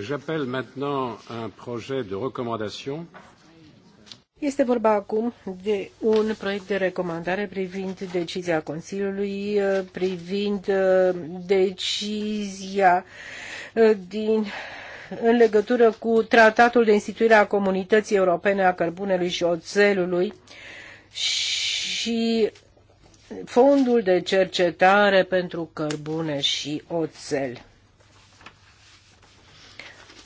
J'appelle maintenant un projet de recommandation. Este vorba acum de un proiect de recomandare privind decizia Consiliului, uh, privind uh, decizia uh, din în legătură cu tratatul de instituire a Comunității Europene a Cărbunelui și Oțelului și fondul de cercetare pentru cărbune și oțel.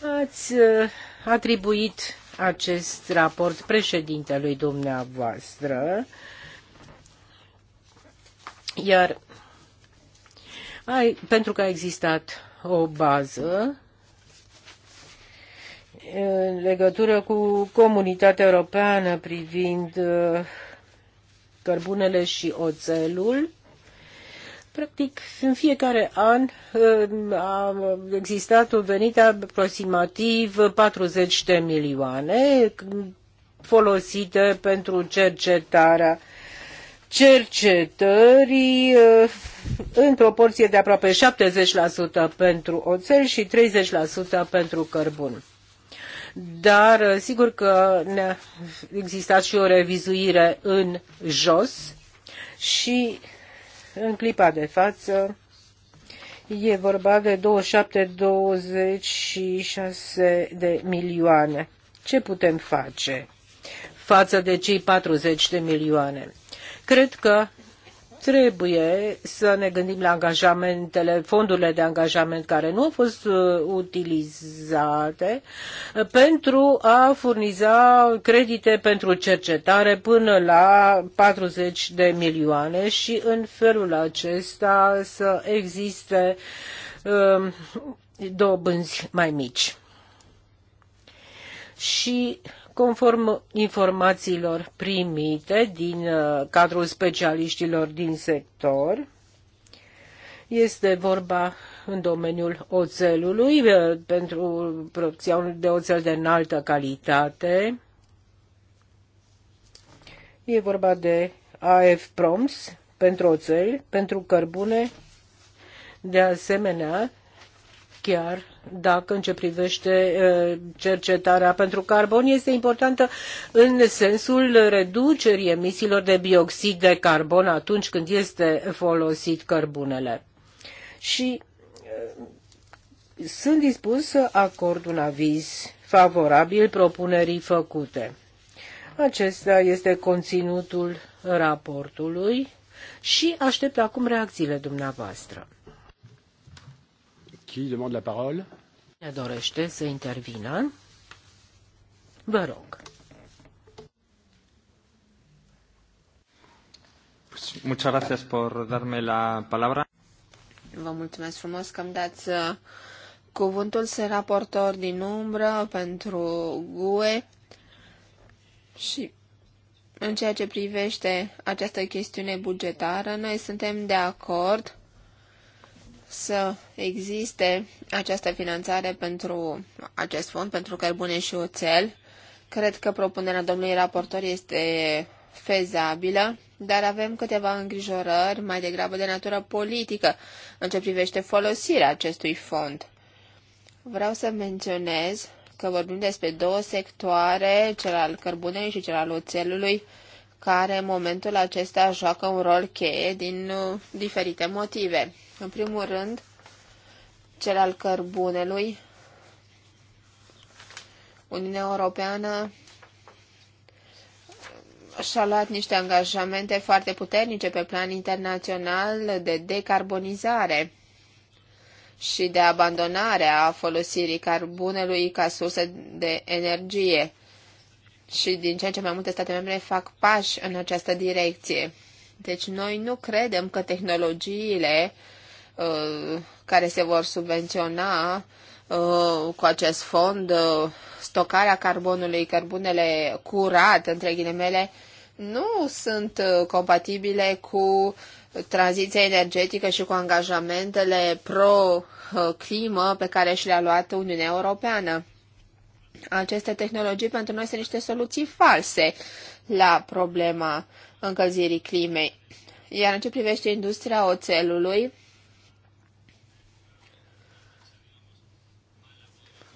Ați uh, atribuit acest raport președintelui dumneavoastră, iar ai, pentru că a existat o bază în legătură cu comunitatea europeană privind uh, cărbunele și oțelul, Practic, în fiecare an uh, a existat un venit aproximativ 40 de milioane folosite pentru cercetarea cercetării uh, în proporție de aproape 70% pentru oțel și 30% pentru cărbun. Dar uh, sigur că ne-a existat și o revizuire în jos și în clipa de față e vorba de 27-26 de milioane. Ce putem face față de cei 40 de milioane? Cred că trebuie să ne gândim la angajamentele, fondurile de angajament care nu au fost uh, utilizate uh, pentru a furniza credite pentru cercetare până la 40 de milioane și în felul acesta să existe um, dobânzi mai mici. Și conform informațiilor primite din uh, cadrul specialiștilor din sector. Este vorba în domeniul oțelului uh, pentru producția de oțel de înaltă calitate. E vorba de AF Proms pentru oțel, pentru cărbune, de asemenea chiar dacă în ce privește cercetarea pentru carbon este importantă în sensul reducerii emisiilor de bioxid de carbon atunci când este folosit cărbunele. Și sunt dispus să acord un aviz favorabil propunerii făcute. Acesta este conținutul raportului și aștept acum reacțiile dumneavoastră. Qui demande la parole? Cine dorește să intervină? Vă rog. Muchas gracias por darme la palabra. Vă mulțumesc frumos că îmi dați uh, cuvântul. să raportor din umbră pentru GUE și în ceea ce privește această chestiune bugetară, noi suntem de acord să existe această finanțare pentru acest fond, pentru cărbune și oțel. Cred că propunerea domnului raportor este fezabilă, dar avem câteva îngrijorări mai degrabă de natură politică în ce privește folosirea acestui fond. Vreau să menționez că vorbim despre două sectoare, cel al cărbunei și cel al oțelului, care în momentul acesta joacă un rol cheie din uh, diferite motive. În primul rând, cel al cărbunelui. Uniunea Europeană și-a luat niște angajamente foarte puternice pe plan internațional de decarbonizare și de abandonare a folosirii carbunelui ca sursă de energie. Și din ce în ce mai multe state membre fac pași în această direcție. Deci noi nu credem că tehnologiile uh, Uh, care se vor subvenționa uh, cu acest fond, uh, stocarea carbonului, cărbunele curat, între ghilimele, nu sunt compatibile cu tranziția energetică și cu angajamentele pro-climă pe care și le-a luat Uniunea Europeană. Aceste tehnologii pentru noi sunt niște soluții false la problema încălzirii climei. Iar în ce privește industria oțelului,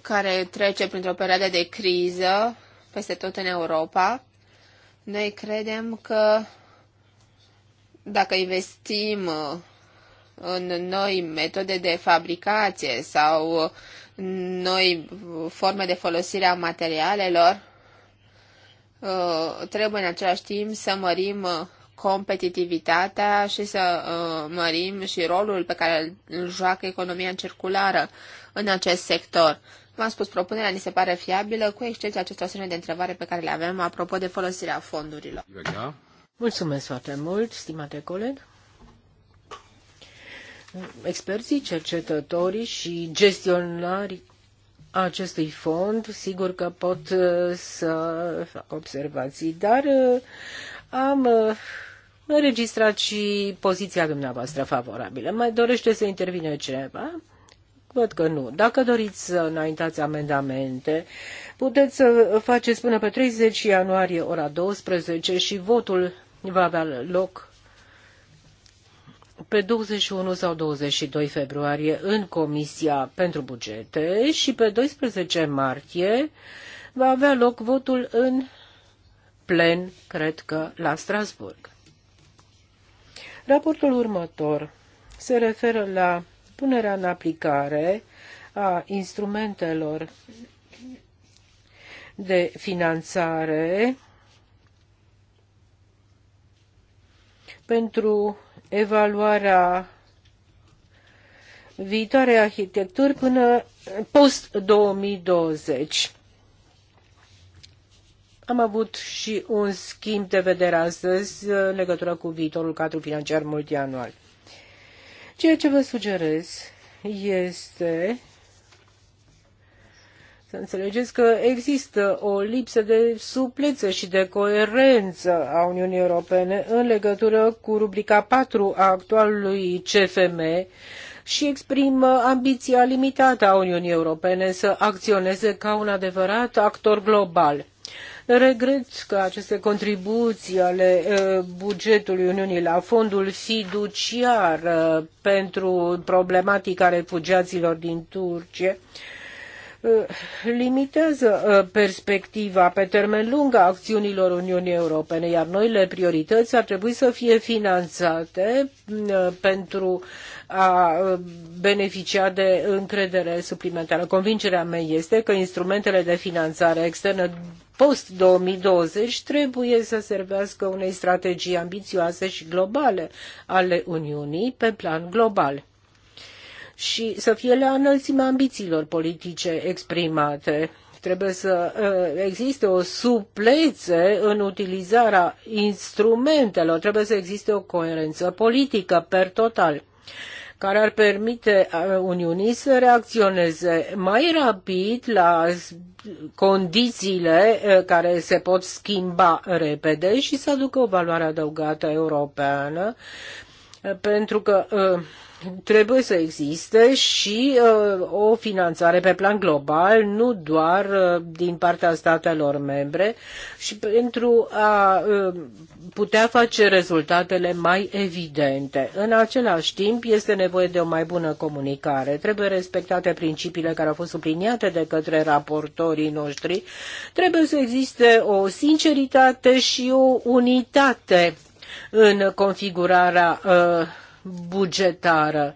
care trece printr-o perioadă de criză peste tot în Europa, noi credem că dacă investim uh, în noi metode de fabricație sau uh, noi forme de folosire a materialelor, uh, trebuie în același timp să mărim competitivitatea și să mărim și rolul pe care îl joacă economia circulară în acest sector. V-am spus, propunerea ni se pare fiabilă, cu excepția acestor semne de întrebare pe care le avem apropo de folosirea fondurilor. Mulțumesc foarte mult, stimate coleg. Experții, cercetătorii și gestionarii acestui fond, sigur că pot uh, să fac observații, dar uh, am uh, înregistrat și poziția dumneavoastră favorabilă. Mai dorește să intervine cineva? Văd că nu. Dacă doriți să înaintați amendamente, puteți să faceți până pe 30 ianuarie ora 12 și votul va avea loc pe 21 sau 22 februarie în Comisia pentru Bugete și pe 12 martie va avea loc votul în plen, cred că, la Strasburg. Raportul următor se referă la Punerea în aplicare a instrumentelor de finanțare pentru evaluarea viitoare arhitecturi până post-2020. Am avut și un schimb de vedere astăzi în legătură cu viitorul cadru financiar multianual. Ceea ce vă sugerez este să înțelegeți că există o lipsă de suplețe și de coerență a Uniunii Europene în legătură cu rubrica 4 a actualului CFM și exprimă ambiția limitată a Uniunii Europene să acționeze ca un adevărat actor global. Regret că aceste contribuții ale bugetului Uniunii la fondul fiduciar pentru problematica refugiaților din Turcie limitează perspectiva pe termen lung a acțiunilor Uniunii Europene, iar noile priorități ar trebui să fie finanțate pentru a beneficia de încredere suplimentară. Convingerea mea este că instrumentele de finanțare externă post-2020 trebuie să servească unei strategii ambițioase și globale ale Uniunii pe plan global și să fie la înălțimea ambițiilor politice exprimate trebuie să existe o suplețe în utilizarea instrumentelor, trebuie să existe o coerență politică per total care ar permite uh, Uniunii să reacționeze mai rapid la condițiile uh, care se pot schimba repede și să aducă o valoare adăugată europeană, uh, pentru că trebuie să existe și uh, o finanțare pe plan global, nu doar uh, din partea statelor membre, și pentru a uh, putea face rezultatele mai evidente. În același timp, este nevoie de o mai bună comunicare. Trebuie respectate principiile care au fost subliniate de către raportorii noștri. Trebuie să existe o sinceritate și o unitate în configurarea uh, bugetară.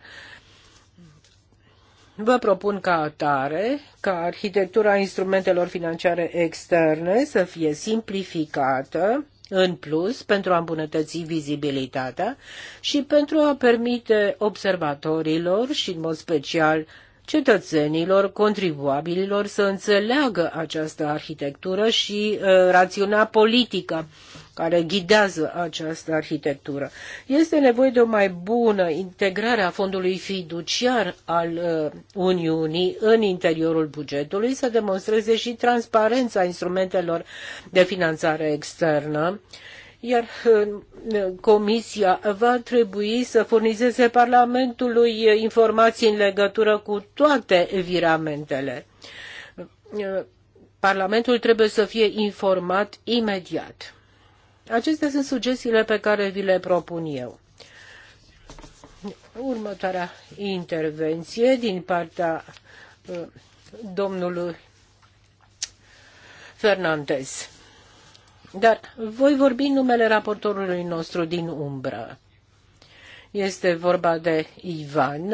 Vă propun ca atare ca arhitectura instrumentelor financiare externe să fie simplificată, în plus pentru a îmbunătăți vizibilitatea și pentru a permite observatorilor și în mod special cetățenilor, contribuabililor să înțeleagă această arhitectură și uh, rațiunea politică care ghidează această arhitectură. Este nevoie de o mai bună integrare a fondului fiduciar al uh, Uniunii în interiorul bugetului, să demonstreze și transparența instrumentelor de finanțare externă iar uh, Comisia va trebui să furnizeze Parlamentului informații în legătură cu toate viramentele. Uh, Parlamentul trebuie să fie informat imediat. Acestea sunt sugestiile pe care vi le propun eu. Următoarea intervenție din partea uh, domnului Fernandez. Dar voi vorbi în numele raportorului nostru din umbră. Este vorba de Ivan,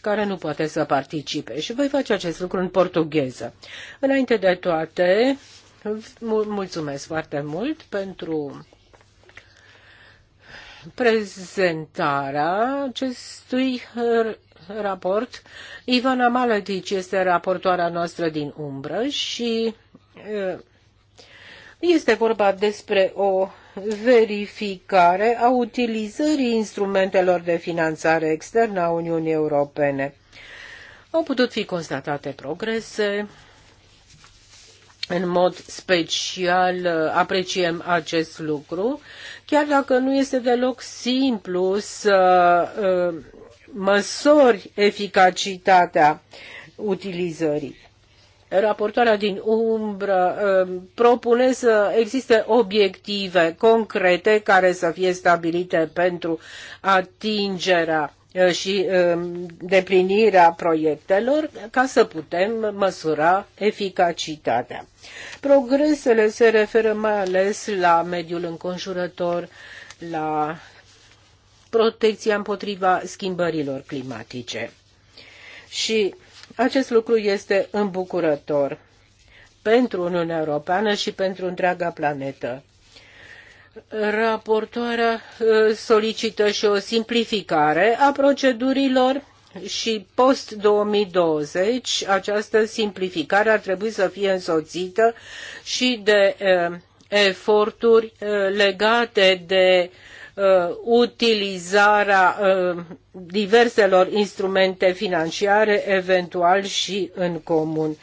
care nu poate să participe și voi face acest lucru în portugheză. Înainte de toate, mulțumesc foarte mult pentru prezentarea acestui raport. Ivana Maletici este raportoarea noastră din umbră și este vorba despre o verificare a utilizării instrumentelor de finanțare externă a Uniunii Europene. Au putut fi constatate progrese în mod special uh, apreciem acest lucru, chiar dacă nu este deloc simplu să uh, măsori eficacitatea utilizării. Raportoarea din umbră uh, propune să existe obiective concrete care să fie stabilite pentru atingerea Uh, și uh, deplinirea proiectelor ca să putem măsura eficacitatea. Progresele se referă mai ales la mediul înconjurător, la protecția împotriva schimbărilor climatice. Și acest lucru este îmbucurător pentru Uniunea Europeană și pentru întreaga planetă. Raportoarea uh, solicită și o simplificare a procedurilor și post-2020 această simplificare ar trebui să fie însoțită și de uh, eforturi uh, legate de uh, utilizarea uh, diverselor instrumente financiare, eventual și în comun.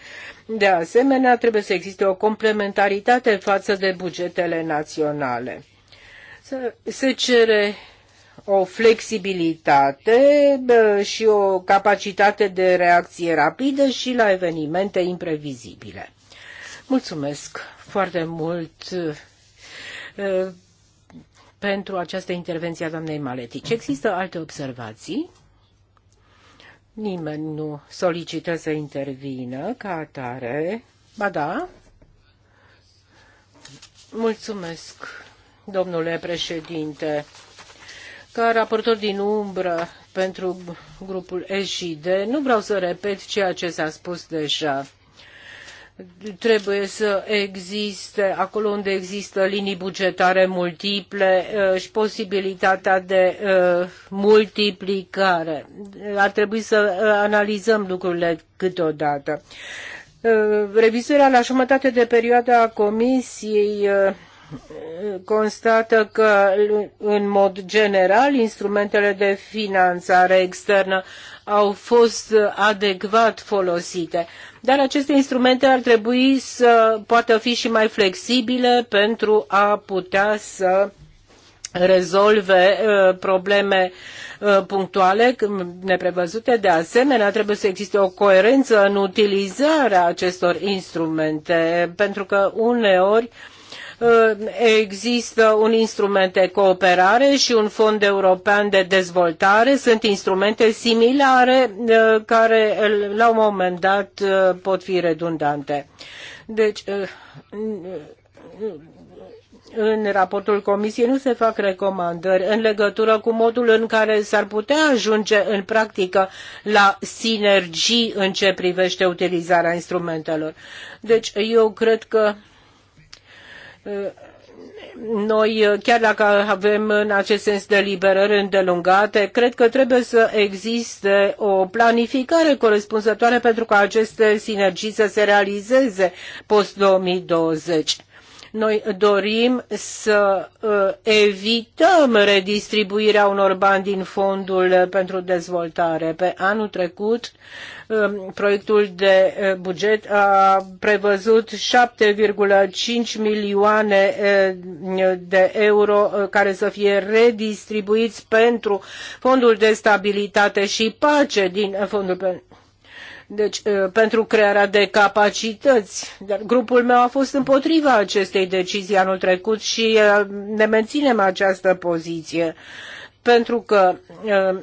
De asemenea, trebuie să existe o complementaritate față de bugetele naționale. Se cere o flexibilitate și o capacitate de reacție rapidă și la evenimente imprevizibile. Mulțumesc foarte mult pentru această intervenție a doamnei Maletici. Există alte observații? Nimeni nu solicită să intervină ca atare. Ba da. Mulțumesc, domnule președinte. Ca raportor din umbră pentru grupul SJD, nu vreau să repet ceea ce s-a spus deja trebuie să existe, acolo unde există linii bugetare multiple uh, și posibilitatea de uh, multiplicare. Ar trebui să uh, analizăm lucrurile câteodată. Revizuirea la jumătate de perioadă a Comisiei constată că, în mod general, instrumentele de finanțare externă au fost adecvat folosite. Dar aceste instrumente ar trebui să poată fi și mai flexibile pentru a putea să rezolve uh, probleme uh, punctuale neprevăzute. De asemenea, trebuie să existe o coerență în utilizarea acestor instrumente, pentru că uneori Uh, există un instrument de cooperare și un fond european de dezvoltare. Sunt instrumente similare uh, care uh, la un moment dat pot fi redundante. Deci, în raportul Comisiei nu se fac recomandări în legătură cu modul în care s-ar putea ajunge în practică la sinergii în ce privește utilizarea instrumentelor. Deci eu cred că noi, chiar dacă avem în acest sens deliberări îndelungate, cred că trebuie să existe o planificare corespunzătoare pentru ca aceste sinergii să se realizeze post-2020 noi dorim să uh, evităm redistribuirea unor bani din fondul uh, pentru dezvoltare. Pe anul trecut, um, proiectul de uh, buget a prevăzut 7,5 milioane de euro care să fie redistribuiți pentru fondul de stabilitate și pace din fondul deci, uh, pentru crearea de capacități. grupul meu a fost împotriva acestei decizii anul trecut și uh, ne menținem această poziție. Pentru că uh,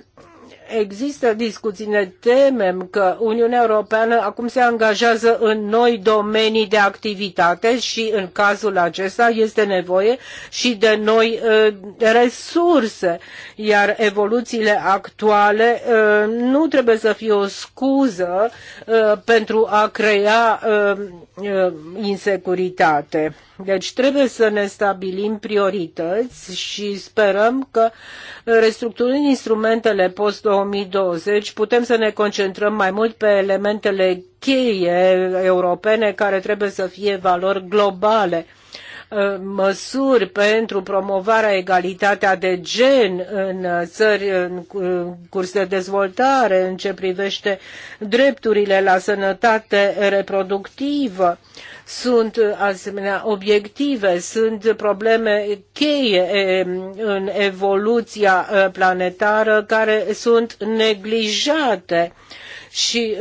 există discuții, ne temem că Uniunea Europeană acum se angajează în noi domenii de activitate și în cazul acesta este nevoie și de noi uh, resurse, iar evoluțiile actuale uh, nu trebuie să fie o scuză uh, pentru a crea insecuritate. Deci trebuie să ne stabilim priorități și sperăm că restructurând instrumentele post 2020 putem să ne concentrăm mai mult pe elementele cheie europene care trebuie să fie valori globale Uh, măsuri pentru promovarea egalitatea de gen în uh, țări în curs de dezvoltare, în ce privește drepturile la sănătate reproductivă. Sunt asemenea obiective, sunt probleme cheie în evoluția uh, planetară care sunt neglijate și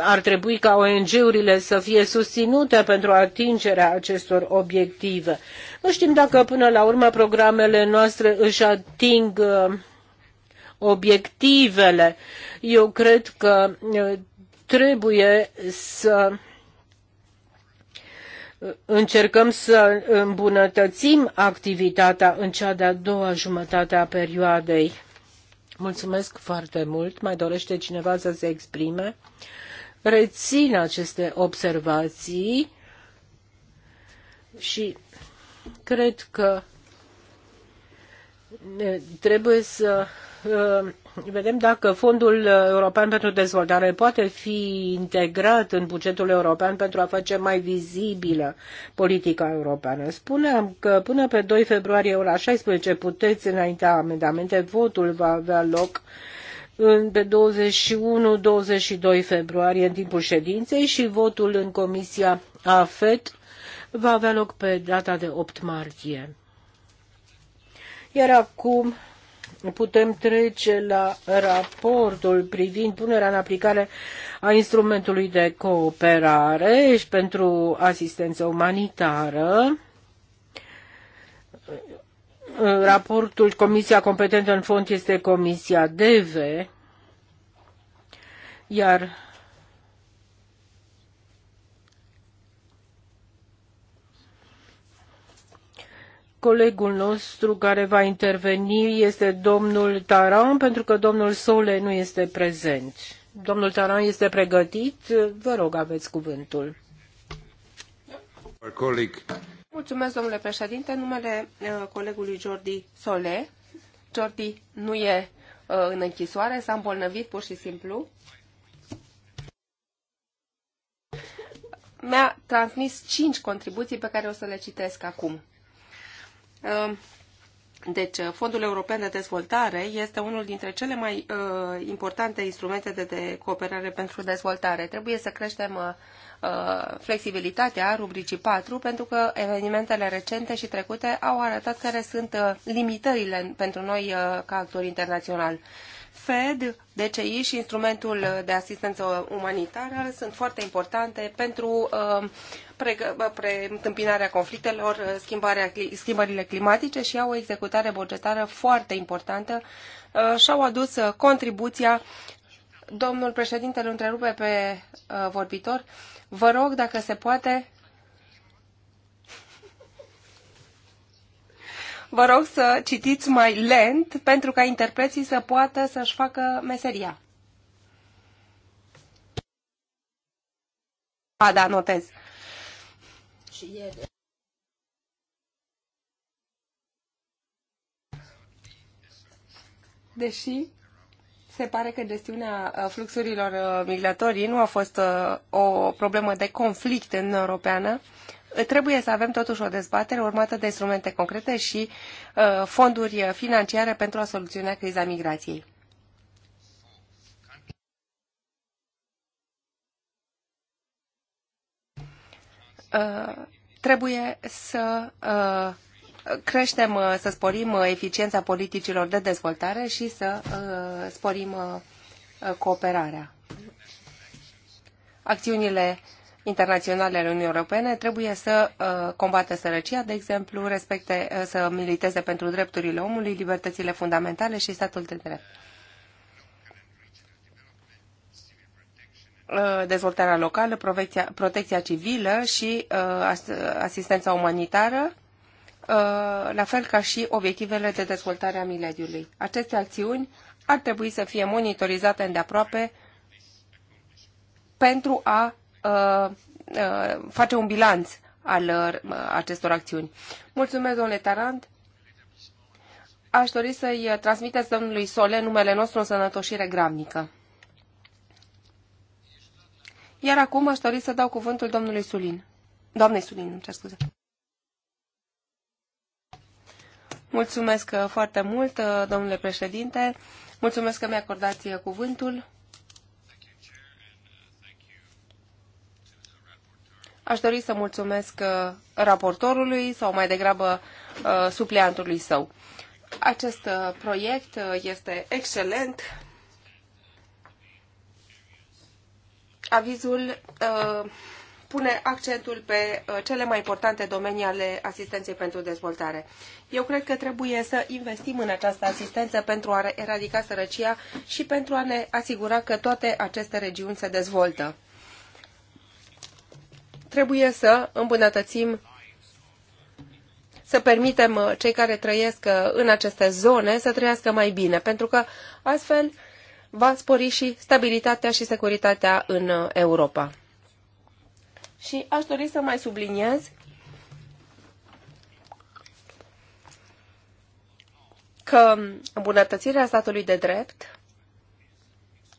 ar trebui ca ONG-urile să fie susținute pentru atingerea acestor obiective. Nu știm dacă până la urmă programele noastre își ating uh, obiectivele. Eu cred că uh, trebuie să uh, încercăm să îmbunătățim activitatea în cea de-a doua jumătate a perioadei. Mulțumesc foarte mult. Mai dorește cineva să se exprime? rețin aceste observații și cred că trebuie să uh, vedem dacă Fondul European pentru Dezvoltare poate fi integrat în bugetul european pentru a face mai vizibilă politica europeană. Spuneam că până pe 2 februarie ora 16 puteți înainta amendamente, votul va avea loc uh, pe 21-22 februarie în timpul ședinței și votul în Comisia AFET va avea loc pe data de 8 martie. Iar acum putem trece la raportul privind punerea în aplicare a instrumentului de cooperare și pentru asistență umanitară raportul Comisia competentă în fond este Comisia DV, iar colegul nostru care va interveni este domnul Taran, pentru că domnul Sole nu este prezent. Domnul Taran este pregătit. Vă rog, aveți cuvântul. Mulțumesc, domnule președinte. În numele uh, colegului Jordi Sole. Jordi nu e uh, în închisoare, s-a îmbolnăvit pur și simplu. Mi-a transmis cinci contribuții pe care o să le citesc acum. Uh, deci, uh, Fondul European de Dezvoltare este unul dintre cele mai uh, importante instrumente de, de cooperare pentru dezvoltare. Trebuie să creștem uh, Uh, flexibilitatea rubricii 4 pentru că evenimentele recente și trecute au arătat care sunt uh, limitările pentru noi uh, ca actori internaționali. FED, DCI și instrumentul de asistență umanitară sunt foarte importante pentru preîntâmpinarea conflictelor, schimbarea, schimbările climatice și au o executare bugetară foarte importantă și au adus contribuția Domnul președinte îl întrerupe pe uh, vorbitor. Vă rog, dacă se poate, vă rog să citiți mai lent pentru ca interpreții să poată să-și facă meseria. A, da, notez. Deși se pare că gestiunea uh, fluxurilor uh, migratorii nu a fost uh, o problemă de conflict în Europeană. Trebuie să avem totuși o dezbatere urmată de instrumente concrete și fonduri financiare pentru a soluționa criza migrației. trebuie să creștem, uh, să sporim uh, eficiența politicilor de dezvoltare și să uh, sporim cooperarea. Acțiunile internaționale ale Uniunii Europene trebuie să combată sărăcia, de exemplu, respecte, să militeze pentru drepturile omului, libertățile fundamentale și statul de drept. dezvoltarea locală, protecția, civilă și asistența umanitară Uh, la fel ca și obiectivele de dezvoltare a mileniului. Aceste acțiuni ar trebui să fie monitorizate îndeaproape pentru a uh, uh, face un bilanț al acestor acțiuni. Mulțumesc, domnule Tarant. Aș dori să-i transmiteți domnului Sole numele nostru în sănătoșire gramnică. Iar acum aș dori să dau cuvântul domnului Sulin. Doamnei Sulin, îmi cer scuze. Mulțumesc uh, foarte mult, uh, domnule președinte. Mulțumesc că mi-a acordat uh, cuvântul. Aș dori să mulțumesc raportorului sau mai degrabă supleantului său. Acest proiect este excelent. Avizul pune accentul pe uh, cele mai importante domenii ale asistenței pentru dezvoltare. Eu cred că trebuie să investim în această asistență pentru a eradica sărăcia și pentru a ne asigura că toate aceste regiuni se dezvoltă. Trebuie să îmbunătățim să permitem uh, cei care trăiesc uh, în aceste zone să trăiască mai bine, pentru că astfel va spori și stabilitatea și securitatea în Europa. Și aș dori să mai subliniez că îmbunătățirea statului de drept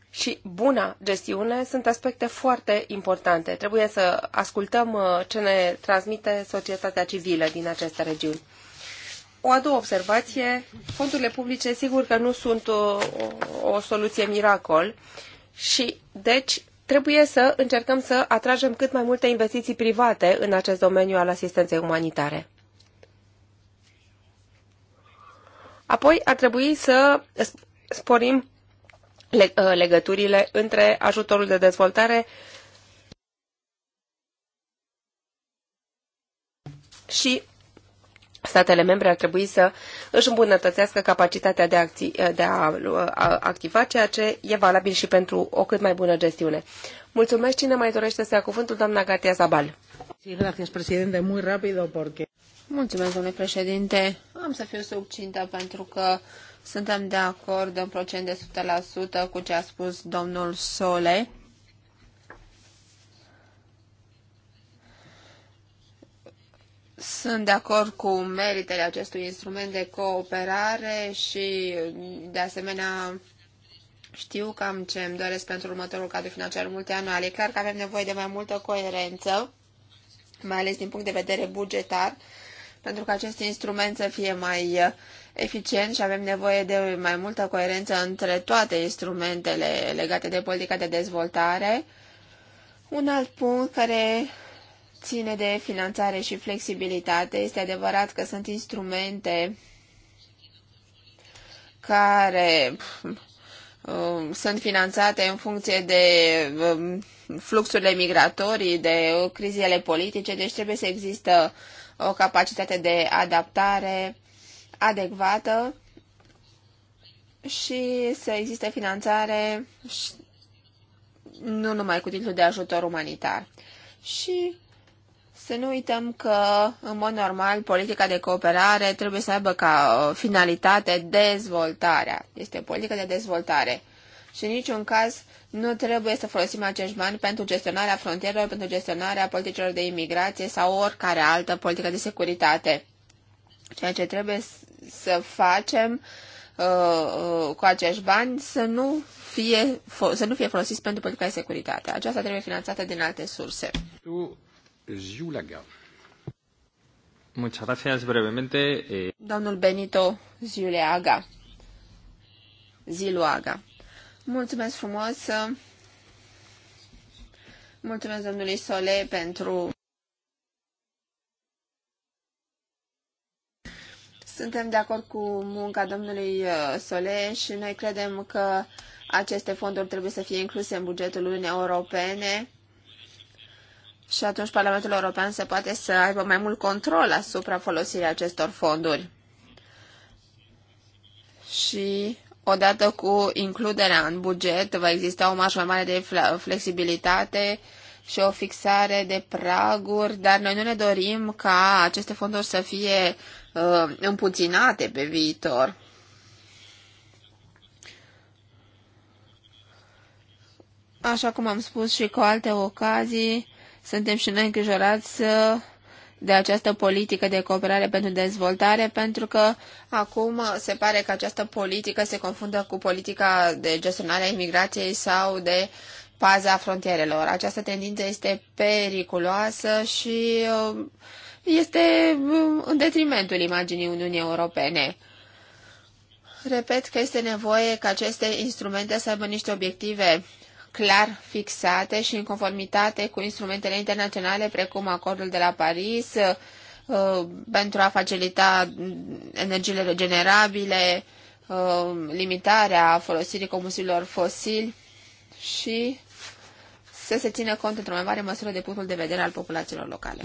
și buna gestiune sunt aspecte foarte importante. Trebuie să ascultăm uh, ce ne transmite societatea civilă din aceste regiuni. O a doua observație, fondurile publice sigur că nu sunt o, uh, o, o soluție miracol și deci trebuie să încercăm să atragem cât mai multe investiții private în acest domeniu al asistenței umanitare. Apoi ar trebui să sporim uh, legăturile între ajutorul de dezvoltare și statele membre ar trebui să își îmbunătățească capacitatea de, acti- de a, a activa, ceea ce e valabil și pentru o cât mai bună gestiune. Mulțumesc. Cine mai dorește să ia cuvântul? Doamna Gatia Zabal. Mulțumesc, domnule președinte. Am să fiu subcintă pentru că suntem de acord în procent de 100% cu ce a spus domnul Sole. Sunt de acord cu meritele acestui instrument de cooperare și, de asemenea, știu cam ce îmi doresc pentru următorul cadru financiar multianual. E clar că avem nevoie de mai multă coerență, mai ales din punct de vedere bugetar, pentru că acest instrument să fie mai uh, eficient și avem nevoie de mai multă coerență între toate instrumentele legate de politica de dezvoltare. Un alt punct care ține de finanțare și flexibilitate. Este adevărat că sunt instrumente care uh, sunt finanțate în funcție de um, fluxurile migratorii, de crizele politice, deci trebuie să există o capacitate de adaptare adecvată și să existe finanțare nu numai cu titlul de ajutor umanitar. Și să nu uităm că, în mod normal, politica de cooperare trebuie să aibă ca uh, finalitate dezvoltarea. Este politică de dezvoltare. Și în niciun caz nu trebuie să folosim acești bani pentru gestionarea frontierelor, pentru gestionarea politicilor de imigrație sau oricare altă politică de securitate. Ceea ce trebuie să facem uh, uh, cu acești bani să nu, fie, să nu fie folosiți pentru politica de securitate. Aceasta trebuie finanțată din alte surse. Tu Ziulaga. Muchas gracias, brevemente. Eh. Domnul Benito Ziuleaga. Ziluaga. Mulțumesc frumos. Mulțumesc domnului Sole pentru... Suntem de acord cu munca domnului uh, Sole și noi credem că aceste fonduri trebuie să fie incluse în bugetul Uniunii Europene și atunci Parlamentul European se poate să aibă mai mult control asupra folosirii acestor fonduri. Și odată cu includerea în buget va exista o marjă mai mare de flexibilitate și o fixare de praguri, dar noi nu ne dorim ca aceste fonduri să fie uh, împuținate pe viitor. Așa cum am spus și cu alte ocazii, suntem și noi îngrijorați uh, de această politică de cooperare pentru dezvoltare, pentru că acum se pare că această politică se confundă cu politica de gestionare a imigrației sau de paza frontierelor. Această tendință este periculoasă și uh, este uh, în detrimentul imaginii Uniunii Europene. Repet că este nevoie ca aceste instrumente să aibă niște obiective clar fixate și în conformitate cu instrumentele internaționale precum acordul de la Paris uh, uh, pentru a facilita energiile regenerabile, uh, limitarea folosirii combustibilor fosili și să se țină cont într-o mai mare măsură de punctul de vedere al populațiilor locale.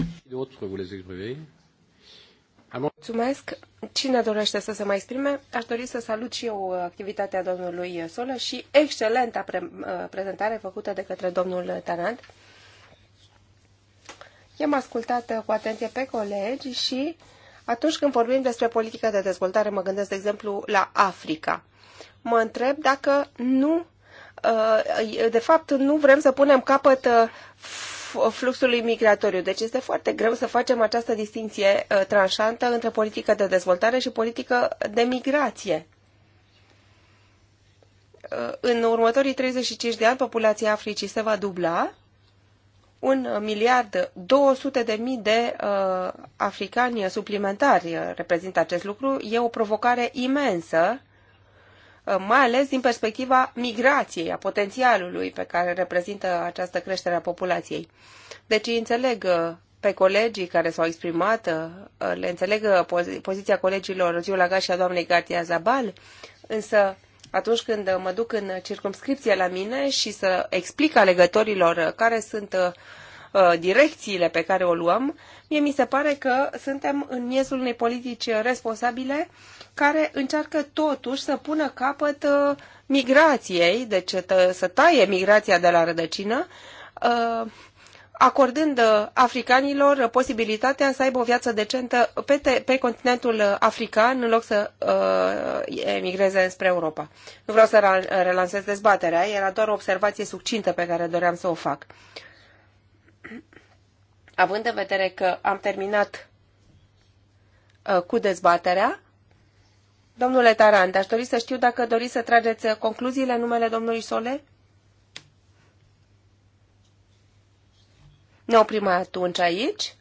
Mulțumesc. Cine dorește să se mai exprime? Aș dori să salut și eu activitatea domnului Solă și excelenta pre- uh, prezentare făcută de către domnul Tarant. I-am ascultat cu atenție pe colegi și atunci când vorbim despre politică de dezvoltare, mă gândesc, de exemplu, la Africa. Mă întreb dacă nu, uh, de fapt, nu vrem să punem capăt uh, fluxului migratoriu. Deci este foarte greu să facem această distinție uh, tranșantă între politică de dezvoltare și politică de migrație. Uh, în următorii 35 de ani, populația Africii se va dubla. Un miliard 200 de mii de uh, africani suplimentari uh, reprezintă acest lucru. E o provocare imensă Uh, mai ales din perspectiva migrației, a potențialului pe care reprezintă această creștere a populației. Deci înțeleg uh, pe colegii care s-au exprimat, uh, le înțeleg poziția colegilor Ziul Laga și a doamnei Gartia Zabal, însă atunci când mă duc în circumscripție la mine și să explic alegătorilor care sunt direcțiile pe care o luăm, mie mi se pare că suntem în miezul unei politici responsabile care încearcă totuși să pună capăt uh, migrației, deci să taie migrația de la rădăcină, uh, acordând uh, africanilor posibilitatea să aibă o viață decentă pe, te, pe continentul african în loc să uh, emigreze spre Europa. Nu vreau să relansez dezbaterea, era doar o observație succintă pe care doream să o fac. Având în vedere că am terminat uh, cu dezbaterea, Domnule Tarand, aș dori să știu dacă doriți să trageți concluziile în numele domnului Sole? Ne oprim atunci aici.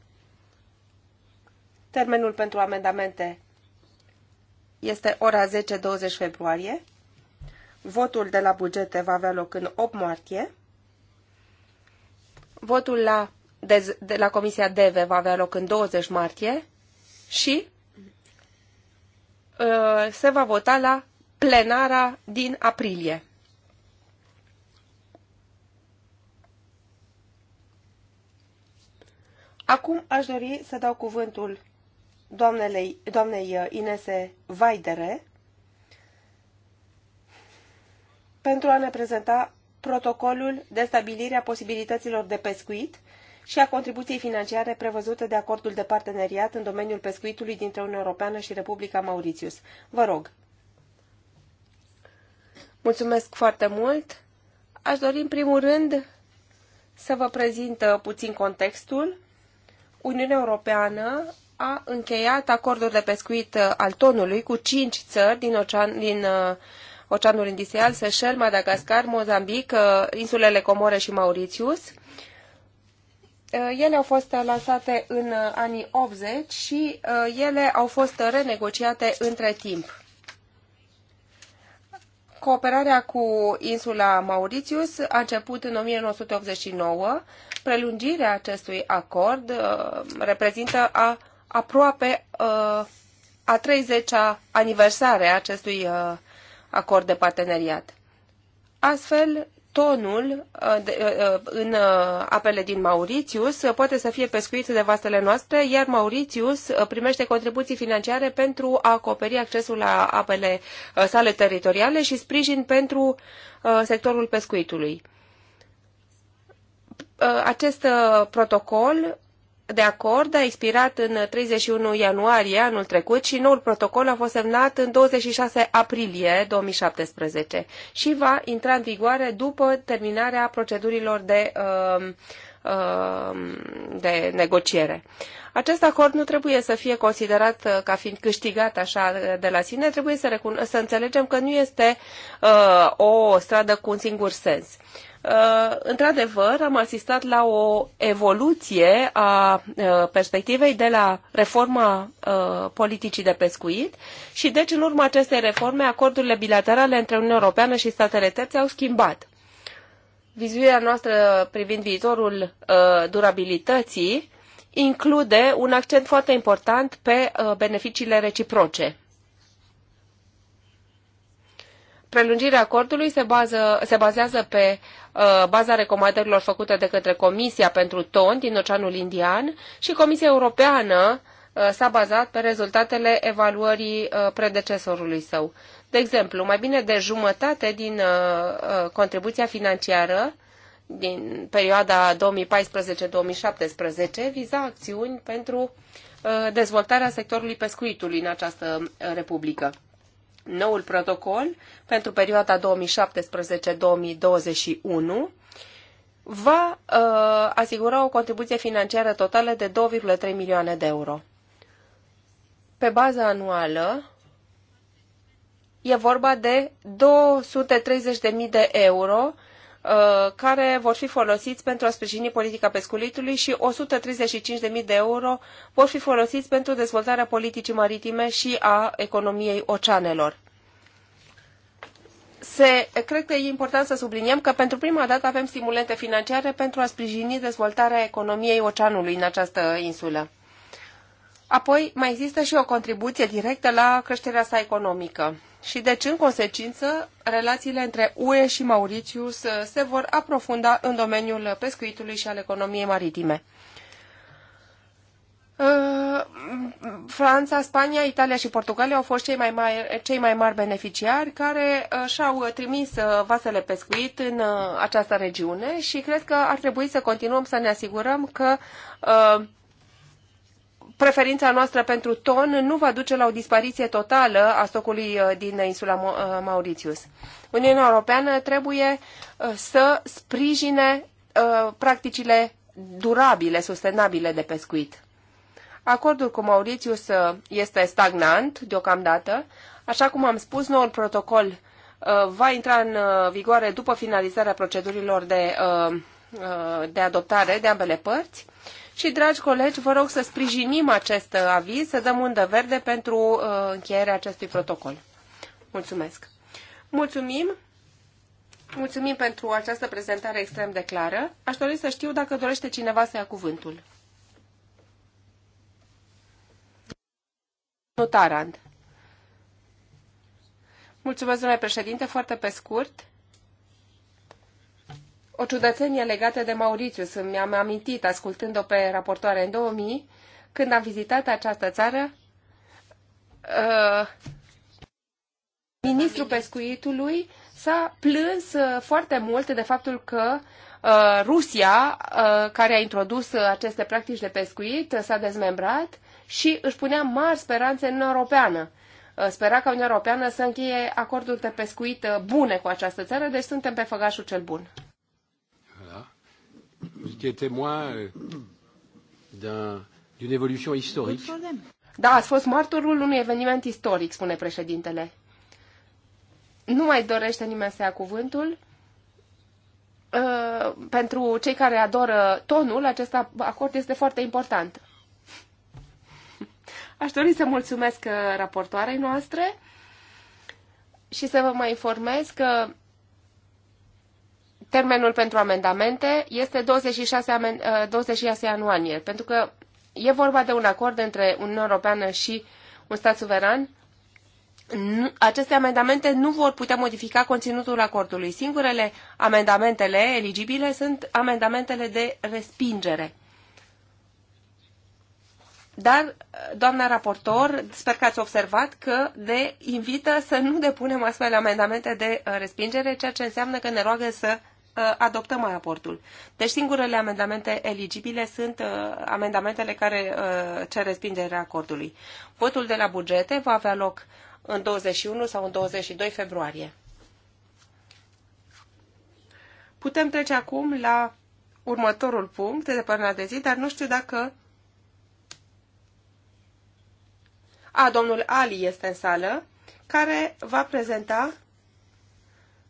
Termenul pentru amendamente este ora 10-20 februarie. Votul de la bugete va avea loc în 8 martie. Votul la, de, de la Comisia DEVE va avea loc în 20 martie și Uh, se va vota la plenara din aprilie. Acum aș dori să dau cuvântul doamnelei, doamnei uh, Inese Vaidere pentru a ne prezenta protocolul de stabilire a posibilităților de pescuit și a contribuției financiare prevăzute de acordul de parteneriat în domeniul pescuitului dintre Uniunea Europeană și Republica Mauritius. Vă rog. Mulțumesc foarte mult. Aș dori în primul rând să vă prezint uh, puțin contextul. Uniunea Europeană a încheiat acorduri de pescuit uh, al tonului cu cinci țări din, ocean, din uh, Oceanul Indian, Seychelles, Madagascar, Mozambic, insulele Comore și Mauritius Uh, ele au fost lansate în uh, anii 80 și uh, ele au fost renegociate între timp. Cooperarea cu insula Mauritius a început în 1989. Prelungirea acestui acord reprezintă a, aproape a 30-a aniversare a acestui acord de parteneriat. Astfel, tonul uh, uh, uh, în apele din Mauritius poate să fie pescuit de vasele noastre, iar Mauritius primește contribuții financiare pentru a acoperi accesul la apele sale teritoriale și sprijin pentru sectorul pescuitului. Acest protocol de acord a expirat în 31 ianuarie anul trecut și noul protocol a fost semnat în 26 aprilie 2017 și va intra în vigoare după terminarea procedurilor de uh, Uh, de negociere. Acest acord nu trebuie să fie considerat uh, ca fiind câștigat așa de la sine, trebuie să, recun- să înțelegem că nu este uh, o stradă cu un singur sens. Uh, într-adevăr, am asistat la o evoluție a uh, perspectivei de la reforma uh, politicii de pescuit și deci în urma acestei reforme acordurile bilaterale între Uniunea Europeană și statele terțe au schimbat Viziunea noastră privind viitorul uh, durabilității include un accent foarte important pe uh, beneficiile reciproce. Prelungirea acordului se, bază, se bazează pe uh, baza recomandărilor făcute de către Comisia pentru Ton din Oceanul Indian și Comisia Europeană uh, s-a bazat pe rezultatele evaluării uh, predecesorului său. De exemplu, mai bine de jumătate din uh, uh, contribuția financiară din perioada 2014-2017 viza acțiuni pentru uh, dezvoltarea sectorului pescuitului în această republică. Noul protocol pentru perioada 2017-2021 va uh, asigura o contribuție financiară totală de 2,3 milioane de euro. Pe bază anuală, e vorba de 230.000 de euro uh, care vor fi folosiți pentru a sprijini politica pescuitului și 135.000 de euro vor fi folosiți pentru dezvoltarea politicii maritime și a economiei oceanelor. Se, cred că e important să subliniem că pentru prima dată avem stimulente financiare pentru a sprijini dezvoltarea economiei oceanului în această insulă. Apoi mai există și o contribuție directă la creșterea sa economică și deci, în consecință, relațiile între UE și Mauritius uh, se vor aprofunda în domeniul pescuitului și al economiei maritime. Uh, Franța, Spania, Italia și Portugalia au fost cei mai mari, cei mai mari beneficiari care uh, și-au trimis vasele pescuit în această regiune și cred că ar trebui să continuăm să ne asigurăm că uh, preferința noastră pentru ton nu va duce la o dispariție totală a stocului uh, din insula uh, Mauritius. Uniunea Europeană trebuie uh, să sprijine practicile durabile, sustenabile de pescuit. Acordul cu Mauritius este stagnant deocamdată. Așa cum am spus, noul protocol va intra în vigoare după finalizarea procedurilor de, de adoptare de ambele părți și, dragi colegi, vă rog să sprijinim acest uh, aviz, să dăm undă verde pentru uh, încheierea acestui protocol. Mulțumesc! Mulțumim! Mulțumim pentru această prezentare extrem de clară. Aș dori să știu dacă dorește cineva să ia cuvântul. Tarand. Mulțumesc, domnule președinte, foarte pe scurt o ciudățenie legată de Mauritius. îmi am amintit, ascultând-o pe raportoare în 2000, când am vizitat această țară, uh, ministrul pescuitului s-a plâns uh, foarte mult de faptul că uh, Rusia, uh, care a introdus aceste practici de pescuit, s-a dezmembrat și își punea mari speranțe în Europeană uh, spera ca Uniunea Europeană să încheie acorduri de pescuit uh, bune cu această țară, deci suntem pe făgașul cel bun. Vous étiez témoin euh, d'une un, évolution historique. Da, ați fost martorul unui eveniment istoric, spune președintele. Nu mai dorește nimeni să ia cuvântul. Uh, pentru cei care adoră tonul, acest acord este foarte important. Aș dori să mulțumesc uh, raportoarei noastre și să vă mai informez că termenul pentru amendamente este 26, amen, 26 uh, ianuarie, pentru că e vorba de un acord între Uniunea Europeană și un stat suveran. Aceste amendamente nu vor putea modifica conținutul acordului. Singurele amendamentele eligibile sunt amendamentele de respingere. Dar, uh, doamna raportor, sper că ați observat că de invită să nu depunem astfel amendamente de uh, respingere, ceea ce înseamnă că ne roagă să Uh, adoptăm raportul. Deci singurele amendamente eligibile sunt uh, amendamentele care uh, cer respingerea acordului. Votul de la bugete va avea loc în 21 sau în 22 februarie. Putem trece acum la următorul punct de până de zi, dar nu știu dacă... A, domnul Ali este în sală, care va prezenta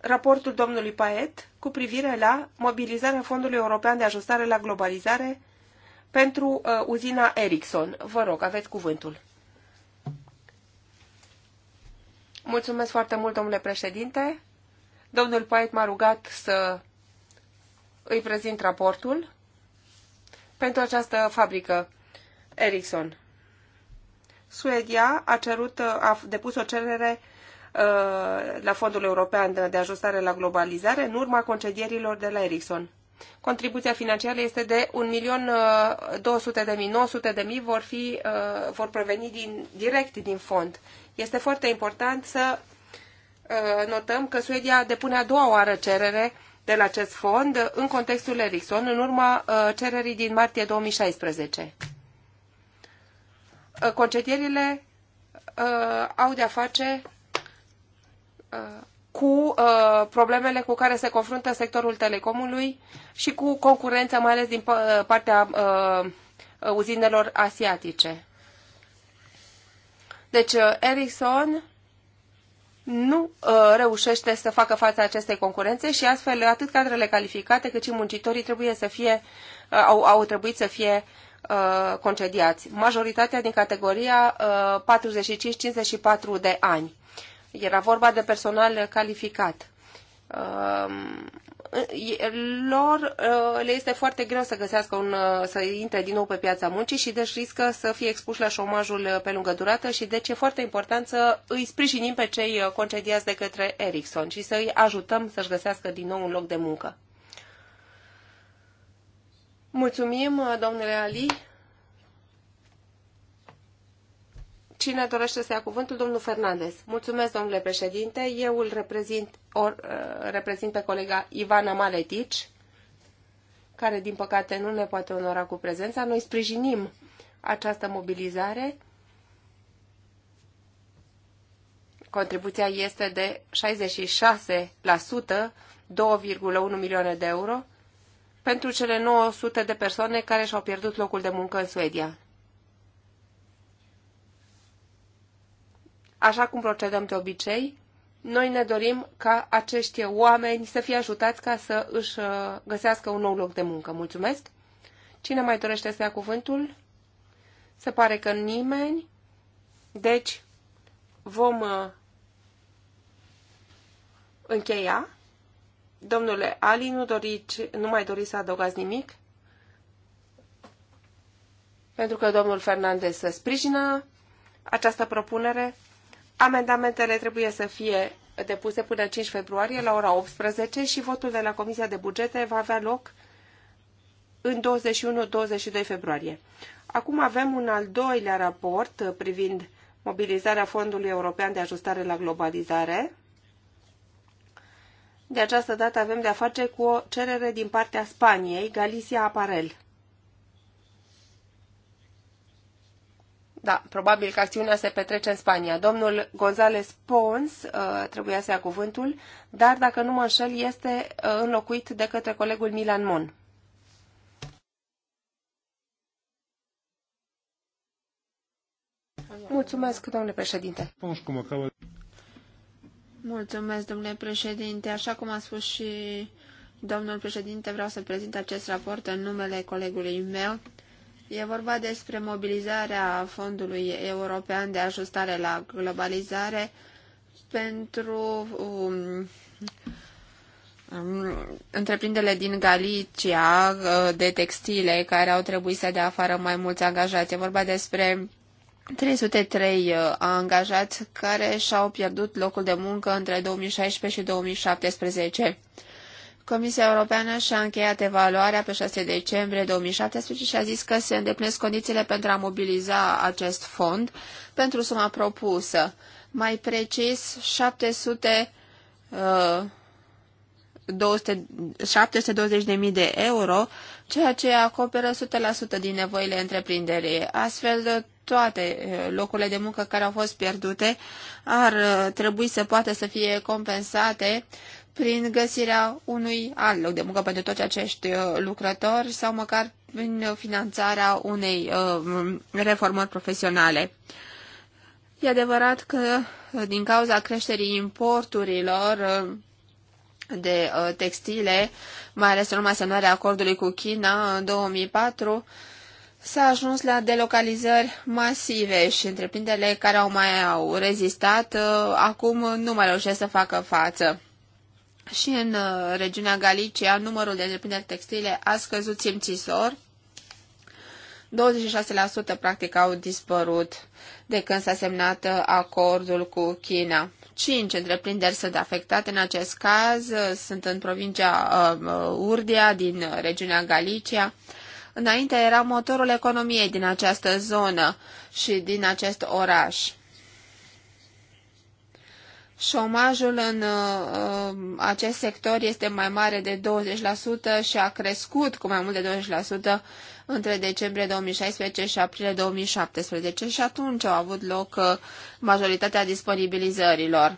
raportul domnului Paet cu privire la mobilizarea Fondului European de Ajustare la Globalizare pentru uh, uzina Ericsson. Vă rog, aveți cuvântul. Mulțumesc foarte mult, domnule președinte. Domnul Paet m-a rugat să îi prezint raportul pentru această fabrică Ericsson. Suedia a cerut, a depus o cerere Uh, la Fondul European de Ajustare la Globalizare în urma concedierilor de la Ericsson. Contribuția financiară este de 1.200.000-900.000 uh, vor, fi, uh, vor proveni din, direct din fond. Este foarte important să notăm că Suedia depune a doua oară cerere de la acest fond în contextul Ericsson în urma cererii din martie 2016. Concedierile au de-a face cu uh, problemele cu care se confruntă sectorul telecomului și cu concurența, mai ales din uh, partea uh, uzinelor asiatice. Deci uh, Ericsson nu uh, reușește să facă față acestei concurențe și astfel atât cadrele calificate cât și muncitorii trebuie să fie, uh, au, au trebuit să fie uh, concediați. Majoritatea din categoria uh, 45-54 de ani era vorba de personal calificat. Um, lor uh, le este foarte greu să găsească un, uh, să intre din nou pe piața muncii și deci riscă să fie expuși la șomajul uh, pe lungă durată și deci e foarte important să îi sprijinim pe cei concediați de către Ericsson și să îi ajutăm să-și găsească din nou un loc de muncă. Mulțumim, domnule Ali. Cine dorește să ia cuvântul? Domnul Fernandez. Mulțumesc, domnule președinte. Eu îl reprezint, or, uh, reprezint pe colega Ivana Maletici, care, din păcate, nu ne poate onora cu prezența. Noi sprijinim această mobilizare. Contribuția este de 66%, 2,1 milioane de euro, pentru cele 900 de persoane care și-au pierdut locul de muncă în Suedia. Așa cum procedăm de obicei, noi ne dorim ca acești oameni să fie ajutați ca să își uh, găsească un nou loc de muncă. Mulțumesc! Cine mai dorește să ia cuvântul? Se pare că nimeni. Deci, vom uh, încheia. Domnule Ali, nu, doriți, nu mai doriți să adăugați nimic? Pentru că domnul Fernandez sprijină această propunere Amendamentele trebuie să fie depuse până 5 februarie la ora 18 și votul de la Comisia de Bugete va avea loc în 21-22 februarie. Acum avem un al doilea raport privind mobilizarea Fondului European de Ajustare la Globalizare. De această dată avem de-a face cu o cerere din partea Spaniei, Galicia Aparel. Da, probabil că acțiunea se petrece în Spania. Domnul González Pons uh, trebuia să ia cuvântul, dar dacă nu mă înșel, este uh, înlocuit de către colegul Milan Mon. Mulțumesc, domnule președinte. Mulțumesc, domnule președinte. Așa cum a spus și domnul președinte, vreau să prezint acest raport în numele colegului meu, E vorba despre mobilizarea Fondului European de Ajustare la Globalizare pentru um, um întreprinderile din Galicia uh, de textile care au trebuit să dea afară mai mulți angajați. E vorba despre 303 uh, angajați care și-au pierdut locul de muncă între 2016 și 2017. Comisia Europeană și-a încheiat evaluarea pe 6 decembrie 2017 și a zis că se îndeplinesc condițiile pentru a mobiliza acest fond pentru suma propusă. Mai precis, 700, uh, 200, 720.000 de euro, ceea ce acoperă 100% din nevoile întreprinderii. Astfel, toate uh, locurile de muncă care au fost pierdute ar uh, trebui să poată să fie compensate prin găsirea unui alt loc de muncă pentru toți acești uh, lucrători sau măcar prin finanțarea unei uh, reformări profesionale. E adevărat că uh, din cauza creșterii importurilor de textile, mai ales în urma semnării acordului cu China în 2004, s-a ajuns la delocalizări masive și întreprinderile care au mai au rezistat acum nu mai reușesc să facă față și în uh, regiunea Galicia numărul de întreprinderi textile a scăzut simțisor. 26% practic au dispărut de când s-a semnat uh, acordul cu China. Cinci întreprinderi sunt afectate în acest caz, uh, sunt în provincia uh, Urdia din regiunea Galicia. Înainte era motorul economiei din această zonă și din acest oraș. Șomajul în uh, acest sector este mai mare de 20% și a crescut cu mai mult de 20% între decembrie 2016 și aprilie 2017 și atunci au avut loc uh, majoritatea disponibilizărilor.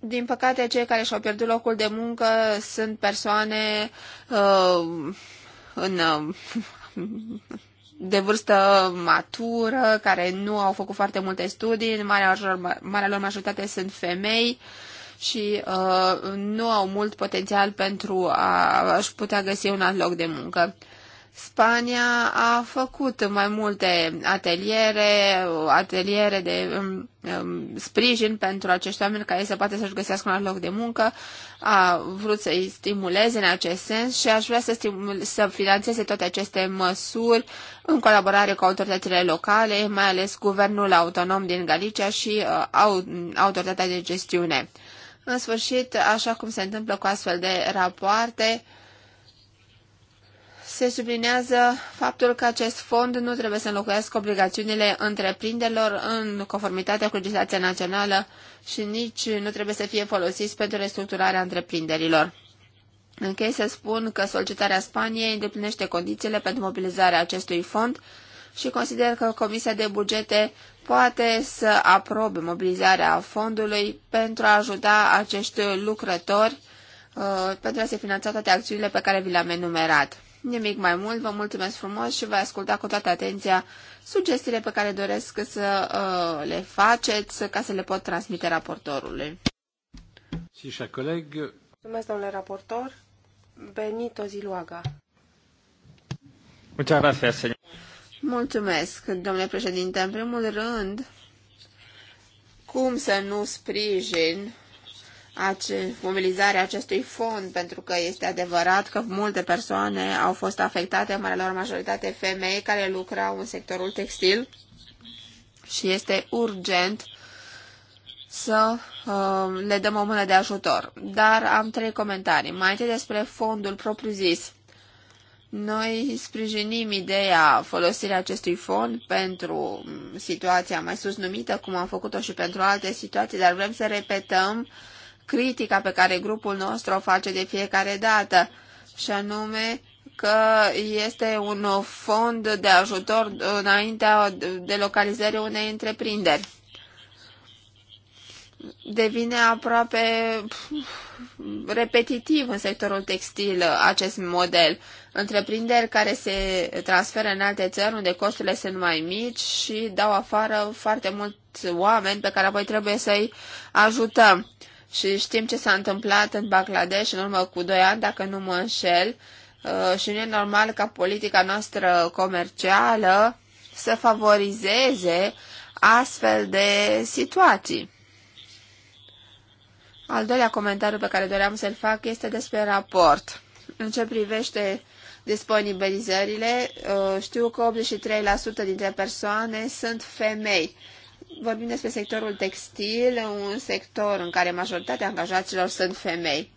Din păcate, cei care și-au pierdut locul de muncă sunt persoane uh, în uh, de vârstă matură, care nu au făcut foarte multe studii, în marea, marea lor majoritate sunt femei și uh, nu au mult potențial pentru a-și putea găsi un alt loc de muncă. Spania a făcut mai multe ateliere, ateliere de um, um, sprijin pentru acești oameni care se poate să-și găsească un alt loc de muncă, a vrut să-i stimuleze în acest sens și aș vrea să, stimul, să finanțeze toate aceste măsuri în colaborare cu autoritățile locale, mai ales Guvernul Autonom din Galicia și uh, Autoritatea de Gestiune. În sfârșit, așa cum se întâmplă cu astfel de rapoarte, uh, se sublinează faptul că acest fond nu trebuie să înlocuiască obligațiunile întreprinderilor în conformitate cu legislația națională și nici nu trebuie să fie folosiți pentru restructurarea întreprinderilor. Închei să spun că solicitarea Spaniei îndeplinește condițiile pentru mobilizarea acestui fond și consider că Comisia de Bugete poate să aprobe mobilizarea fondului pentru a ajuta acești lucrători uh, pentru a se finanța toate acțiunile pe care vi le-am enumerat nimic mai mult. Vă mulțumesc frumos și vă asculta cu toată atenția sugestiile pe care doresc să uh, le faceți ca să le pot transmite raportorului. și Si, coleg. Mulțumesc, domnule raportor. Benito Ziluaga. Mulțumesc, Mulțumesc, domnule președinte. În primul rând, cum să nu sprijin ace- mobilizarea acestui fond, pentru că este adevărat că multe persoane au fost afectate, în marea lor majoritate femei care lucrau în sectorul textil și este urgent să uh, le dăm o mână de ajutor. Dar am trei comentarii. Mai întâi despre fondul propriu-zis. Noi sprijinim ideea folosirii acestui fond pentru mm, situația mai sus numită, cum am făcut-o și pentru alte situații, dar vrem să repetăm uh, critica pe care grupul nostru o face de fiecare dată, și anume că este un fond de ajutor înaintea localizare unei întreprinderi. Devine aproape repetitiv în sectorul textil acest model. Întreprinderi care se transferă în alte țări unde costurile sunt mai mici și dau afară foarte mulți oameni pe care apoi trebuie să-i ajutăm și știm ce s-a întâmplat în Bangladesh în urmă cu doi ani, dacă nu mă înșel, uh, și nu e normal ca politica noastră comercială să favorizeze astfel de situații. Al doilea comentariu pe care doream să-l fac este despre raport. În ce privește disponibilizările, uh, știu că 83% dintre persoane sunt femei vorbim despre sectorul textil, un sector în care majoritatea angajaților sunt femei.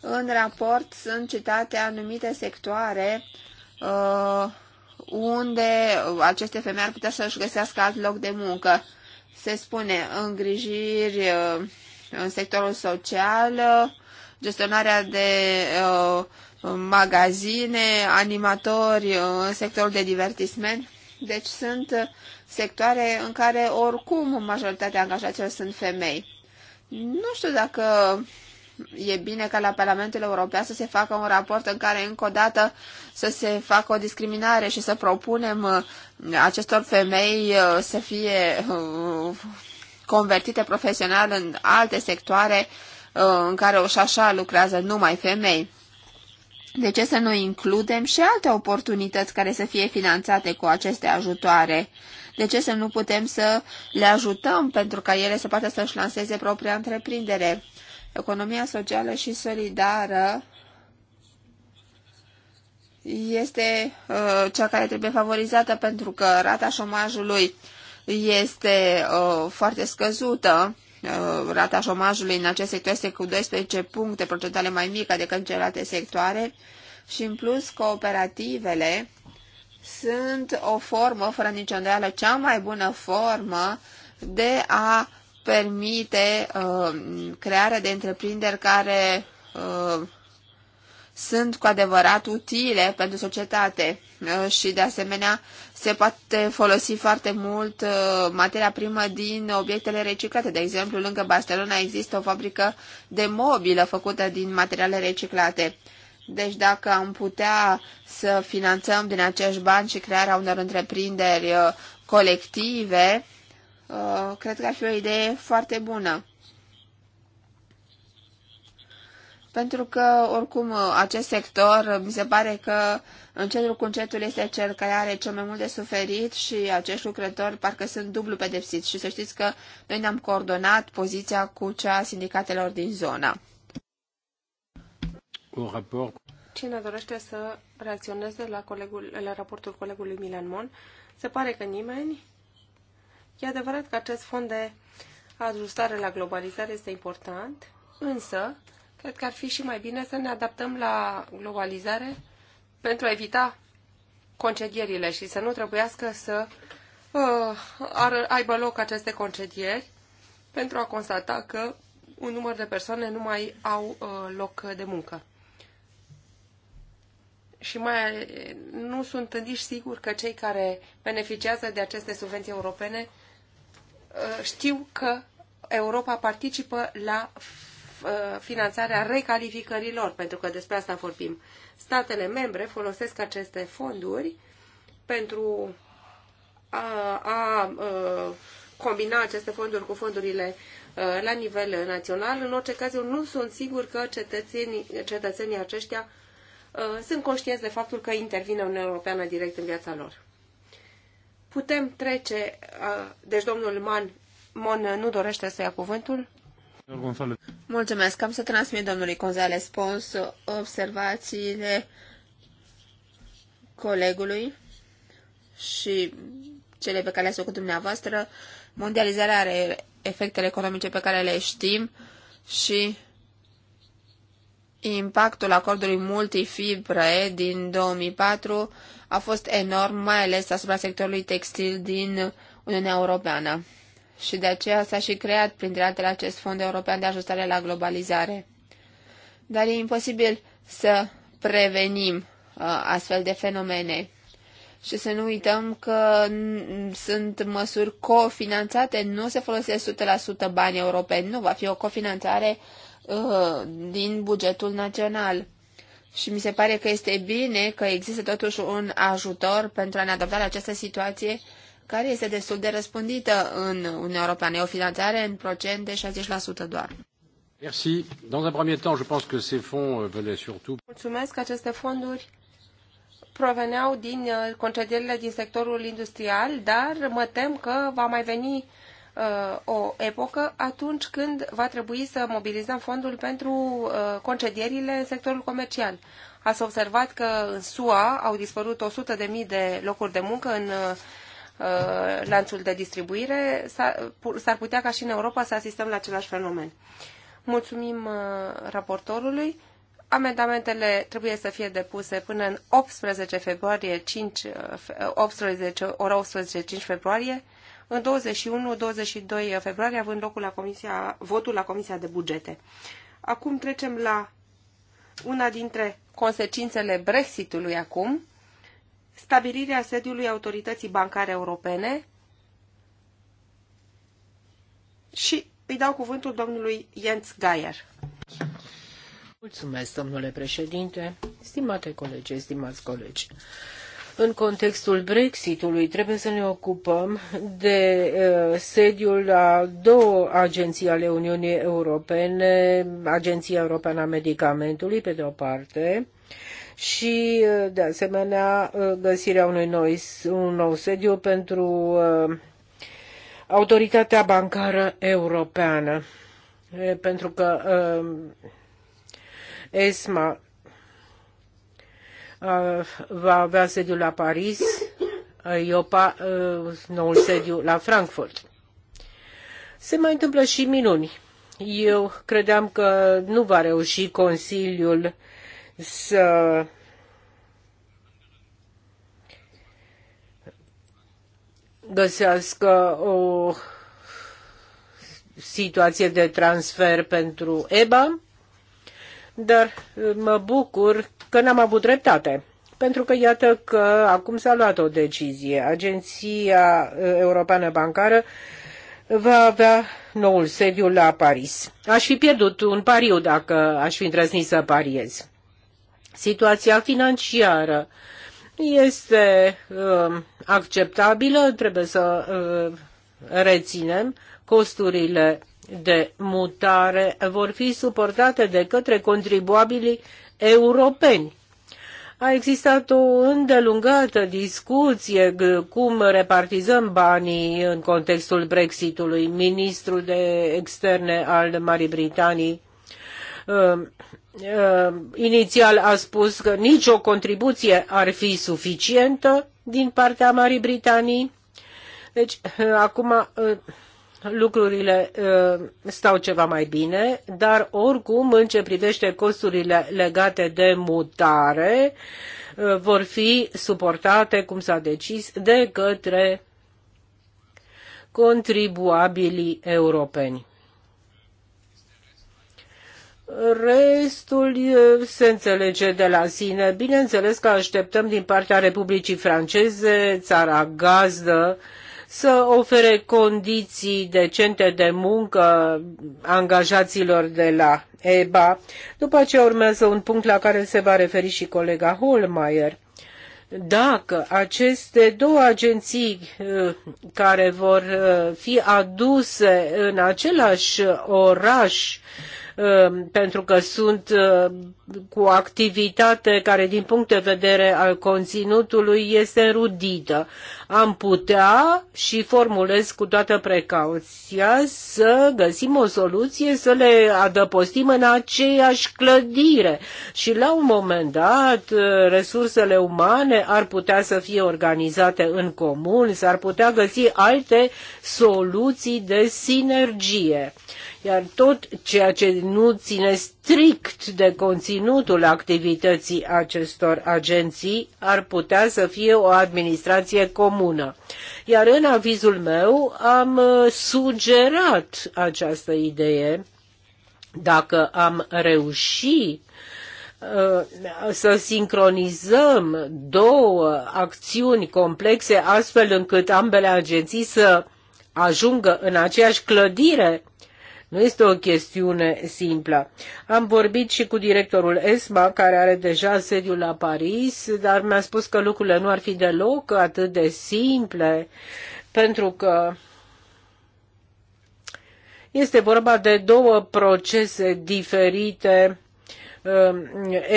În raport sunt citate anumite sectoare uh, unde aceste femei ar putea să-și găsească alt loc de muncă. Se spune îngrijiri uh, în sectorul social, uh, gestionarea de uh, magazine, animatori uh, în sectorul de divertisment. Deci sunt sectoare în care oricum majoritatea angajaților sunt femei. Nu știu dacă e bine ca la Parlamentul European să se facă un raport în care încă o dată să se facă o discriminare și să propunem uh, acestor femei uh, să fie uh, convertite profesional în alte sectoare în care o așa lucrează numai femei. De ce să nu includem și alte oportunități care să fie finanțate cu aceste ajutoare? De ce să nu putem să le ajutăm pentru ca ele să poată să-și lanseze propria întreprindere? Economia socială și solidară este uh, cea care trebuie favorizată pentru că rata șomajului este uh, foarte scăzută Uh, rata șomajului în acest sector este cu 12 puncte procentuale mai mică decât în celelalte sectoare și în plus cooperativele sunt o formă, fără nicio îndoială, cea mai bună formă de a permite uh, crearea de întreprinderi care uh, sunt cu adevărat utile pentru societate uh, și de asemenea se poate folosi foarte mult uh, materia primă din obiectele reciclate. De exemplu, lângă Barcelona există o fabrică de mobilă făcută din materiale reciclate. Deci dacă am putea să finanțăm din acești bani și crearea unor întreprinderi uh, colective, cred că ar fi o idee foarte bună. pentru că, oricum, acest sector mi se pare că încetul cu încetul este cel care are cel mai mult de suferit și acești lucrători parcă sunt dublu pedepsiți. Și să știți că noi ne-am coordonat poziția cu cea a sindicatelor din zona. Un raport. Cine dorește să reacționeze la, colegul, la raportul colegului Milan Mon? Se pare că nimeni. E adevărat că acest fond de ajustare la globalizare este important, însă Cred că ar fi și mai bine să ne adaptăm la globalizare pentru a evita concedierile și să nu trebuiască să uh, ar, aibă loc aceste concedieri pentru a constata că un număr de persoane nu mai au uh, loc de muncă. Și mai nu sunt nici sigur că cei care beneficiază de aceste subvenții europene uh, știu că Europa participă la Uh, finanțarea recalificărilor, pentru că despre asta vorbim. Statele membre folosesc aceste fonduri pentru a, a uh, combina aceste fonduri cu fondurile uh, la nivel național. În orice caz, eu nu sunt sigur că cetățenii, cetățenii aceștia sunt conștienți de faptul că intervine Uniunea Europeană direct în viața lor. Putem trece, deci domnul Man, Mon nu dorește să ia cuvântul. Mulțumesc. Am să transmit domnului Conzale Spons observațiile colegului și cele pe care le-ați făcut dumneavoastră. Mondializarea are efectele economice pe care le știm și impactul acordului multifibre din 2004 a fost enorm, mai ales asupra sectorului textil din Uniunea Europeană și de aceea s-a și creat, printre altele, acest Fond European de Ajustare la Globalizare. Dar e imposibil să prevenim uh, astfel de fenomene. Și să nu uităm că sunt măsuri cofinanțate, nu se folosesc 100% bani europeni, nu, va fi o cofinanțare uh, din bugetul național. Și mi se pare că este bine că există totuși un ajutor pentru a ne adapta la această situație care este destul de răspândită în Uniunea Europeană. E o finanțare în procent de 60% doar. Merci. Dans un premier temps, je pense que ces fonds euh, venaient surtout... Mulțumesc. Aceste fonduri proveneau din uh, concedierile din sectorul industrial, dar mă tem că va mai veni uh, o epocă atunci când va trebui să mobilizăm fondul pentru uh, concedierile în sectorul comercial. Ați observat că în SUA au dispărut 100.000 de locuri de muncă în Uh, lanțul de distribuire, s-ar putea ca și în Europa să asistăm la același fenomen. Mulțumim uh, raportorului. Amendamentele trebuie să fie depuse până în 18 februarie, 5, 18, uh, ora 18, 5 februarie, în 21-22 februarie, având locul la comisia, votul la Comisia de Bugete. Acum trecem la una dintre consecințele Brexitului acum, stabilirea sediului Autorității Bancare Europene și îi dau cuvântul domnului Jens Geier. Mulțumesc, domnule președinte, stimate colegi, stimați colegi. În contextul Brexitului trebuie să ne ocupăm de uh, sediul la două agenții ale Uniunii Europene, Agenția Europeană a Medicamentului, pe de o parte, și, uh, de asemenea, uh, găsirea unui noi, un nou sediu pentru Autoritatea Bancară Europeană. Pentru că ESMA Uh, va avea sediul la Paris, IOPA uh, uh, noul sediu la Frankfurt. Se mai întâmplă și minuni. Eu credeam că nu va reuși Consiliul să găsească o situație de transfer pentru EBA dar uh, mă bucur că n-am avut dreptate. Pentru că iată că acum s-a luat o decizie. Agenția uh, Europeană Bancară va avea noul sediu la Paris. Aș fi pierdut un pariu dacă aș fi îndrăznit să pariez. Situația financiară este uh, acceptabilă, trebuie să uh, reținem costurile de mutare vor fi suportate de către contribuabilii europeni. A existat o îndelungată discuție cum repartizăm banii în contextul Brexitului. Ministrul de externe al Marii Britanii uh, uh, inițial a spus că nicio contribuție ar fi suficientă din partea Marii Britanii. Deci, uh, acum lucrurile uh, stau ceva mai bine, dar oricum în ce privește costurile legate de mutare uh, vor fi suportate, cum s-a decis, de către contribuabilii europeni. Restul uh, se înțelege de la sine. Bineînțeles că așteptăm din partea Republicii Franceze, țara gazdă, uh, să ofere condiții decente de muncă angajaților de la EBA. După ce urmează un punct la care se va referi și colega Holmeier. Dacă aceste două agenții uh, care vor uh, fi aduse în același oraș Ehm, pentru că sunt ehm, cu o activitate care din punct de vedere al conținutului este rudită. Am putea și formulez cu toată precauția să găsim o soluție să le adăpostim în aceeași clădire și la un moment dat ehm, resursele umane ar putea să fie organizate în comun, s-ar putea găsi alte soluții de sinergie. Iar tot ceea ce nu ține strict de conținutul activității acestor agenții ar putea să fie o administrație comună. Iar în avizul meu am uh, sugerat această idee dacă am reușit uh, să sincronizăm două acțiuni complexe astfel încât ambele agenții să ajungă în aceeași clădire, nu este o chestiune simplă. Am vorbit și cu directorul ESMA, care are deja sediul la Paris, dar mi-a spus că lucrurile nu ar fi deloc atât de simple, pentru că este vorba de două procese diferite. Um,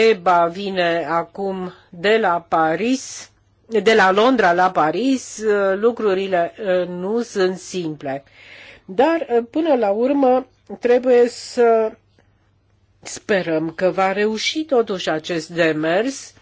EBA vine acum de la Paris, de la Londra la Paris, uh, lucrurile uh, nu sunt simple. Dar, eh, până la urmă, trebuie să sperăm că va reuși totuși acest demers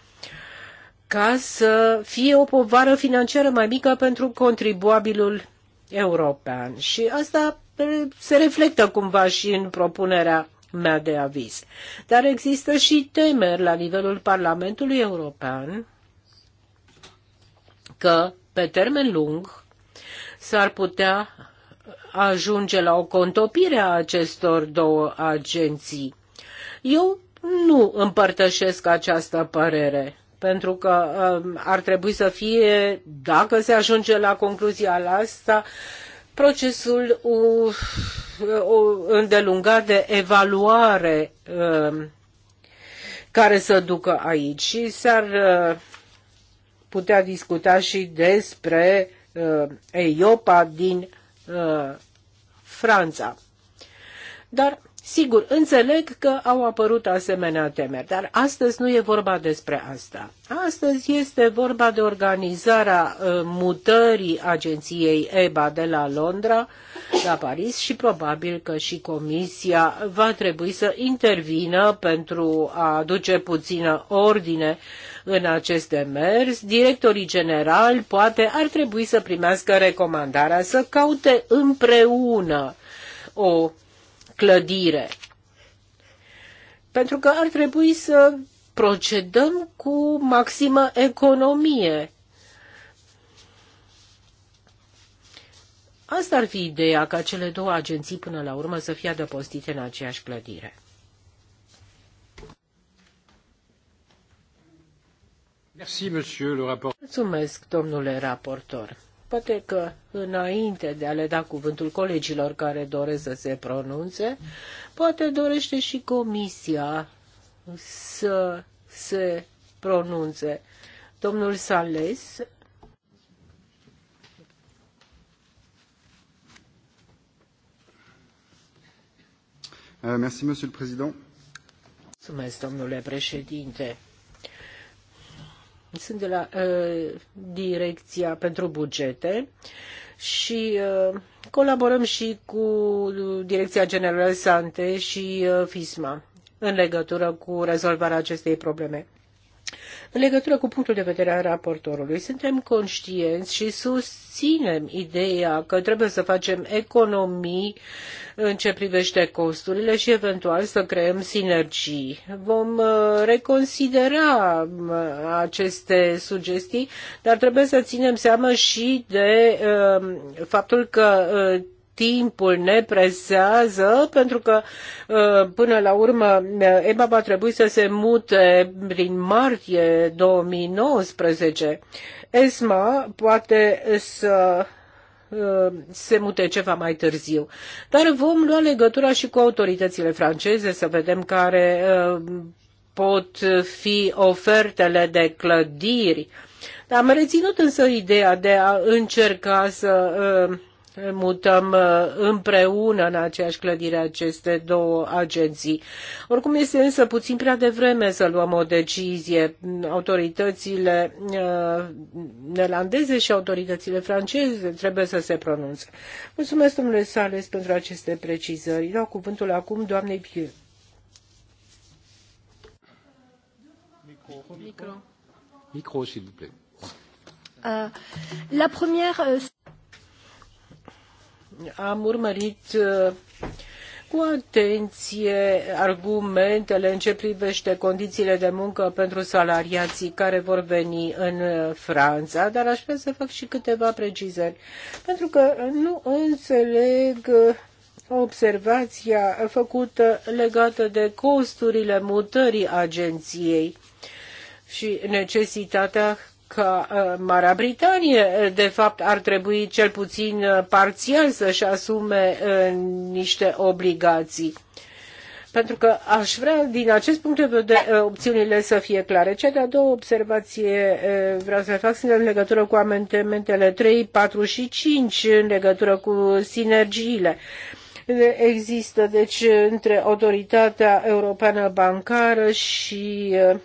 ca să fie o povară financiară mai mică pentru contribuabilul european. Și asta eh, se reflectă cumva și în propunerea mea de aviz. Dar există și temeri la nivelul Parlamentului European că, pe termen lung, s-ar putea ajunge la o contopire a acestor două agenții. Eu nu împărtășesc această părere, pentru că um, ar trebui să fie, dacă se ajunge la concluzia la asta, procesul îndelungat de evaluare um, care să ducă aici și s-ar uh, putea discuta și despre uh, EIOPA din Uh, Franța. Dar Sigur, înțeleg că au apărut asemenea temeri, dar astăzi nu e vorba despre asta. Astăzi este vorba de organizarea uh, mutării agenției EBA de la Londra la Paris și probabil că și Comisia va trebui să intervină pentru a aduce puțină ordine în acest demers. Directorii generali poate ar trebui să primească recomandarea să caute împreună o clădire. Pentru că ar trebui să procedăm cu maximă economie. Asta ar fi ideea ca cele două agenții până la urmă să fie adăpostite în aceeași clădire. Merci, monsieur, le Mulțumesc, domnule raportor. Poate că înainte de a le da cuvântul colegilor care doresc să se pronunțe, poate dorește și comisia să se pronunțe. Domnul Sales euh, Mulțumesc, domnule președinte sunt de la uh, Direcția pentru Bugete și uh, colaborăm și cu Direcția Generală Sante și uh, FISMA în legătură cu rezolvarea acestei probleme. În legătură cu punctul de vedere al raportorului, suntem conștienți și susținem ideea că trebuie să facem economii în ce privește costurile și eventual să creăm sinergii. Vom uh, reconsidera uh, aceste sugestii, dar trebuie să ținem seama și de uh, faptul că timpul ne presează, pentru că uh, până la urmă uh, EBA va trebui să se mute prin martie 2019. ESMA poate să uh, se mute ceva mai târziu. Dar vom lua legătura și cu autoritățile franceze să vedem care pot fi ofertele de clădiri. Am reținut însă ideea de a încerca să uh, mutăm uh, împreună în aceeași clădire aceste două agenții. Oricum este însă puțin prea devreme să luăm o decizie. Autoritățile uh, neerlandeze și autoritățile franceze trebuie să se pronunțe. Mulțumesc, domnule Sales, pentru aceste precizări. Dau cuvântul acum doamnei Piu. Micro. Micro, s'il vous plaît. Uh, la première, uh am urmărit uh, cu atenție argumentele în ce privește condițiile de muncă pentru salariații care vor veni în uh, Franța, dar aș vrea să fac și câteva precizări, pentru că nu înțeleg uh, observația făcută legată de costurile mutării agenției și necesitatea că uh, Marea Britanie, uh, de fapt, ar trebui cel puțin uh, parțial să-și asume niște obligații. Pentru că aș vrea, din acest punct de vedere, opțiunile să fie clare. Cea de-a doua observație vreau să fac în legătură cu amendamentele 3, 4 și 5, în legătură cu sinergiile există deci între autoritatea europeană bancară și uh,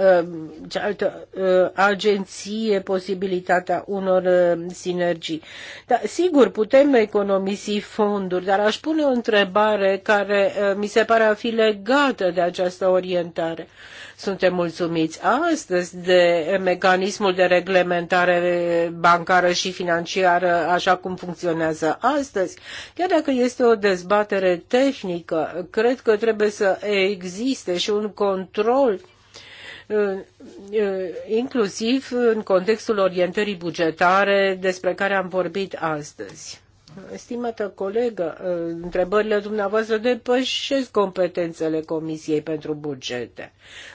Um, cealaltă uh, agenție posibilitatea unor um, sinergii. Da, sigur, putem economisi fonduri, dar aș pune o întrebare care uh, mi se pare a fi legată de această orientare. Suntem mulțumiți astăzi de mecanismul de reglementare bancară și financiară așa cum funcționează astăzi. Chiar dacă este o dezbatere tehnică, cred că trebuie să existe și un control Uh, uh, inclusiv în contextul orientării bugetare despre care am vorbit astăzi. Stimată colegă, uh, întrebările dumneavoastră depășesc competențele Comisiei pentru bugete.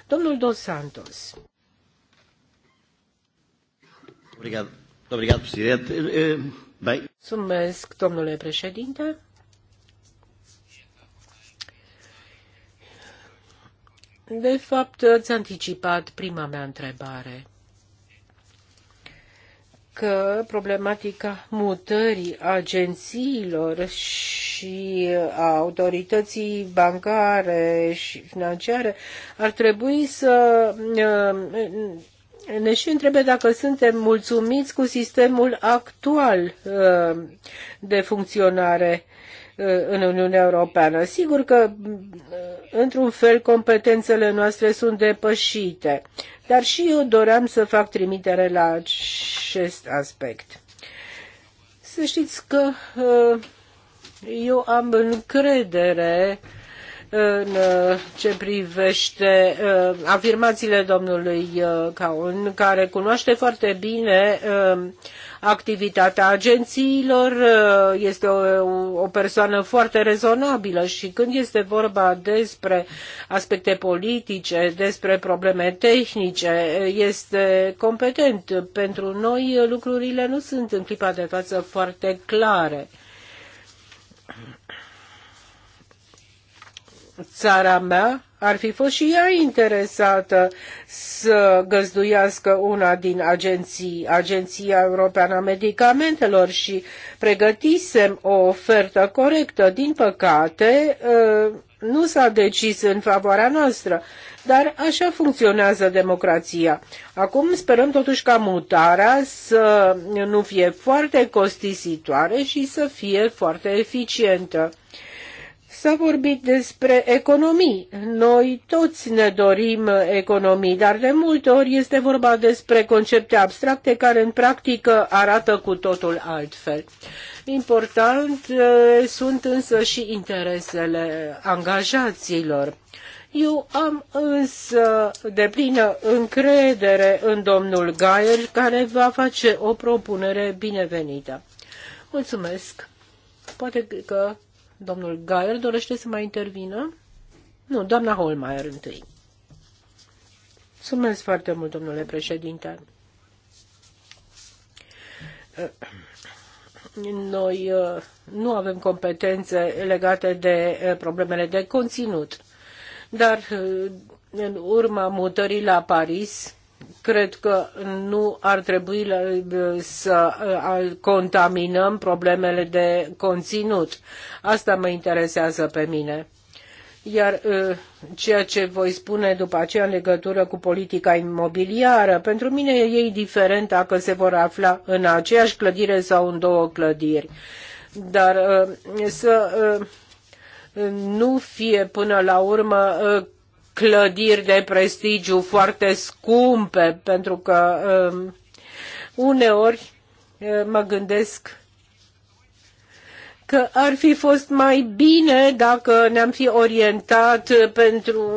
Domnul Dos Santos. Obrigado. Obrigado, presidente. Eh, eh, Mulțumesc, domnule președinte. De fapt, ați anticipat prima mea întrebare că problematica mutării agențiilor și a autorității bancare și financiare ar trebui să uh, ne și întrebe dacă suntem mulțumiți cu sistemul actual uh, de funcționare Uh, în Uniunea Europeană. Sigur că, uh, într-un fel, competențele noastre sunt depășite, dar și eu doream să fac trimitere la acest aspect. Să știți că uh, eu am încredere uh, în uh, ce privește uh, afirmațiile domnului uh, Caun, care cunoaște foarte bine activitatea agențiilor, este o, o persoană foarte rezonabilă și când este vorba despre aspecte politice, despre probleme tehnice, este competent. Pentru noi lucrurile nu sunt în clipa de față foarte clare. țara mea ar fi fost și ea interesată să găzduiască una din agenții, Agenția Europeană a Medicamentelor și pregătisem o ofertă corectă. Din păcate, ă, nu s-a decis în favoarea noastră, dar așa funcționează democrația. Acum sperăm totuși ca mutarea să nu fie foarte costisitoare și să fie foarte eficientă. S-a vorbit despre economii. Noi toți ne dorim economii, dar de multe ori este vorba despre concepte abstracte care în practică arată cu totul altfel. Important sunt însă și interesele angajaților. Eu am însă deplină încredere în domnul Gaier, care va face o propunere binevenită. Mulțumesc! Poate că Domnul Gaier dorește să mai intervină? Nu, doamna Holmeier întâi. Mulțumesc foarte mult, domnule președinte. Noi uh, nu avem competențe legate de uh, problemele de conținut, dar uh, în urma mutării la Paris, cred că nu ar trebui uh, să uh, contaminăm problemele de conținut. Asta mă interesează pe mine. Iar uh, ceea ce voi spune după aceea în legătură cu politica imobiliară, pentru mine e indiferent dacă se vor afla în aceeași clădire sau în două clădiri. Dar să nu fie până la urmă clădiri de prestigiu foarte scumpe, pentru că um, uneori uh, mă gândesc că ar fi fost mai bine dacă ne-am fi orientat pentru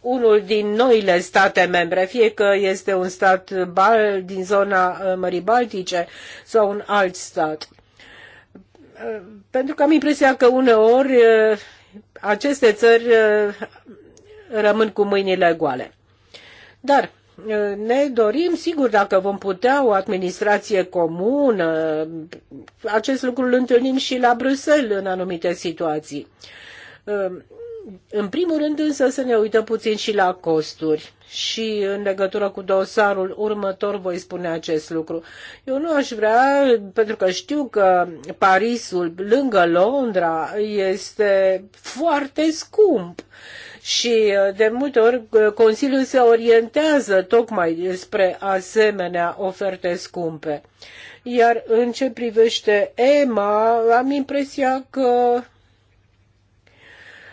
unul din noile state membre, fie că este un stat bal, din zona uh, Mării Baltice sau un alt stat. Uh, pentru că am impresia că uneori aceste țări rămân cu mâinile goale. Dar ne dorim, sigur, dacă vom putea o administrație comună, acest lucru îl întâlnim și la Bruxelles în anumite situații. În primul rând însă să ne uităm puțin și la costuri și în legătură cu dosarul următor voi spune acest lucru. Eu nu aș vrea, pentru că știu că Parisul lângă Londra este foarte scump și uh, de multe ori uh, Consiliul se orientează tocmai spre asemenea oferte scumpe. Iar în ce privește EMA, am impresia că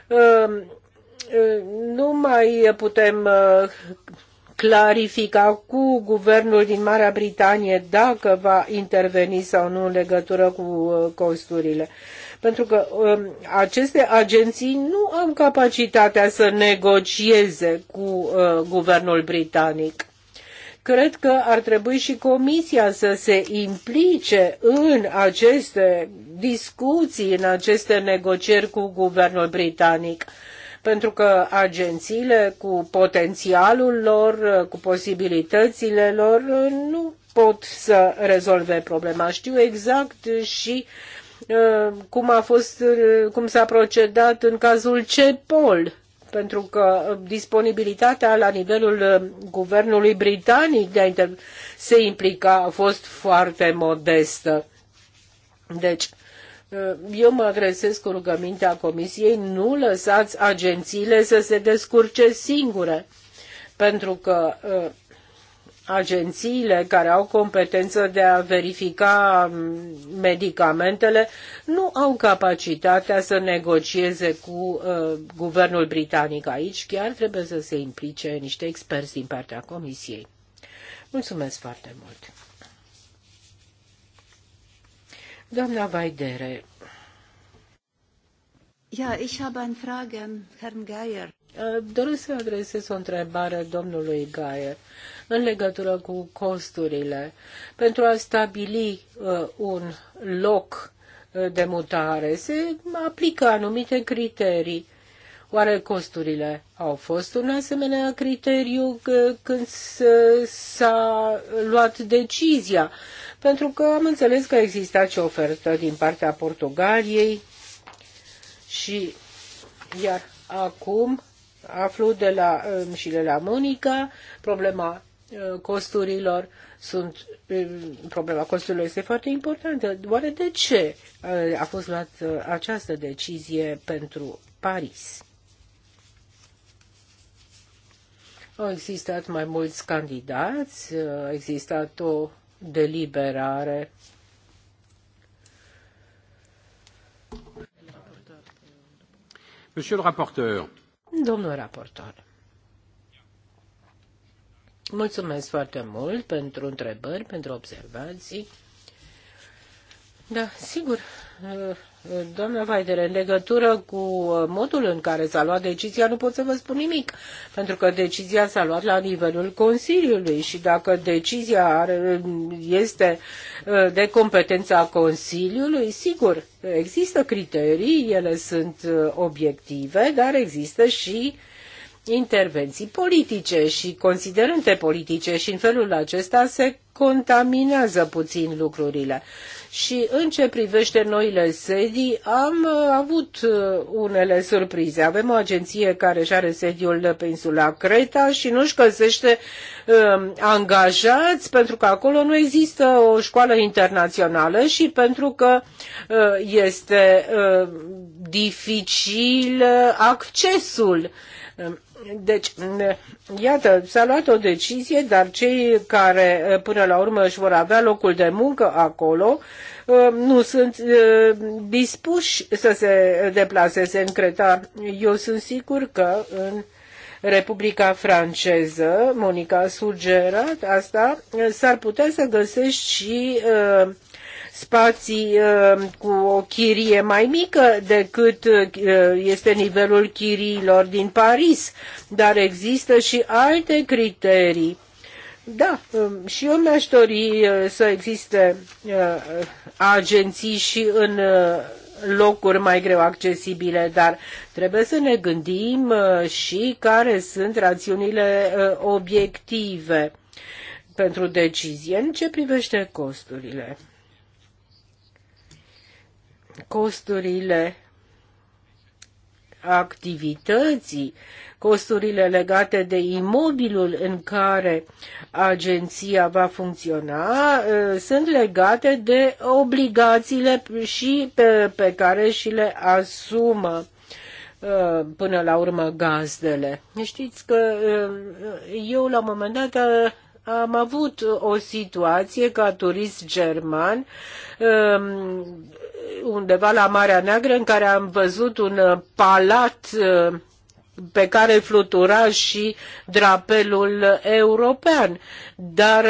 um, uh, nu mai putem clarifica cu guvernul din Marea Britanie dacă va interveni sau nu în legătură cu costurile pentru că um, aceste agenții nu au capacitatea să negocieze cu uh, guvernul britanic. Cred că ar trebui și Comisia să se implice în aceste discuții, în aceste negocieri cu guvernul britanic pentru că agențiile cu potențialul lor, cu posibilitățile lor, nu pot să rezolve problema. Știu exact și Uh, cum a fost, uh, cum s-a procedat în cazul CEPOL, pentru că uh, disponibilitatea la nivelul guvernului britanic de a se implica a fost foarte modestă. Deci, eu mă adresez cu rugămintea Comisiei, nu lăsați agențiile să se descurce singure, pentru că agențiile care au competență de a verifica mm, medicamentele nu au capacitatea să negocieze cu uh, guvernul britanic aici, chiar trebuie să se implice niște experți din partea Comisiei. Mulțumesc foarte mult! Doamna Vaidere. Ja, ich habe eine Frage an Herrn Geier. Uh, doresc să adresez o întrebare domnului Gaier în legătură cu costurile. Pentru a stabili uh, un loc uh, de mutare se aplică anumite criterii. Oare costurile au fost un asemenea criteriu uh, când s-a luat decizia? Pentru că am înțeles că exista și ofertă din partea Portugaliei și iar acum aflu de la uh, și de la Monica problema Uh, costurilor, sunt, uh, problema costurilor este foarte importantă. Oare de ce uh, a fost luată această decizie pentru Paris? Au existat mai mulți candidați, a existat o deliberare. Monsieur le rapporteur. Domnul raportor. Mulțumesc foarte mult pentru întrebări, pentru observații. Da, sigur. Uh, doamna Vaidere, în legătură cu uh, modul în care s-a luat decizia, nu pot să vă spun nimic, pentru că decizia s-a luat la nivelul Consiliului și dacă decizia uh, este de competența Consiliului, sigur, există criterii, ele sunt obiective, dar există și uh, intervenții politice și considerente politice și în felul acesta se contaminează puțin lucrurile. Și în ce privește noile sedii, am uh, avut uh, unele surprize. Avem o agenție care își are sediul pe insula Creta și nu-și găsește um, angajați pentru că acolo nu există o școală internațională și pentru că uh, este uh, dificil uh, accesul. Uh, deci, iată, s-a luat o decizie, dar cei care până la urmă își vor avea locul de muncă acolo uh, nu sunt uh, dispuși să se deplaseze în Creta. Eu sunt sigur că în Republica franceză, Monica a sugerat asta, s-ar putea să găsești și uh, spații uh, cu o chirie mai mică decât uh, este nivelul chiriilor din Paris, dar există și alte criterii. Da, um, și eu mi-aș dori uh, să existe agenții și în locuri mai greu accesibile, dar trebuie să ne gândim și care sunt rațiunile obiective pentru decizie în ce privește costurile costurile activității, costurile legate de imobilul în care agenția va funcționa ă, sunt legate de obligațiile și pe, pe care și le asumă ă, până la urmă gazdele. Știți că ă, eu la un moment dat am avut o situație ca turist german undeva la Marea Neagră în care am văzut un uh, palat uh, pe care flutura și drapelul european. Dar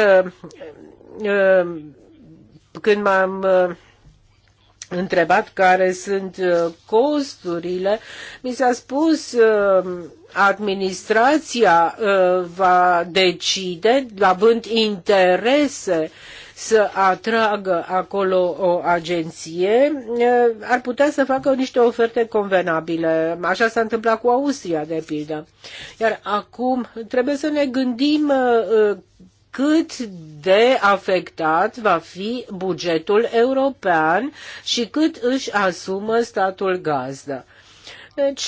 uh, când m-am întrebat care sunt costurile, mi s-a spus administrația va decide, având interese să atragă acolo o agenție, ar putea să facă niște oferte convenabile. Așa s-a întâmplat cu Austria, de pildă. Iar acum trebuie să ne gândim cât de afectat va fi bugetul european și cât își asumă statul gazdă. Deci,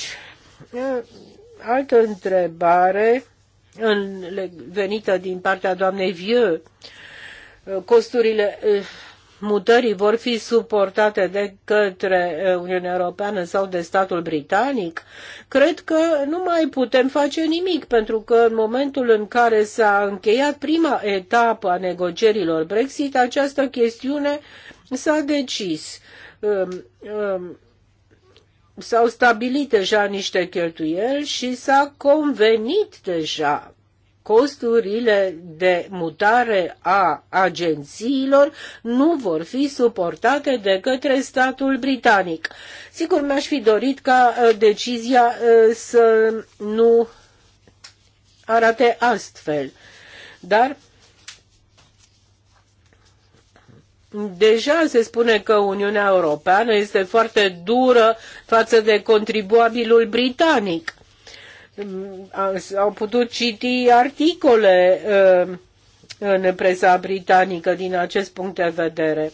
altă întrebare venită din partea doamnei Vieux costurile eh, mutării vor fi suportate de către eh, Uniunea Europeană sau de statul britanic, cred că nu mai putem face nimic, pentru că în momentul în care s-a încheiat prima etapă a negocierilor Brexit, această chestiune s-a decis. Ehm, ehm, s-au stabilit deja niște cheltuieli și s-a convenit deja costurile de mutare a agențiilor nu vor fi suportate de către statul britanic. Sigur, mi-aș fi dorit ca uh, decizia uh, să nu arate astfel, dar Deja se spune că Uniunea Europeană este foarte dură față de contribuabilul britanic Mm, au putut citi articole uh, în presa britanică din acest punct de vedere.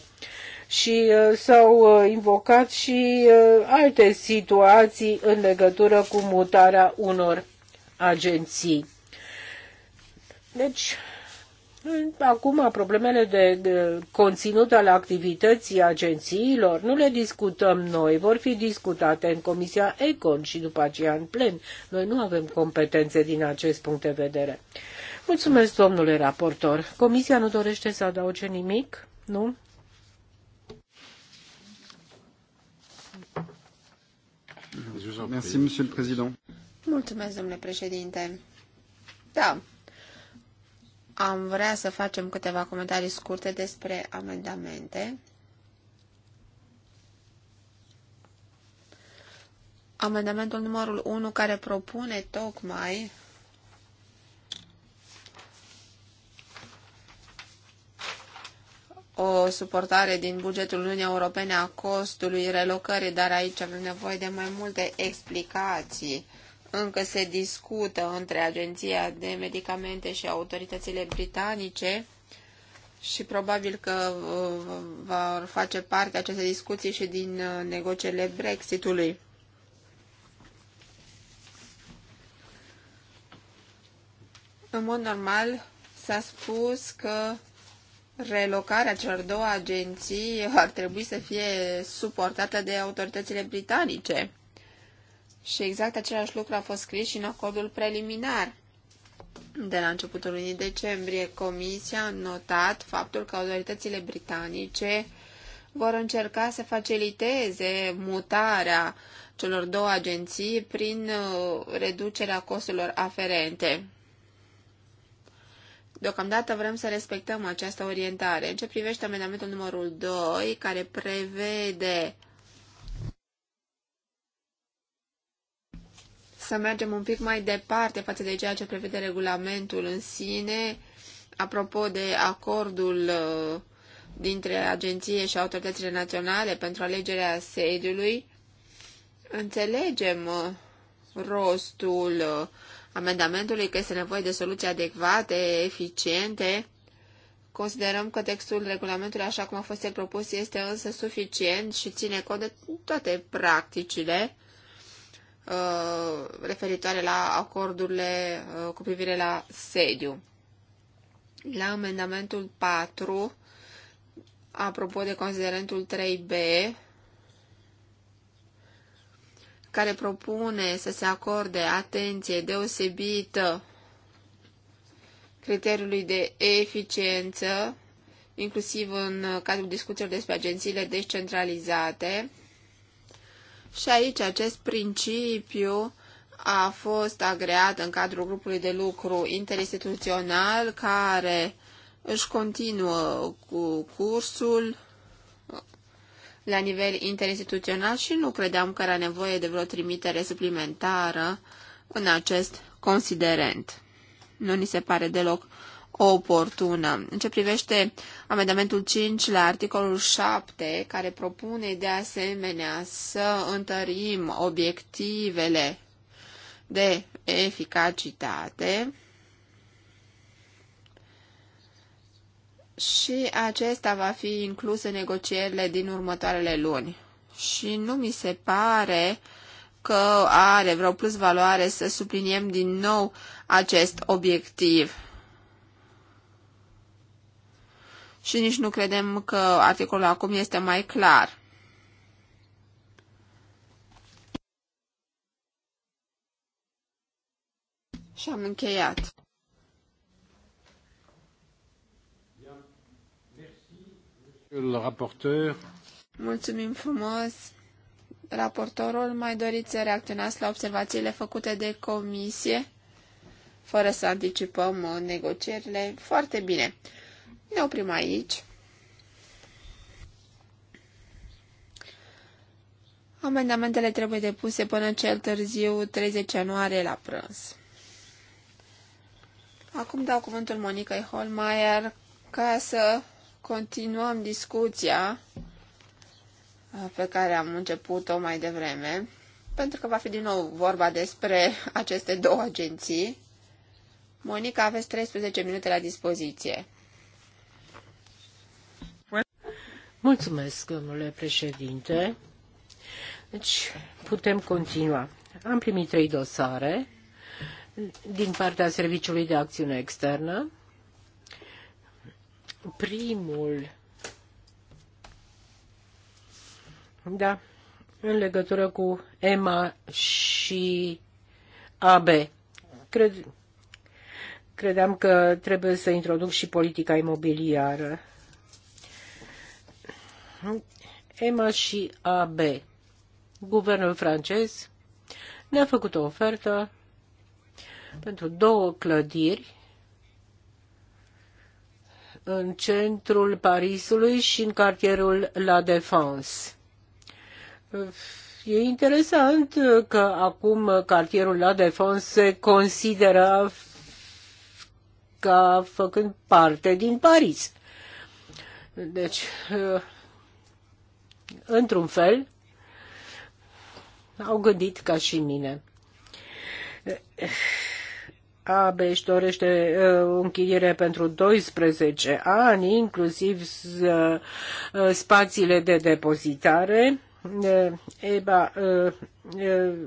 Și uh, s-au uh, invocat și alte situații în legătură cu mutarea unor agenții. Deci, Acum, problemele de, conținut ale activității agențiilor nu le discutăm noi, vor fi discutate în Comisia Econ și după aceea în plen. Noi nu avem competențe din acest punct de vedere. Mulțumesc, domnule raportor. Comisia nu dorește să adauge nimic? Nu? Mulțumesc, domnule președinte. Da, am vrea să facem câteva comentarii scurte despre amendamente. Amendamentul numărul 1 care propune tocmai o suportare din bugetul Uniunii Europene a costului relocării, dar aici avem nevoie de mai multe explicații încă se discută între Agenția de Medicamente și autoritățile britanice și probabil că uh, va face parte aceste discuții și din uh, negocierile Brexitului. În mod normal, s-a spus că relocarea celor două agenții ar trebui să fie suportată de autoritățile britanice. Și exact același lucru a fost scris și în acordul preliminar. De la începutul lunii decembrie, Comisia a notat faptul că autoritățile britanice vor încerca să faciliteze mutarea celor două agenții prin uh, reducerea costurilor aferente. Deocamdată vrem să respectăm această orientare. În ce privește amendamentul numărul 2, care prevede uh, să mergem un pic mai departe față de ceea ce prevede regulamentul în sine, apropo de acordul uh, dintre agenție și autoritățile naționale pentru alegerea sediului. Înțelegem uh, rostul uh, amendamentului că este nevoie de soluții adecvate, eficiente, Considerăm că textul regulamentului, așa cum a fost el propus, este însă suficient și ține cont de toate practicile Uh, referitoare la acordurile uh, cu privire la sediu. La amendamentul 4, apropo de considerentul 3b, care propune să se acorde atenție deosebită criteriului de eficiență, inclusiv în cadrul discuțiilor despre agențiile descentralizate, și aici acest principiu a fost agreat în cadrul grupului de lucru interinstituțional care își continuă cu cursul la nivel interinstituțional și nu credeam că era nevoie de vreo trimitere suplimentară în acest considerent. Nu ni se pare deloc oportună. În ce privește amendamentul 5 la articolul 7, care propune de asemenea să întărim obiectivele de eficacitate și acesta va fi inclus în negocierile din următoarele luni. Și nu mi se pare că are vreo plus valoare să subliniem din nou acest obiectiv și nici nu credem că articolul acum este mai clar. Și am încheiat. Mulțumim frumos. Raportorul, mai doriți să reacționați la observațiile făcute de comisie, fără să anticipăm uh, negocierile? Foarte bine. Ne oprim aici. Amendamentele trebuie depuse până cel târziu 30 ianuarie la prânz. Acum dau cuvântul Monica Holmeier ca să continuăm discuția pe care am început-o mai devreme, pentru că va fi din nou vorba despre aceste două agenții. Monica, aveți 13 minute la dispoziție. Mulțumesc, domnule președinte. Deci, putem continua. Am primit trei dosare din partea Serviciului de Acțiune Externă. Primul, da, în legătură cu EMA și AB. Cred, credeam că trebuie să introduc și politica imobiliară. EMA și AB. Guvernul francez ne-a făcut o ofertă pentru două clădiri în centrul Parisului și în cartierul La Défense. E interesant că acum cartierul La Défense se consideră ca făcând parte din Paris. Deci, într-un fel, au gândit ca și mine. AB își dorește uh, închiriere pentru 12 ani, inclusiv uh, spațiile de depozitare. Uh, EBA uh,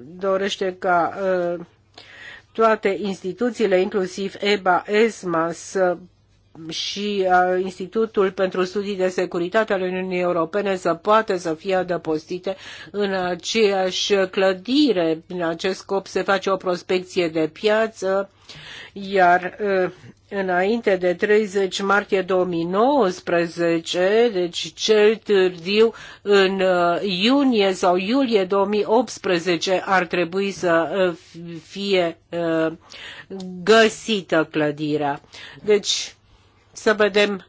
dorește ca toate instituțiile, inclusiv EBA, ESMA, să și uh, Institutul pentru Studii de Securitate al Uniunii Europene să poată să fie adăpostite în aceeași clădire. În acest scop se face o prospecție de piață, iar uh, înainte de 30 martie 2019, deci cel târziu în uh, iunie sau iulie 2018 ar trebui să fie găsită clădirea. Deci să vedem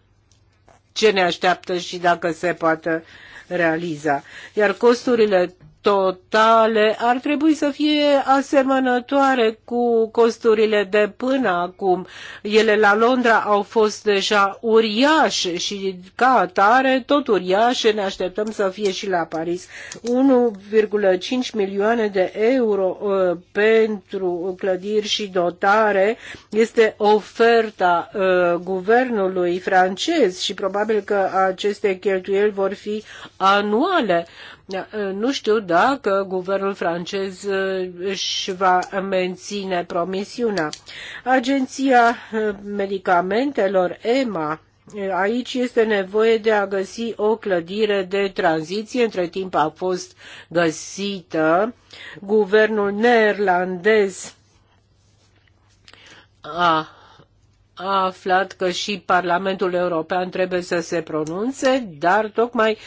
ce ne așteaptă și dacă se poate realiza. Iar costurile totale ar trebui să fie asemănătoare cu costurile de până acum. Ele la Londra au fost deja uriașe și ca atare tot uriașe, ne așteptăm să fie și la Paris. 1,5 milioane de euro uh, pentru clădiri și dotare este oferta uh, guvernului francez și probabil că aceste cheltuieli vor fi anuale. Da, nu știu dacă guvernul francez își va menține promisiunea. Agenția Medicamentelor EMA Aici este nevoie de a găsi o clădire de tranziție. Între timp a fost găsită. Guvernul neerlandez a aflat că și Parlamentul European trebuie să se pronunțe, dar tocmai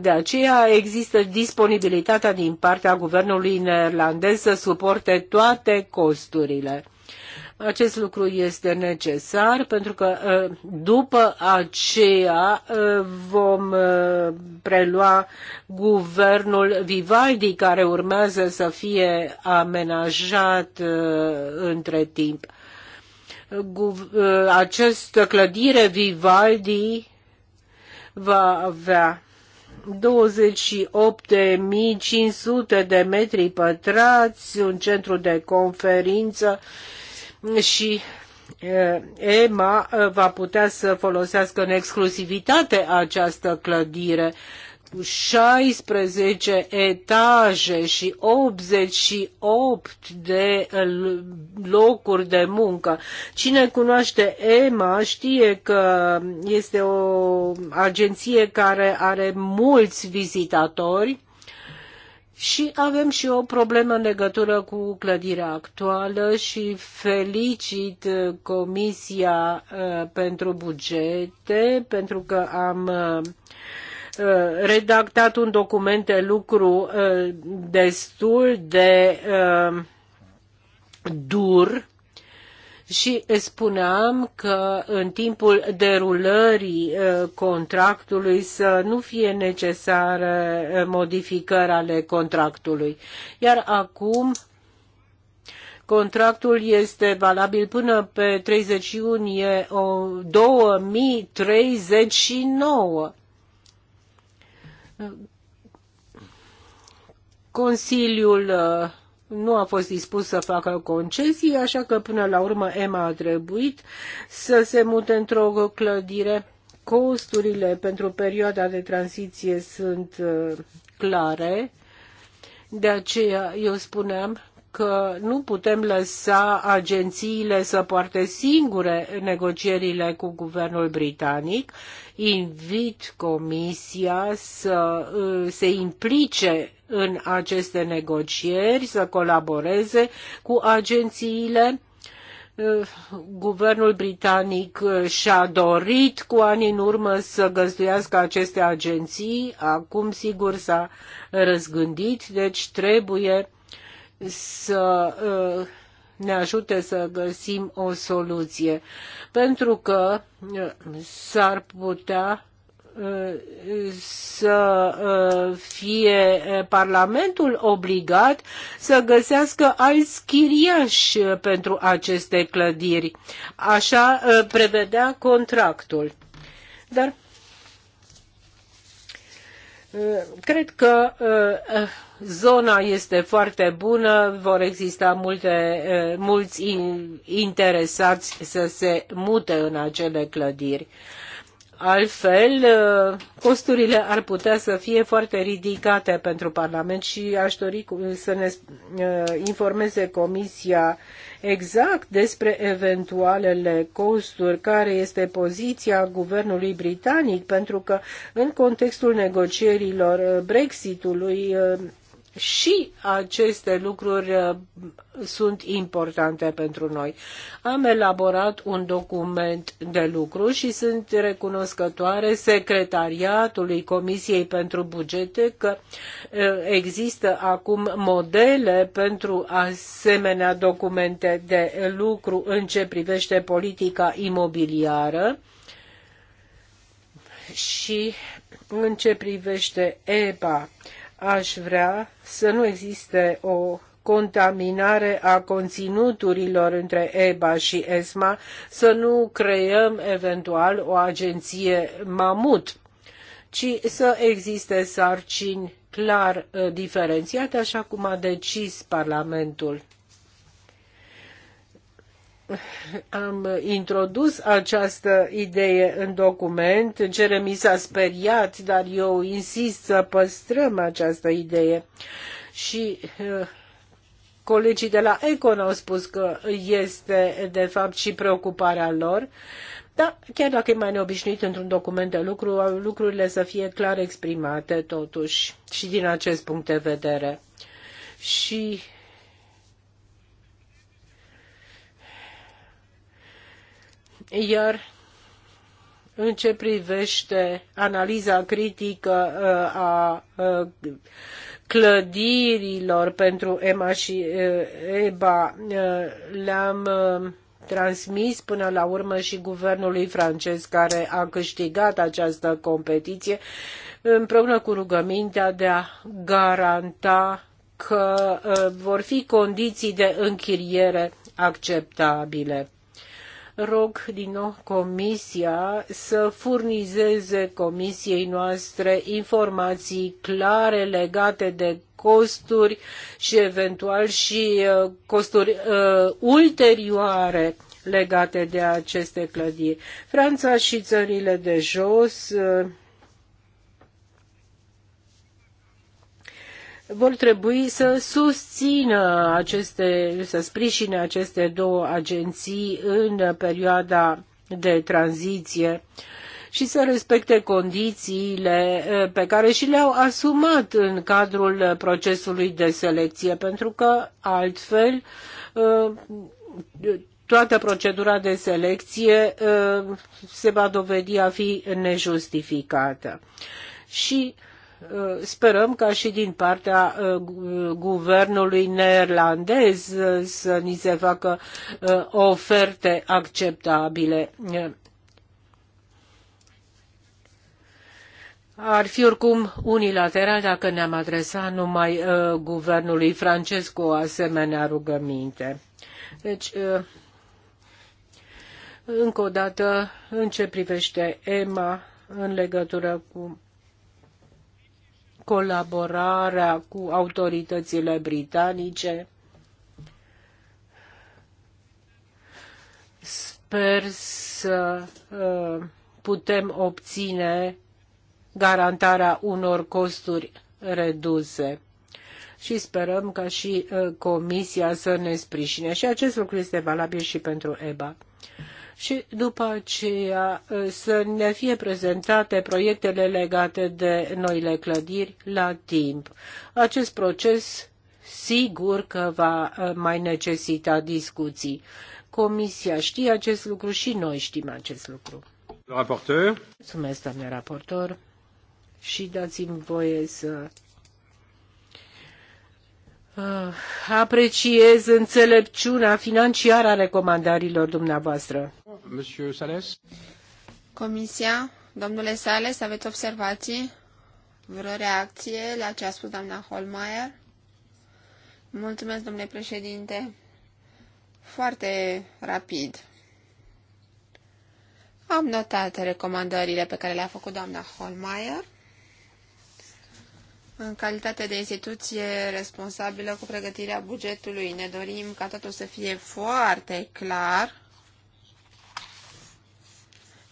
de aceea există disponibilitatea din partea guvernului neerlandez să suporte toate costurile. Acest lucru este necesar pentru că după aceea vom prelua guvernul Vivaldi care urmează să fie amenajat între timp. Uh, această clădire Vivaldi va avea 28.500 de metri pătrați, un centru de conferință și uh, EMA uh, va putea să folosească în exclusivitate această clădire 16 etaje și 88 de eh, locuri de muncă. Cine cunoaște EMA știe că este o agenție care are mulți vizitatori și avem și o problemă în legătură cu clădirea actuală și felicit eh, Comisia eh, pentru bugete pentru că am Uh, redactat un document de lucru uh, destul de uh, dur și spuneam că în timpul derulării contractului să nu fie necesare modificări ale contractului. Iar acum contractul este valabil până pe 30 iunie 2039. Consiliul uh, nu a fost dispus să facă concesii, așa că până la urmă EMA a trebuit să se mute într-o clădire. Costurile pentru perioada de tranziție sunt uh, clare, de aceea eu spuneam că nu putem lăsa agențiile să poarte singure negocierile cu guvernul britanic. Invit Comisia să uh, se implice în aceste negocieri, să colaboreze cu agențiile uh, guvernul britanic și-a dorit cu ani în urmă să găzduiască aceste agenții, acum sigur s-a răzgândit, deci trebuie să uh, ne ajute să găsim o soluție, pentru că uh, s-ar putea uh, să fie Parlamentul obligat să găsească alți chiriași pentru aceste clădiri. Așa prevedea contractul. Dar Eh, cred că eh, zona este foarte bună, vor exista multe, eh, mulți interesați să se mute în acele clădiri. Altfel, costurile ar putea să fie foarte ridicate pentru Parlament și aș dori să ne informeze Comisia uh, exact despre eventualele costuri, care este poziția guvernului britanic, pentru că în contextul negocierilor eh, Brexitului eh, și aceste lucruri uh, sunt importante pentru noi. Am elaborat un document de lucru și sunt recunoscătoare secretariatului Comisiei pentru Bugete că uh, există acum modele pentru asemenea documente de lucru în ce privește politica imobiliară și în ce privește EPA aș vrea să nu existe o contaminare a conținuturilor între EBA și ESMA, să nu creăm eventual o agenție mamut, ci să existe sarcini clar uh, diferențiate, așa cum a decis Parlamentul am introdus această idee în document. Jeremy s-a speriat, dar eu insist să păstrăm această idee. Și uh, colegii de la Econ au spus că este, de fapt, și preocuparea lor. Da, chiar dacă e mai neobișnuit într-un document de lucru, lucrurile să fie clar exprimate, totuși, și din acest punct de vedere. Și Iar în ce privește analiza critică uh, a uh, clădirilor pentru EMA și uh, EBA, le-am transmis până la urmă și guvernului francez care a câștigat această competiție împreună cu rugămintea de a garanta că vor fi condiții de închiriere acceptabile. Rog din nou Comisia să furnizeze Comisiei noastre informații clare legate de costuri și eventual și uh, costuri uh, ulterioare legate de aceste clădiri. Franța și țările de jos uh, vor trebui să susțină aceste, să sprijine aceste două agenții în perioada de tranziție și să respecte condițiile eh, pe care și le-au asumat în cadrul procesului de selecție, pentru că altfel eh, toată procedura de selecție eh, se va dovedi a fi nejustificată. Și Eh, sperăm ca și din partea eh, eh, guvernului neerlandez să ni se facă oferte acceptabile. Ar fi oricum unilateral dacă ne-am adresa numai guvernului francez cu o asemenea rugăminte. Deci, încă o dată, în ce privește EMA, în legătură cu colaborarea cu autoritățile britanice. Sper să uh, putem obține garantarea unor costuri reduse și sperăm ca și uh, Comisia să ne sprijine. Și acest lucru este valabil și pentru EBA și după aceea uh, să ne fie prezentate proiectele legate de noile clădiri la timp. Acest proces sigur că va uh, mai necesita discuții. Comisia știe acest lucru și noi știm acest lucru. Raporteur. Mulțumesc, doamne raportor. Și dați-mi voie să uh, apreciez înțelepciunea financiară a recomandărilor dumneavoastră. Monsieur Sales? Comisia, domnule Sales, aveți observații? Vreo reacție la ce a spus doamna Holmeier? Mulțumesc, domnule președinte. Foarte rapid. Am notat recomandările pe care le-a făcut doamna Holmeier în calitate de instituție responsabilă cu pregătirea bugetului. Ne dorim ca totul să fie foarte clar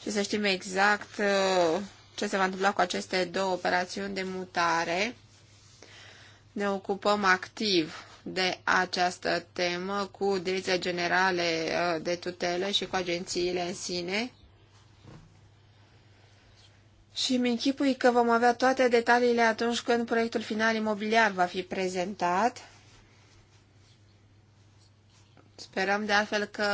și să știm exact uh, ce se va întâmpla cu aceste două operațiuni de mutare. Ne ocupăm activ de această temă cu direcția generale uh, de tutelă și cu agențiile în sine. Și îmi închipui că vom avea toate detaliile atunci când proiectul final imobiliar va fi prezentat. Sperăm de altfel că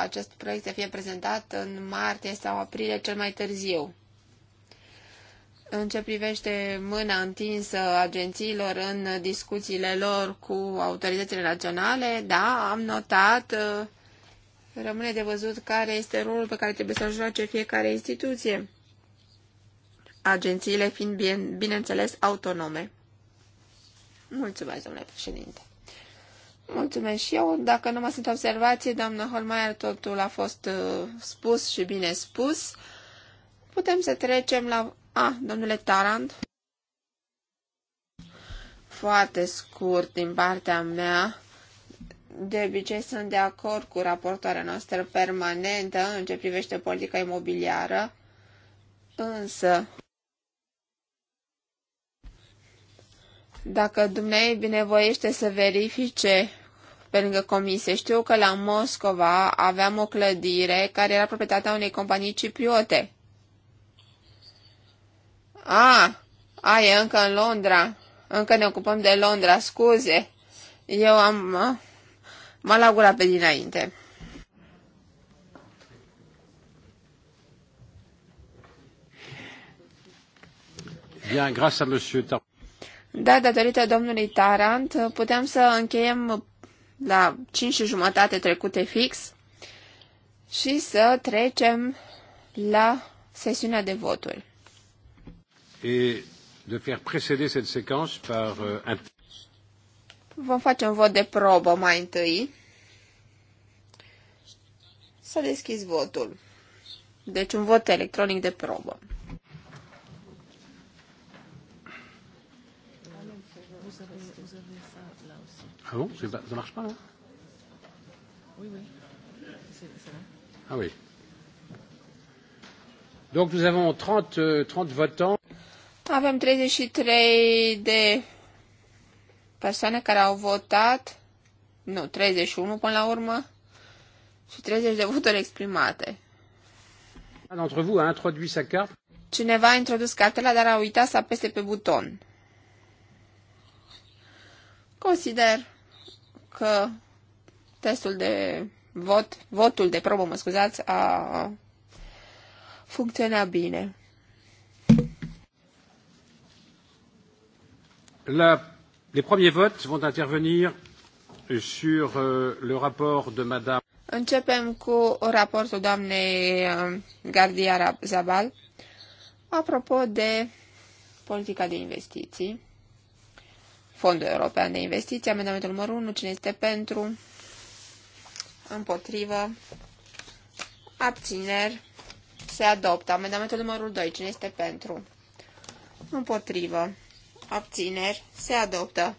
acest proiect să fie prezentat în martie sau aprilie cel mai târziu. În ce privește mâna întinsă agențiilor în discuțiile lor cu autoritățile naționale, da, am notat, uh, rămâne de văzut care este rolul pe care trebuie să-l joace fiecare instituție, agențiile fiind, bine, bineînțeles, autonome. Mulțumesc, domnule președinte. Mulțumesc și eu. Dacă nu mă sunt observație, doamnă Holmeier, totul a fost uh, spus și bine spus. Putem să trecem la... Ah, domnule Tarand. Foarte scurt din partea mea. De obicei sunt de acord cu raportoarea noastră permanentă în ce privește politica imobiliară, însă dacă dumnei binevoiește să verifice pe lângă comise. Știu că la Moscova aveam o clădire care era proprietatea unei companii cipriote. A, a, e încă în Londra. Încă ne ocupăm de Londra, scuze. Eu am... M-a lagurat pe dinainte. Bien, grâce à monsieur Tarant. Da, datorită domnului Tarant, putem să încheiem la 5 și jumătate trecute fix și să trecem la sesiunea de voturi. Et de faire précéder cette séquence par euh, un... Vom face un vot de probă mai întâi. Să deschizi votul. Deci un vot electronic de probă. Ah bon Ça ne marche pas là Oui, oui. C'est Ah oui. Donc nous avons 30, 30 euh, votants. Avem 33 de persoane care au votat, nu, 31 până la urmă, și 30 de voturi exprimate. D'entre vous a introduit sa carte. Cineva a introdus cartela, dar a uitat să apese pe buton. Consider că testul de vot, votul de probă, mă scuzați, a funcționat bine. La, les premiers votes vont intervenir sur euh, le rapport de Madame. Începem cu raportul doamnei uh, Gardia Zabal apropo de politica de investiții. Fondul European de Investiții, amendamentul numărul 1, cine este pentru, împotrivă, abțineri, se adoptă. Amendamentul numărul 2, cine este pentru, împotrivă, abțineri, se adoptă.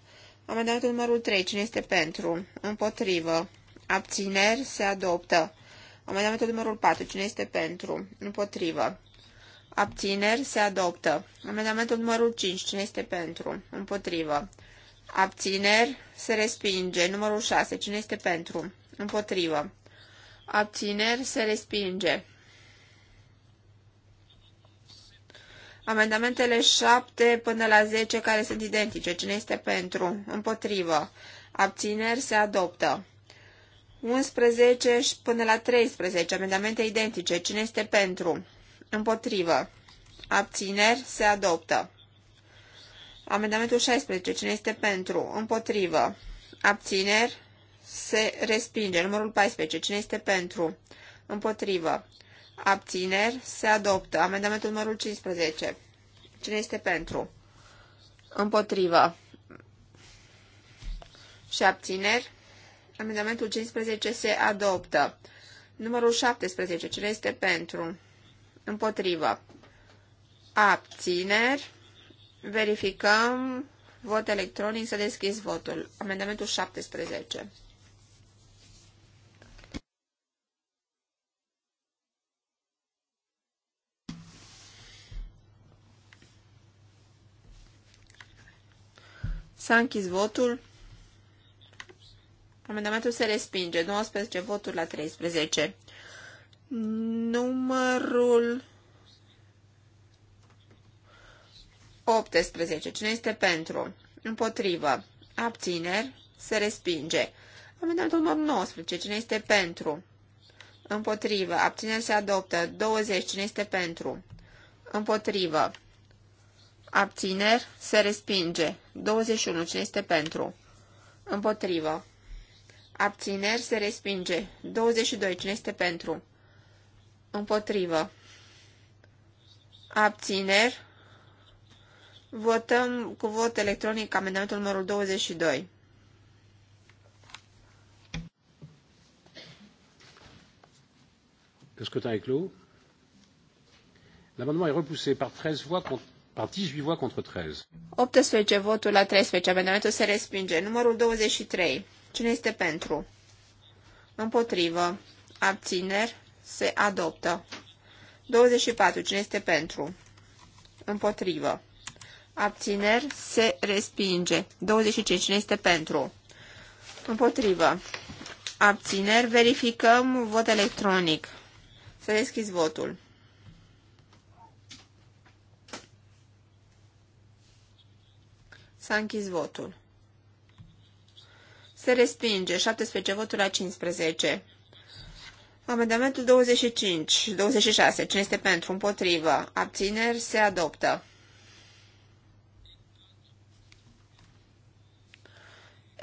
Amendamentul numărul 3, cine este pentru, împotrivă, abțineri, se adoptă. Amendamentul numărul 4, cine este pentru, împotrivă, Abțineri se adoptă. Amendamentul numărul 5. Cine este pentru? Împotrivă. Abțineri se respinge. Numărul 6. Cine este pentru? Împotrivă. Abțineri se respinge. Amendamentele 7 până la 10 care sunt identice. Cine este pentru? Împotrivă. Abțineri se adoptă. 11 până la 13. Amendamente identice. Cine este pentru? Împotrivă. Abțineri se adoptă. Amendamentul 16. Cine este pentru? Împotrivă. Abțineri. Se respinge. Numărul 14. Cine este pentru? Împotrivă. Abțineri. Se adoptă. Amendamentul numărul 15. Cine este pentru? Împotrivă. Și abțineri. Amendamentul 15 se adoptă. Numărul 17. Cine este pentru? Împotrivă. Abțineri. Verificăm. Vot electronic. Să deschizi votul. Amendamentul 17. S-a închis votul. Amendamentul se respinge. 19 voturi la 13. Numărul 18. Cine este pentru? Împotrivă. Abțineri. Se respinge. Amendamentul număr 19. Cine este pentru? Împotrivă. Abțineri se adoptă. 20. Cine este pentru? Împotrivă. Abțineri se respinge. 21. Cine este pentru? Împotrivă. Abțineri se respinge. 22. Cine este pentru? Împotrivă. Abțineri Votăm cu vot electronic amendamentul numărul 22. Le scrutin est clos. L'amendement est repoussé par 13 voix contre par 18 voix contre 13. 18 voturi la 13. Amendamentul se respinge. Numărul 23. Cine este pentru? Împotrivă. Abțineri. Se adoptă. 24. Cine este pentru? Împotrivă abțineri, se respinge. 25. Cine este pentru? Împotrivă. Abțineri, verificăm vot electronic. Să deschizi votul. S-a închis votul. Se respinge 17 voturi la 15. Amendamentul 25 26. Cine este pentru? Împotrivă. Abțineri se adoptă.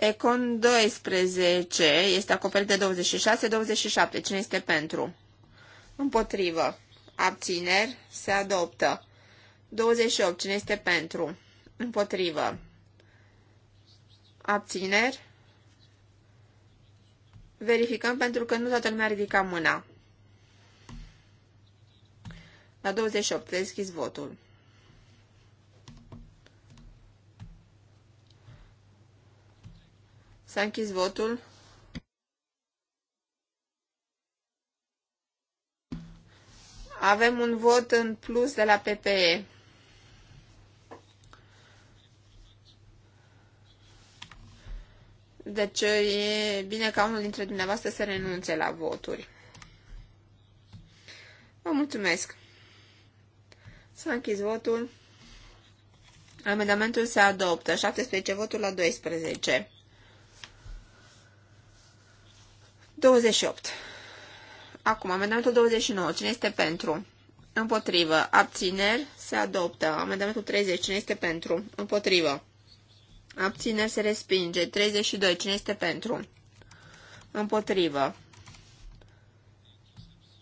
Econ 12 este acoperit de 26-27. Cine este pentru? Împotrivă. Abțineri. Se adoptă. 28. Cine este pentru? Împotrivă. Abțineri. Verificăm pentru că nu toată lumea ridica mâna. La 28. Deschis votul. S-a închis votul. Avem un vot în plus de la PPE. Deci e bine ca unul dintre dumneavoastră să renunțe la voturi. Vă mulțumesc. S-a închis votul. Amendamentul se adoptă. 17 voturi la 12. 28. Acum, amendamentul 29. Cine este pentru? Împotrivă. Abțineri se adoptă. Amendamentul 30. Cine este pentru? Împotrivă. Abțineri se respinge. 32. Cine este pentru? Împotrivă.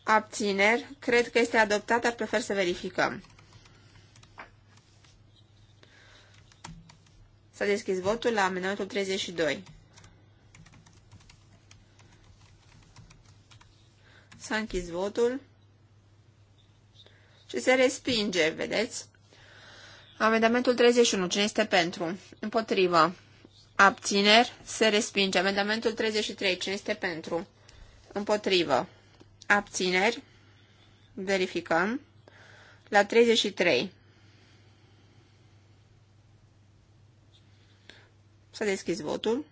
Abțineri. Cred că este adoptat, dar prefer să verificăm. S-a deschis votul la amendamentul 32. S-a închis votul. Și se respinge, vedeți? Amendamentul 31. Cine este pentru? Împotrivă. Abțineri. Se respinge. Amendamentul 33. Cine este pentru? Împotrivă. Abțineri. Verificăm. La 33. S-a deschis votul.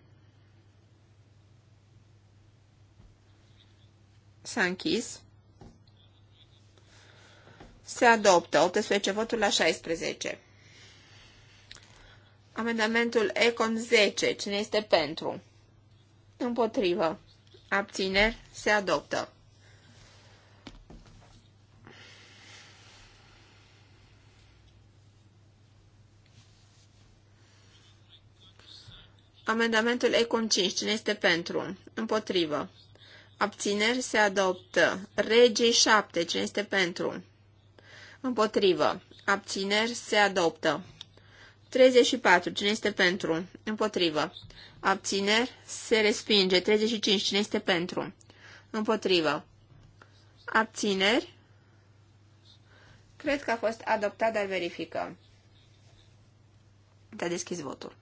S-a închis. Se adoptă 18 voturi la 16. Amendamentul Econ 10. Cine este pentru? Împotrivă. Abțineri. Se adoptă. Amendamentul Econ 5. Cine este pentru? Împotrivă. Abțineri se adoptă. Regii 7. Cine este pentru? Împotrivă. Abțineri se adoptă. 34. Cine este pentru? Împotrivă. Abțineri se respinge. 35. Cine este pentru? Împotrivă. Abțineri. Cred că a fost adoptat, dar verificăm. Te-a deschis votul.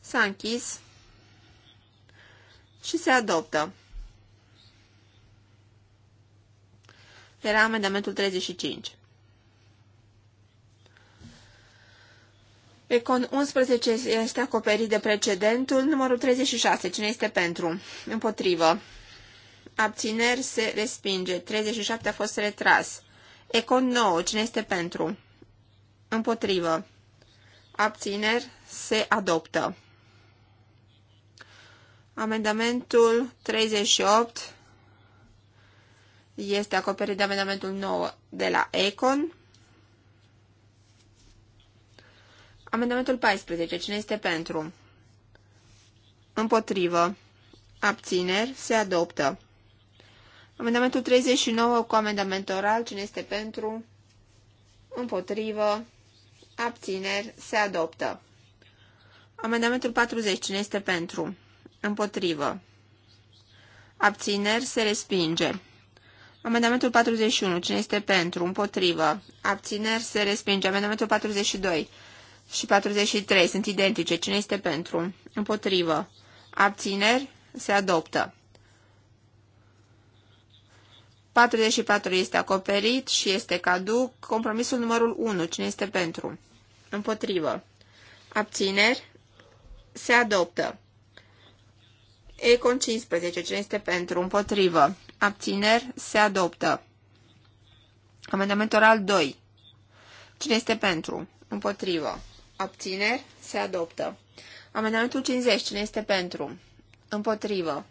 S-a închis și se adoptă. Era amendamentul 35. Econ 11 este acoperit de precedentul. Numărul 36. Cine este pentru? Împotrivă. Abțineri se respinge. 37 a fost retras. Econ 9. Cine este pentru? Împotrivă. Abțineri se adoptă. Amendamentul 38 este acoperit de amendamentul 9 de la Econ. Amendamentul 14. Cine este pentru? Împotrivă. Abțineri. Se adoptă. Amendamentul 39 cu amendament oral. Cine este pentru? Împotrivă. Abțineri. Se adoptă. Amendamentul 40. Cine este pentru? Împotrivă. Abțineri se respinge. Amendamentul 41. Cine este pentru? Împotrivă. Abțineri se respinge. Amendamentul 42 și 43 sunt identice. Cine este pentru? Împotrivă. Abțineri se adoptă. 44 este acoperit și este caduc. Compromisul numărul 1. Cine este pentru? Împotrivă. Abțineri se adoptă. Econ 15. Cine este pentru? Împotrivă. Abțineri. Se adoptă. Amendament oral 2. Cine este pentru? Împotrivă. Abțineri. Se adoptă. Amendamentul 50. Cine este pentru? Împotrivă.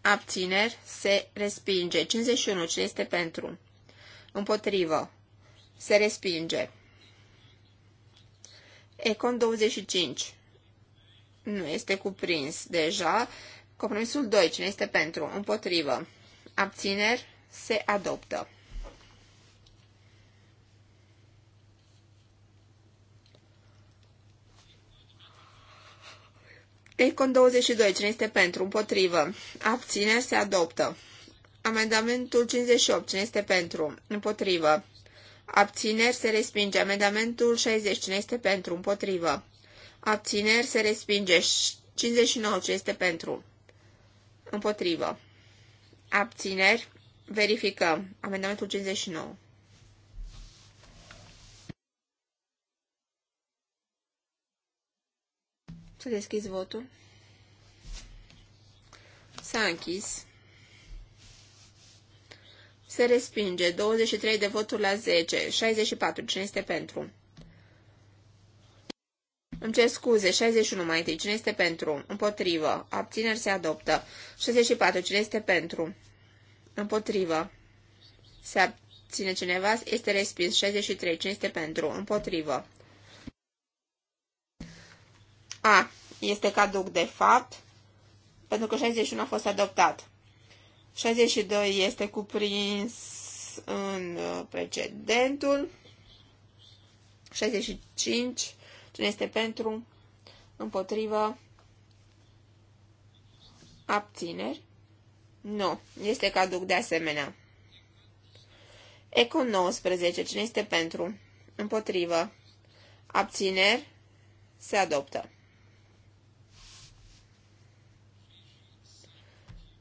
Abțineri. Se respinge. 51. Cine este pentru? Împotrivă. Se respinge. Econ 25. Nu este cuprins deja. Compromisul 2. Cine este pentru? Împotrivă. Abțineri. Se adoptă. Econ 22. Cine este pentru? Împotrivă. Abțineri. Se adoptă. Amendamentul 58. Cine este pentru? Împotrivă. Abțineri se respinge. Amendamentul 60. Cine este pentru? Împotrivă. Abțineri se respinge. 59. Cine este pentru? Împotrivă. Abțineri. Verificăm. Amendamentul 59. Să deschizi votul. S-a închis. Se respinge 23 de voturi la 10, 64. Cine este pentru? Îmi cer scuze, 61 mai întâi. Cine este pentru? Împotrivă. Abțineri se adoptă. 64. Cine este pentru? Împotrivă. Se abține cineva? Este respins. 63. Cine este pentru? Împotrivă. A. Este caduc de fapt, pentru că 61 a fost adoptat. 62 este cuprins în uh, precedentul. 65 Cine este pentru? Împotrivă? Abțineri? Nu. Este caduc de asemenea. Econ 19. Cine este pentru? Împotrivă. Abțineri? Se adoptă.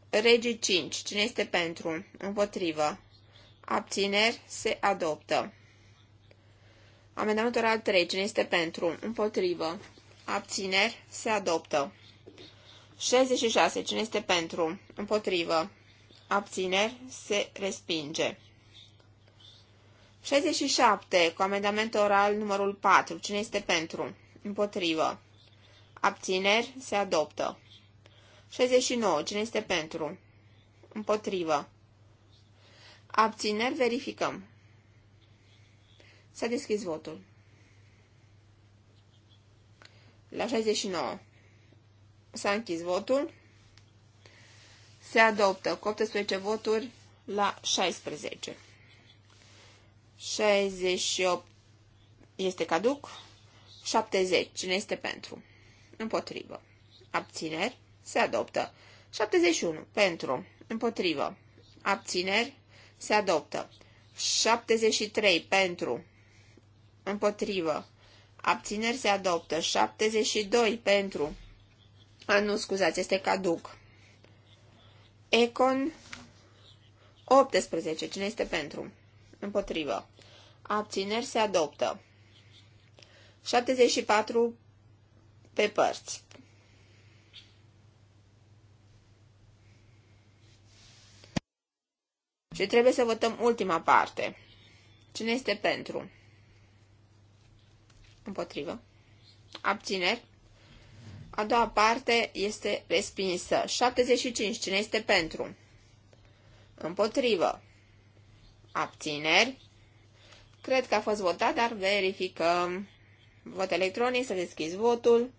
Regii 5. Cine este pentru? Împotrivă. Abțineri? Se adoptă. Amendamentul oral 3. Cine este pentru? Împotrivă. Abțineri. Se adoptă. 66. Cine este pentru? Împotrivă. Abțineri. Se respinge. 67. Cu amendament oral numărul 4. Cine este pentru? Împotrivă. Abțineri. Se adoptă. 69. Cine este pentru? Împotrivă. Abțineri. Verificăm. S-a deschis votul. La 69. S-a închis votul. Se adoptă cu 18 voturi la 16. 68 este caduc. 70. Cine este pentru? Împotrivă. Abțineri. Se adoptă. 71. Pentru. Împotrivă. Abțineri. Se adoptă. 73. Pentru. Împotrivă. Abțineri se adoptă. 72 pentru. A, nu, scuzați, este caduc. Econ 18. Cine este pentru? Împotrivă. Abțineri se adoptă. 74 pe părți. Și trebuie să votăm ultima parte. Cine este pentru? Împotrivă. Abțineri. A doua parte este respinsă. 75. Cine este pentru? Împotrivă. Abțineri. Cred că a fost votat, dar verificăm. Vot electronic, să deschizi votul.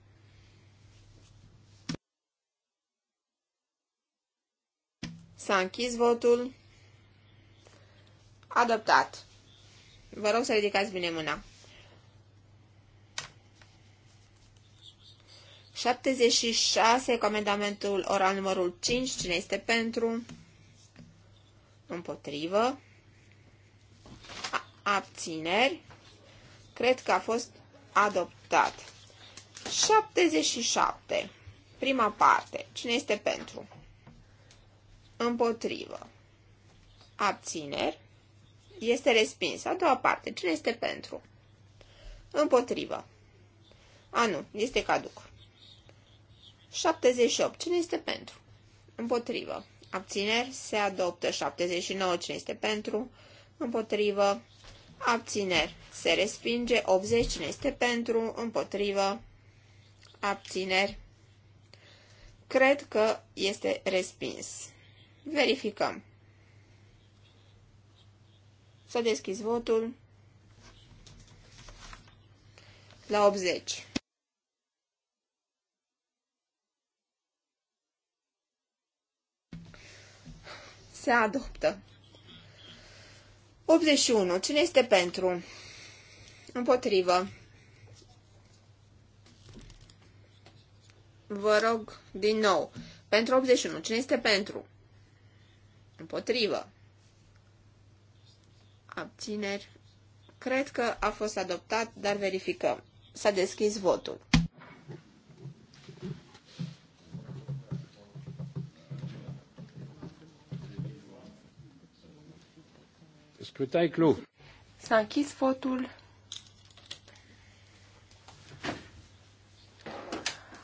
S-a închis votul. Adoptat. Vă rog să ridicați bine mâna. 76 comandamentul oral numărul 5. Cine este pentru? Împotrivă. Abțineri. Cred că a fost adoptat. 77. Prima parte. Cine este pentru? Împotrivă. Abțineri. Este respins. A doua parte. Cine este pentru? Împotrivă. A, nu. Este caduc. 78. Cine este pentru? Împotrivă. Abțineri se adoptă 79. Cine este pentru? Împotrivă. Abțineri se respinge 80. Cine este pentru? Împotrivă. Abțineri. Cred că este respins. Verificăm. Să deschizi votul la 80. se adoptă. 81. Cine este pentru? Împotrivă. Vă rog din nou. Pentru 81. Cine este pentru? Împotrivă. Abțineri. Cred că a fost adoptat, dar verificăm. S-a deschis votul. Scrutin clos. S-a închis votul.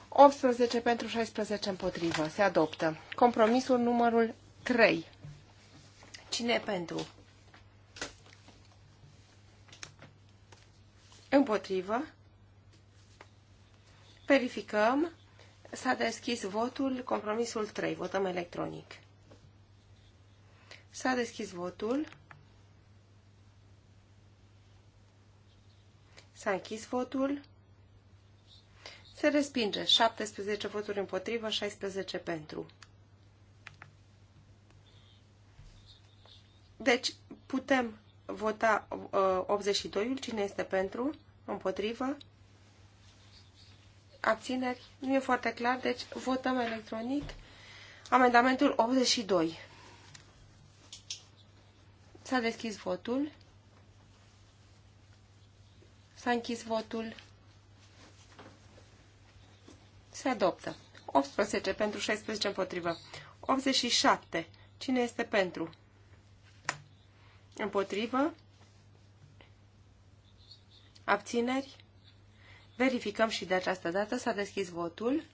18 pentru 16 împotrivă. Se adoptă. Compromisul numărul 3. Cine pentru? Împotrivă. Verificăm. S-a deschis votul, compromisul 3. Votăm electronic. S-a deschis votul. S-a închis votul. Se respinge. 17 voturi împotrivă, 16 pentru. Deci putem vota uh, 82-ul. Cine este pentru? Împotrivă? Abțineri? Nu e foarte clar, deci votăm electronic. Amendamentul 82. S-a deschis votul. S-a închis votul. Se adoptă. 18 pentru 16 împotrivă. 87. Cine este pentru? Împotrivă? Abțineri? Verificăm și de această dată. S-a deschis votul.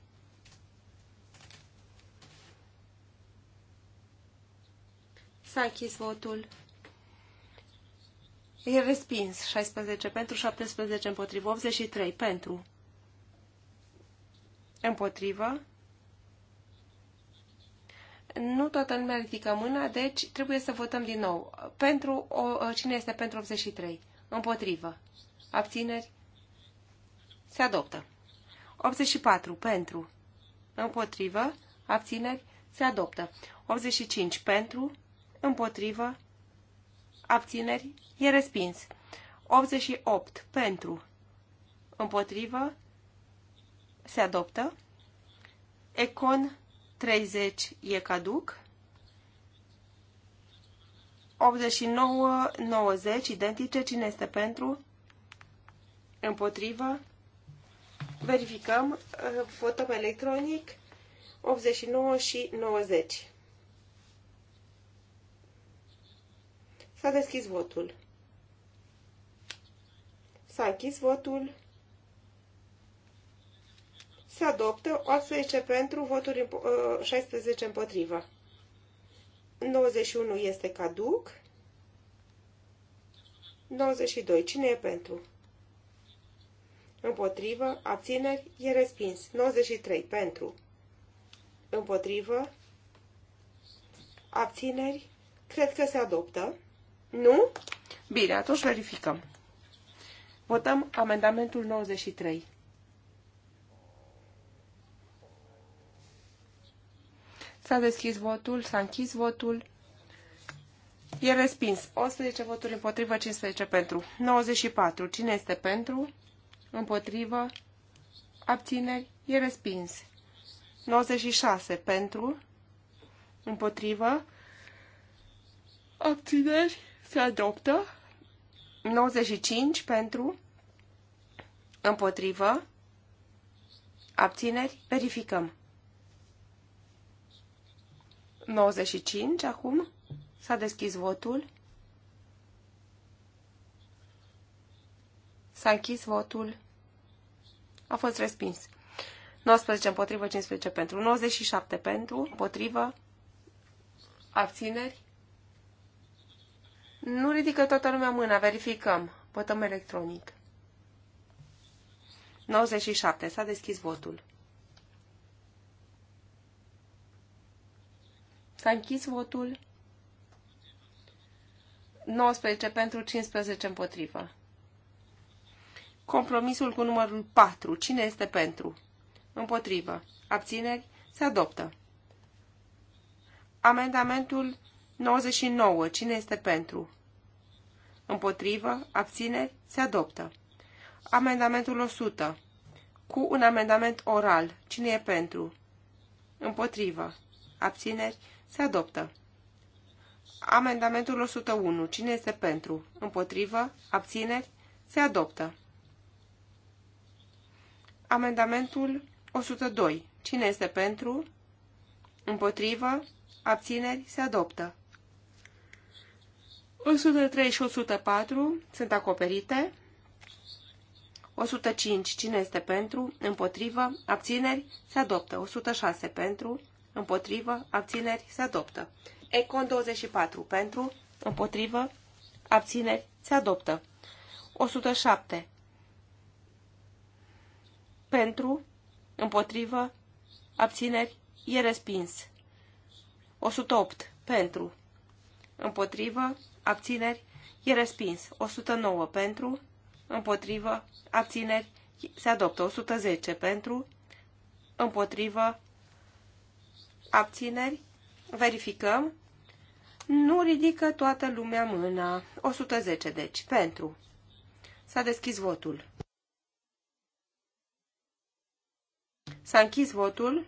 S-a închis votul. E respins. 16 pentru, 17 împotrivă, 83 pentru. Împotrivă. Nu toată lumea ridică mâna, deci trebuie să votăm din nou. Pentru, o, cine este pentru 83? Împotrivă. Abțineri? Se adoptă. 84 pentru. Împotrivă. Abțineri? Se adoptă. 85 pentru. Împotrivă abțineri, e respins. 88 pentru, împotrivă, se adoptă. Econ 30 e caduc. 89, 90, identice, cine este pentru? Împotrivă. Verificăm, votăm electronic, 89 și 90. S-a deschis votul. S-a închis votul. Se adoptă 18 pentru, voturi 16 ă, împotrivă. 91 este caduc. 92. Cine e pentru? Împotrivă. Abțineri. E respins. 93. Pentru. Împotrivă. Abțineri. Cred că se adoptă. Nu? Bine, atunci verificăm. Votăm amendamentul 93. S-a deschis votul, s-a închis votul. E respins. 11 voturi împotrivă, 15 pentru. 94. Cine este pentru? Împotrivă. Abțineri. E respins. 96. Pentru. Împotrivă. Abțineri se adoptă 95 pentru împotrivă abțineri verificăm 95 acum s-a deschis votul s-a închis votul a fost respins 19 împotrivă, 15 pentru, 97 pentru, împotrivă, abțineri, nu ridică toată lumea mâna, verificăm. Votăm electronic. 97. S-a deschis votul. S-a închis votul. 19 pentru, 15 împotrivă. Compromisul cu numărul 4. Cine este pentru? Împotrivă. Abțineri? Se adoptă. Amendamentul 99. Cine este pentru? Împotrivă. Abțineri. Se adoptă. Amendamentul 100. Cu un amendament oral. Cine e pentru? Împotrivă. Abțineri. Se adoptă. Amendamentul 101. Cine este pentru? Împotrivă? Abțineri? Se adoptă. Amendamentul 102. Cine este pentru? Împotrivă? Abțineri? Se adoptă. 103 și 104 sunt acoperite. 105. Cine este pentru? Împotrivă. Abțineri? Se adoptă. 106 pentru. Împotrivă. Abțineri? Se adoptă. Econ 24. Pentru. Împotrivă. Abțineri? Se adoptă. 107. Pentru. Împotrivă. Abțineri? E respins. 108. Pentru. Împotrivă abțineri, e respins. 109 pentru, împotrivă, abțineri, se adoptă. 110 pentru, împotrivă, abțineri, verificăm. Nu ridică toată lumea mâna. 110, deci, pentru. S-a deschis votul. S-a închis votul.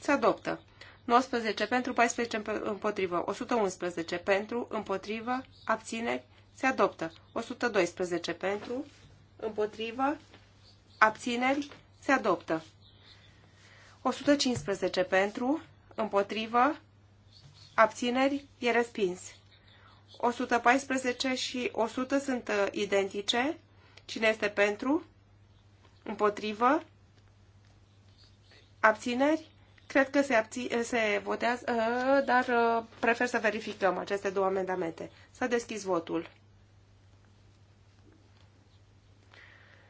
Se adoptă. 19 pentru, 14 împotrivă, 111 pentru, împotrivă, abțineri, se adoptă. 112 pentru, împotrivă, abțineri, se adoptă. 115 pentru, împotrivă, abțineri, e respins. 114 și 100 sunt uh, identice. Cine este pentru? Împotrivă? Abțineri? Cred că se, abții, se votează, uh, dar uh, prefer să verificăm aceste două amendamente. S-a deschis votul.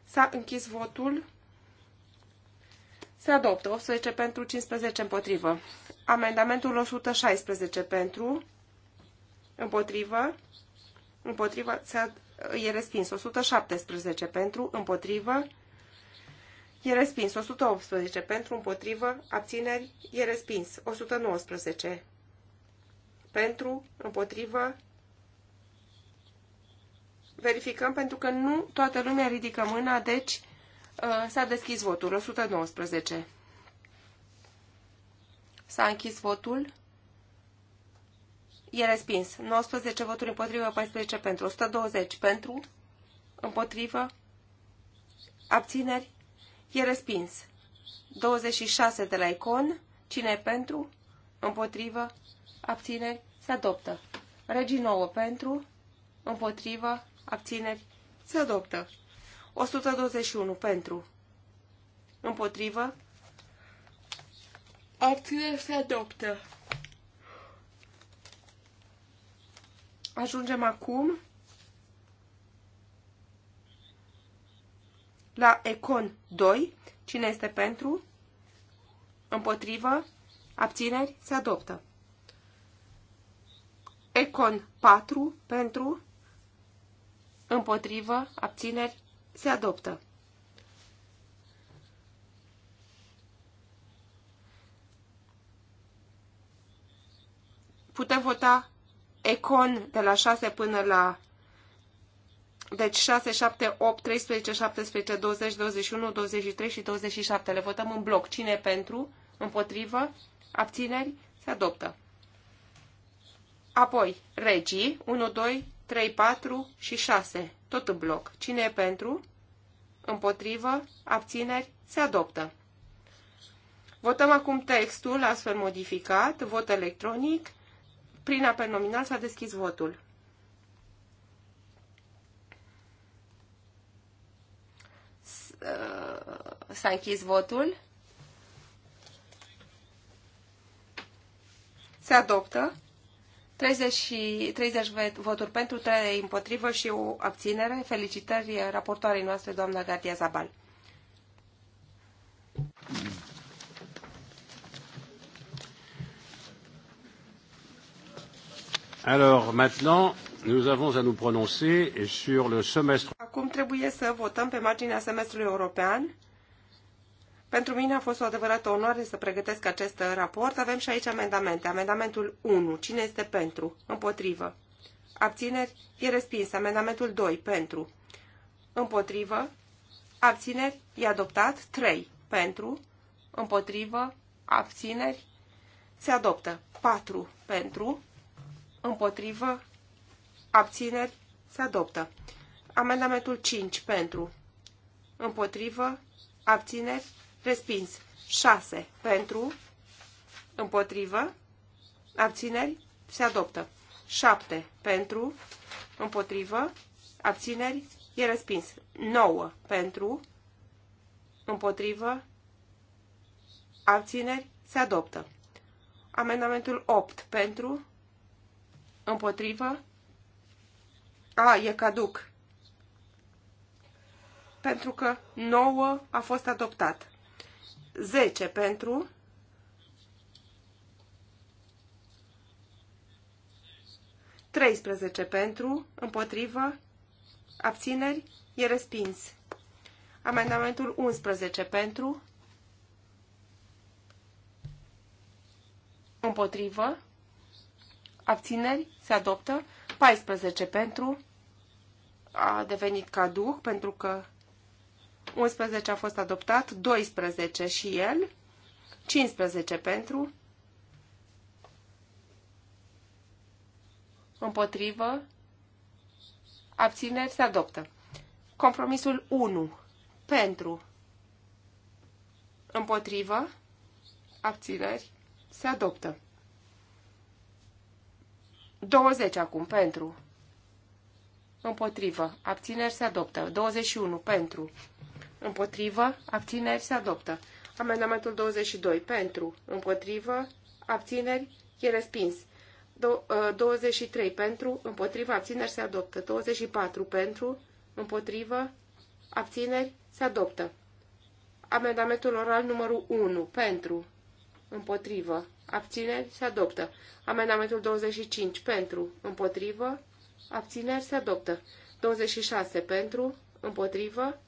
S-a închis votul. Se adoptă 18 pentru, 15 împotrivă. Amendamentul 116 pentru, împotrivă, împotrivă, se ad, e respins. 117 pentru, împotrivă, E respins. 118. Pentru, împotrivă, abțineri. E respins. 119. Pentru, împotrivă, verificăm pentru că nu toată lumea ridică mâna, deci uh, s-a deschis votul. 119. S-a închis votul. E respins. 19 voturi împotrivă, 14 pentru. 120 pentru, împotrivă, abțineri. E respins. 26 de la Icon. Cine e pentru? Împotrivă. Abțineri. Se adoptă. Regii 9 pentru. Împotrivă. Abțineri. Se adoptă. 121 pentru. Împotrivă. Abțineri se adoptă. Ajungem acum la Econ 2. Cine este pentru? Împotrivă? Abțineri? Se adoptă. Econ 4. Pentru? Împotrivă? Abțineri? Se adoptă. Putem vota Econ de la 6 până la deci 6, 7, 8, 13, 17, 20, 21, 23 și 27. Le votăm în bloc. Cine pentru? Împotrivă? Abțineri? Se adoptă. Apoi, regii, 1, 2, 3, 4 și 6. Tot în bloc. Cine e pentru? Împotrivă? Abțineri? Se adoptă. Votăm acum textul astfel modificat, vot electronic. Prin apel nominal s-a deschis votul. Uh, s-a închis votul. Se adoptă. 30, și, 30 voturi pentru, 3 împotrivă și o abținere. Felicitări raportoarei noastre, doamna Gardia Zabal. Alors, maintenant, nous avons à nous prononcer sur le semestre. Acum trebuie să votăm pe marginea semestrului european. Pentru mine a fost o adevărată onoare să pregătesc acest raport. Avem și aici amendamente. Amendamentul 1. Cine este pentru? Împotrivă. Abțineri? E respins. Amendamentul 2. Pentru. Împotrivă. Abțineri? E adoptat. 3. Pentru. Împotrivă. Abțineri? Se adoptă. 4. Pentru. Împotrivă. Abțineri. Se adoptă. Amendamentul 5. Pentru. Împotrivă. Abțineri. Respins. 6. Pentru. Împotrivă. Abțineri. Se adoptă. 7. Pentru. Împotrivă. Abțineri. E respins. 9. Pentru. Împotrivă. Abțineri. Se adoptă. Amendamentul 8. Pentru. Împotrivă. A, e caduc. Pentru că 9 a fost adoptat. 10 pentru. Treisprezece pentru, împotrivă, abțineri, e respins. Amendamentul 11 pentru, împotrivă, abțineri, se adoptă, 14 pentru, a devenit caduc pentru că 11 a fost adoptat, 12 și el, 15 pentru, împotrivă, abțineri se adoptă. Compromisul 1 pentru, împotrivă, abțineri se adoptă. 20 acum pentru împotrivă, abțineri se adoptă. 21 pentru, împotrivă, abțineri se adoptă. Amendamentul 22 pentru, împotrivă, abțineri e respins. 23 uh, pentru, împotrivă, abțineri se adoptă. 24 pentru, împotrivă, abțineri se adoptă. Amendamentul oral numărul 1 pentru, împotrivă, abțineri se adoptă. Amendamentul 25 pentru, împotrivă, abțineri se adoptă. 26 pentru, împotrivă,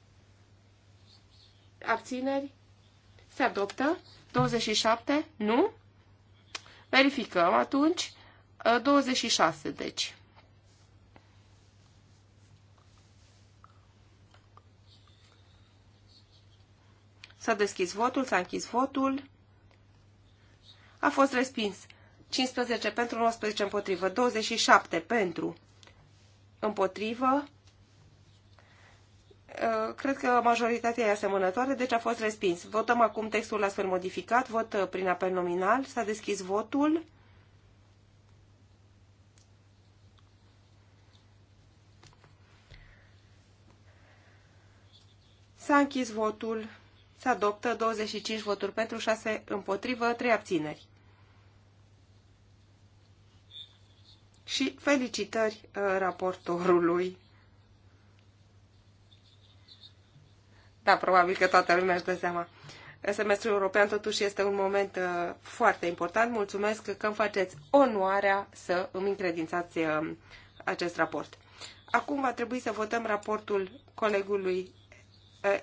abțineri se adoptă. 27, nu? Verificăm atunci. 26, ă, deci. S-a deschis votul, s-a închis votul. A fost respins. 15 pentru, 19 împotrivă, 27 pentru, împotrivă, uh, cred că majoritatea e asemănătoare, deci a fost respins. Votăm acum textul astfel modificat, vot uh, prin apel nominal, s-a deschis votul. S-a închis votul. s adoptă 25 voturi pentru, 6 împotrivă, 3 abțineri. și felicitări uh, raportorului. Da, probabil că toată lumea își dă seama. Semestrul european totuși este un moment uh, foarte important. Mulțumesc că îmi faceți onoarea să îmi încredințați uh, acest raport. Acum va trebui să votăm raportul colegului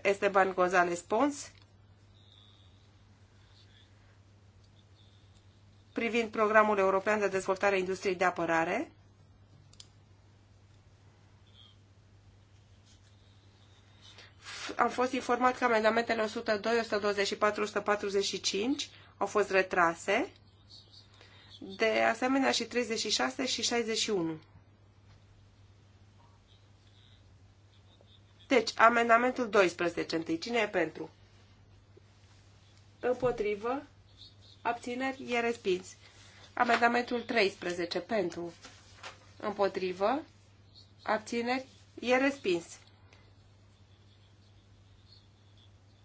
Esteban González Pons privind Programul European de Dezvoltare a Industriei de Apărare. Am fost informat că amendamentele 102, 124, 145 au fost retrase, de asemenea și 36 și 61. Deci, amendamentul 12 întâi. Cine e pentru? Împotrivă? abțineri, e respins. Amendamentul 13 pentru, împotrivă, abțineri, e respins.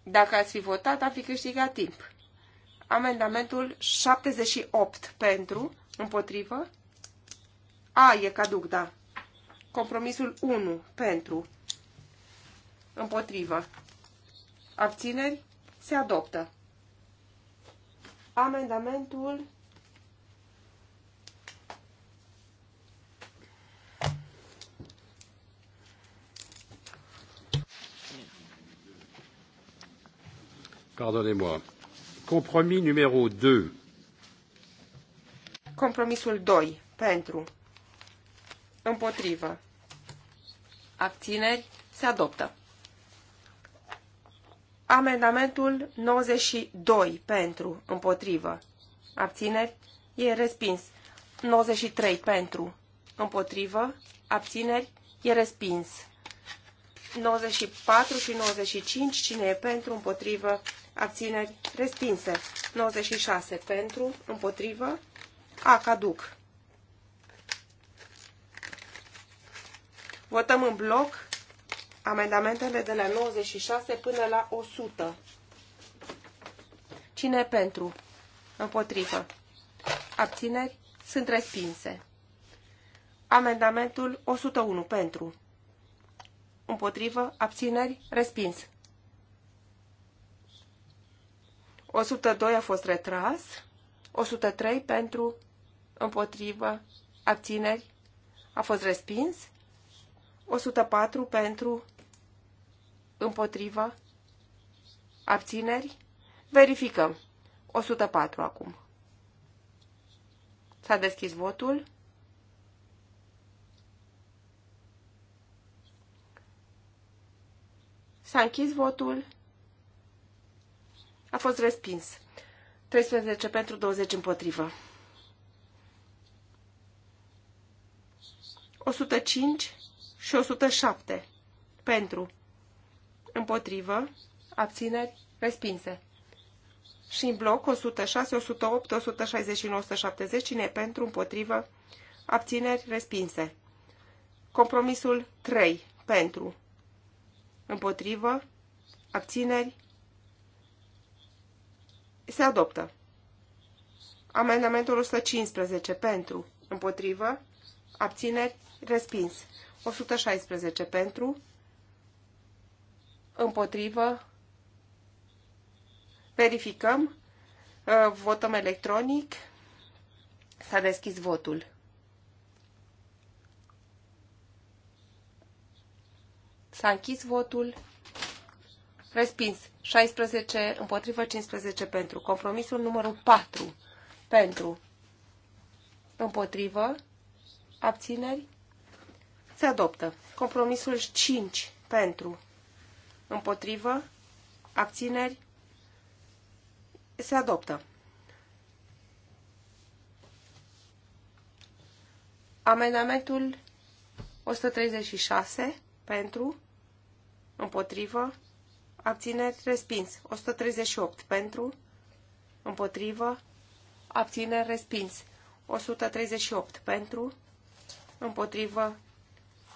Dacă ați fi votat, am fi câștigat timp. Amendamentul 78 pentru, împotrivă. A, e caduc, da. Compromisul 1 pentru, împotrivă. Abțineri, se adoptă. Amendamentul Compromis 2. Compromisul 2. Pentru. Împotrivă. Abțineri. Se adoptă. Amendamentul 92 pentru, împotrivă, abțineri, e respins. 93 pentru, împotrivă, abțineri, e respins. 94 și 95, cine e pentru, împotrivă, abțineri, respinse. 96 pentru, împotrivă, a, caduc. Votăm în bloc Amendamentele de la 96 până la 100. Cine pentru? Împotrivă. Abțineri? Sunt respinse. Amendamentul 101 pentru. Împotrivă? Abțineri? Respins. 102 a fost retras. 103 pentru. Împotrivă? Abțineri? A fost respins. 104 pentru. Împotrivă? Abțineri? Verificăm. 104 acum. S-a deschis votul. S-a închis votul. A fost respins. 13 pentru 20 împotrivă. 105 și 107 pentru împotrivă, abțineri, respinse. Și în bloc 106, 108, 169, 170, cine pentru, împotrivă, abțineri, respinse. Compromisul 3, pentru, împotrivă, abțineri, se adoptă. Amendamentul 115, pentru, împotrivă, abțineri, respins. 116 pentru, împotrivă, verificăm, uh, votăm electronic, s-a deschis votul. S-a închis votul. Respins. 16 împotrivă, 15 pentru. Compromisul numărul 4. Pentru. Împotrivă. Abțineri. Se adoptă. Compromisul 5. Pentru. Împotrivă? Abțineri? Se adoptă. Amendamentul 136 pentru, împotrivă, abțineri, respins. 138 pentru, împotrivă, abțineri, respins. 138 pentru, împotrivă,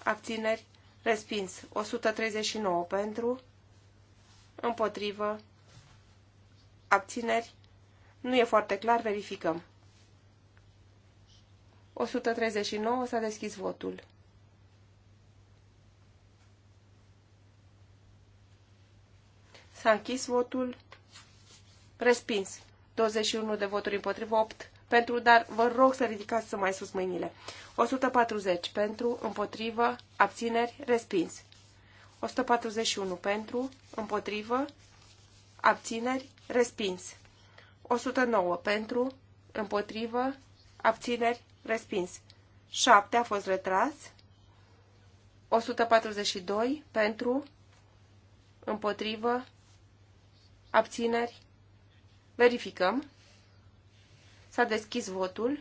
abțineri, Respins. 139 pentru. Împotrivă. Abțineri. Nu e foarte clar, verificăm. 139 s-a deschis votul. S-a închis votul. Respins. 21 de voturi împotrivă, 8 pentru, dar vă rog să ridicați să mai sus mâinile. 140 pentru, împotrivă, abțineri, respins. 141 pentru, împotrivă, abțineri, respins. 109 pentru, împotrivă, abțineri, respins. 7 a fost retras. 142 pentru, împotrivă, abțineri. Verificăm. S-a deschis votul.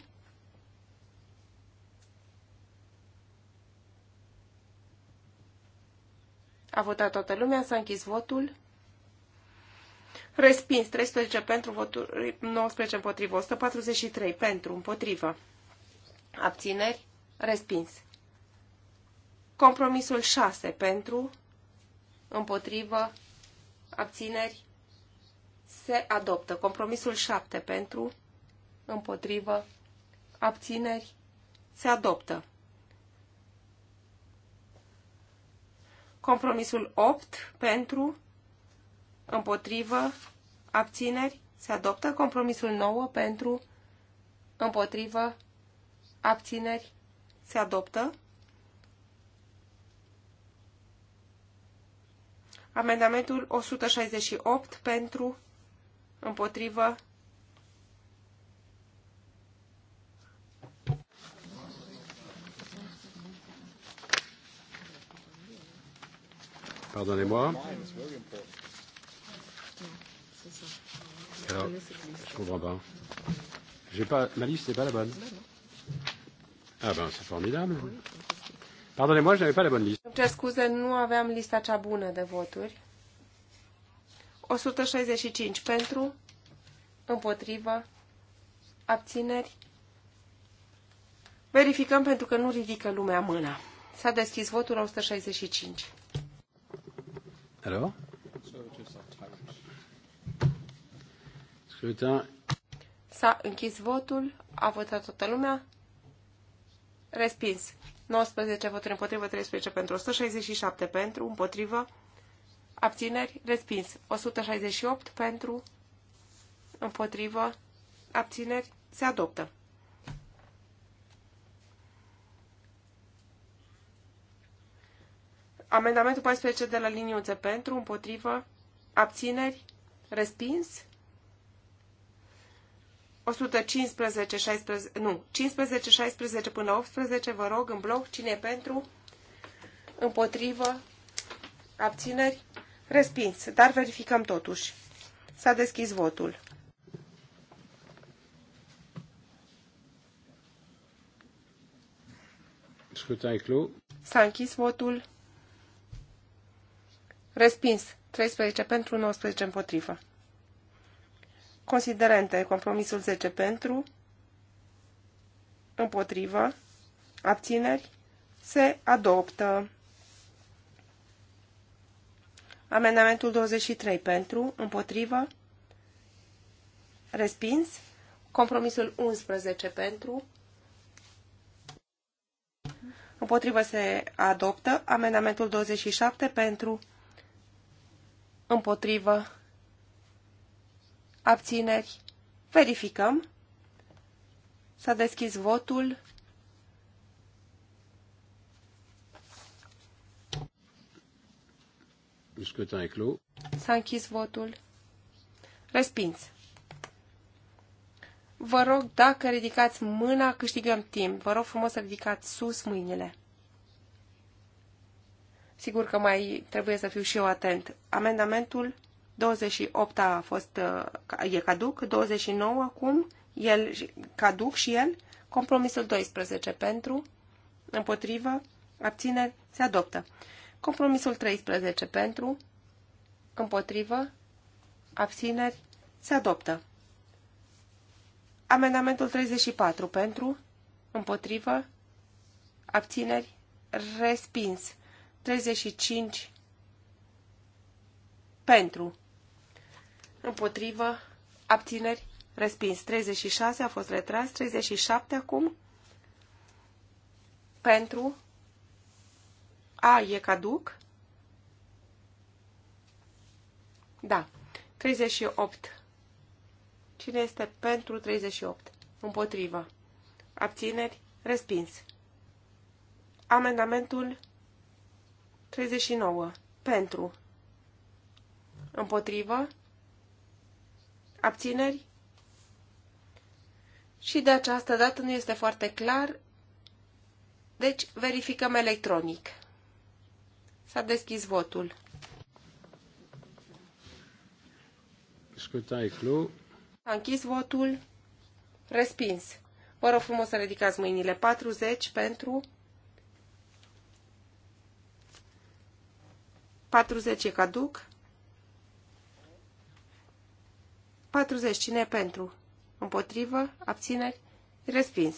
A votat toată lumea, s-a închis votul. Respins 13 pentru, votul, 19 împotrivă, 143 pentru, împotrivă. Abțineri, respins. Compromisul 6 pentru, împotrivă, abțineri, se adoptă. Compromisul 7 pentru, împotrivă, abțineri, se adoptă. Compromisul 8 pentru, împotrivă, abțineri, se adoptă. Compromisul 9 pentru, împotrivă, abțineri, se adoptă. Amendamentul 168 pentru, împotrivă, Pardonnez-moi. Alors, je comprends pas. J'ai pas, ma liste n'est pas la bonne. Ah ben, c'est formidable. Pardonnez-moi, je n'avais pas la bonne liste. Je cer scuze, nu aveam lista la bună de voturi. 165 pentru, împotrivă, abțineri. Verificăm pentru că nu ridică lumea mâna. S-a deschis votul 165. Alors Scrutin. S-a închis votul, a votat toată lumea. Respins. 19 voturi împotrivă, 13 pentru, 167 pentru, împotrivă, abțineri, respins. 168 pentru, împotrivă, abțineri, se adoptă. Amendamentul 14 de la liniuță pentru, împotrivă, abțineri, respins. 115, 16, nu, 15, 16 până 18, vă rog, în bloc, cine e pentru, împotrivă, abțineri, respins. Dar verificăm totuși. S-a deschis votul. S-a închis votul. Respins. 13 pentru, 19 împotrivă. Considerente. Compromisul 10 pentru, împotrivă, abțineri, se adoptă. Amendamentul 23 pentru, împotrivă, respins. Compromisul 11 pentru, împotrivă se adoptă. Amendamentul 27 pentru, împotrivă, abțineri, verificăm. S-a deschis votul. S-a închis votul. Respins. Vă rog, dacă ridicați mâna, câștigăm timp. Vă rog frumos să ridicați sus mâinile. Sigur că mai trebuie să fiu și eu atent. Amendamentul 28 a fost, uh, e caduc, 29 acum, el caduc și el, compromisul 12 pentru, împotrivă, abțineri, se adoptă. Compromisul 13 pentru, împotrivă, abțineri, se adoptă. Amendamentul 34 pentru, împotrivă, abțineri, respins. 35 pentru. Împotrivă. Abțineri. Respins. 36 a fost retras. 37 acum. Pentru. A e caduc. Da. 38. Cine este pentru 38? Împotrivă. Abțineri. Respins. Amendamentul 39. Pentru. Împotrivă. Abțineri. Și de această dată nu este foarte clar, deci verificăm electronic. S-a deschis votul. Scrutin clos. A închis votul. Respins. Vă rog frumos să ridicați mâinile. 40 pentru, 40 e caduc. 40. Cine pentru? Împotrivă? Abțineri? Respins.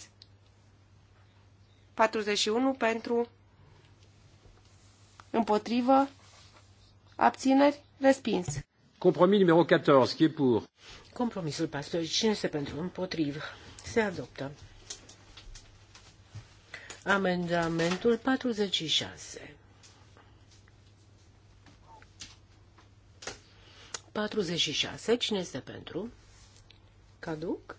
41 pentru? Împotrivă? Abțineri? Respins. Compromis numărul 14. Qui est pour? Compromisul 14. Cine este pentru? Împotrivă. Se adoptă. Amendamentul 46. 46. Cine este pentru? Caduc.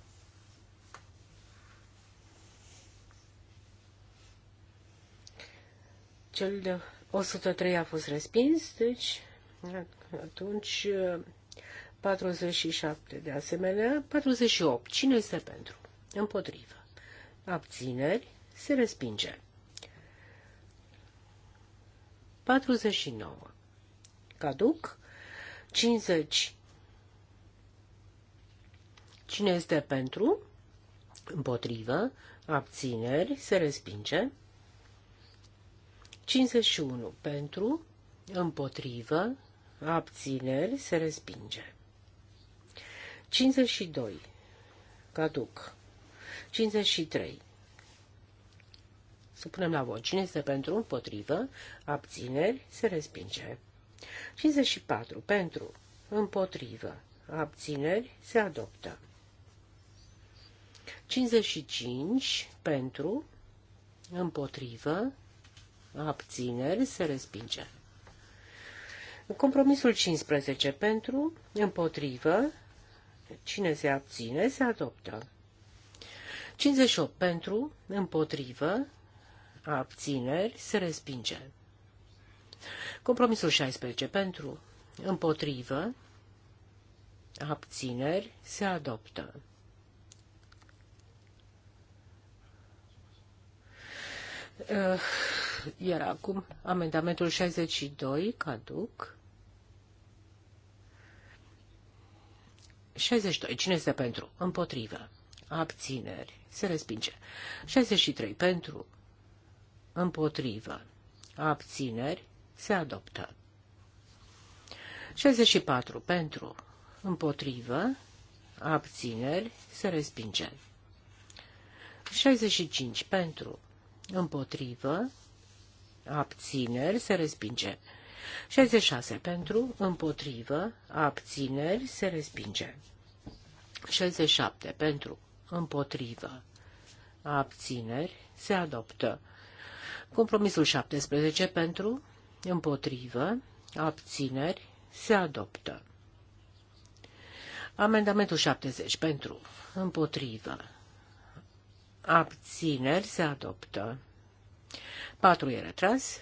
Cel de 103 a fost respins, deci atunci 47 de asemenea, 48. Cine este pentru? Împotrivă. Abțineri se respinge. 49. Caduc 50. Cine este pentru? Împotrivă. Abțineri. Se respinge. 51. Pentru. Împotrivă. Abțineri. Se respinge. 52. Caduc. 53. Să punem la vot. Cine este pentru? Împotrivă. Abțineri. Se respinge. 54. Pentru, împotrivă, abțineri, se adoptă. 55. Pentru, împotrivă, abțineri, se respinge. Compromisul 15. Pentru, împotrivă, cine se abține, se adoptă. 58. Pentru, împotrivă, abțineri, se respinge. Compromisul 16 pentru, împotrivă, abțineri, se adoptă. Uh, iar acum amendamentul 62, caduc. 62. Cine este pentru? Împotrivă. Abțineri. Se respinge. 63. Pentru. Împotrivă. Abțineri se adoptă. 64 pentru, împotrivă, abțineri, se respinge. 65 pentru, împotrivă, abțineri, se respinge. 66 pentru, împotrivă, abțineri, se respinge. 67 pentru, împotrivă, abțineri, se adoptă. Compromisul 17 pentru, împotrivă, abțineri, se adoptă. Amendamentul 70 pentru, împotrivă, abțineri, se adoptă. 4 e retras.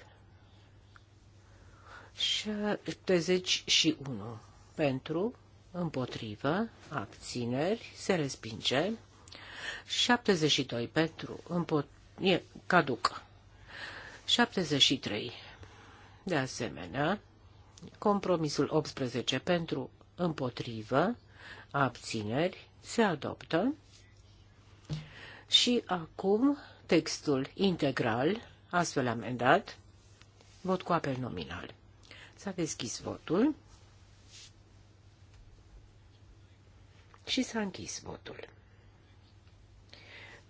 71 pentru, împotrivă, abțineri, se respinge. 72 pentru, împotrivă, e caduc. 73 de asemenea, compromisul 18 pentru împotrivă, abțineri, se adoptă. Și acum textul integral, astfel amendat, vot cu apel nominal. S-a deschis votul și s-a închis votul.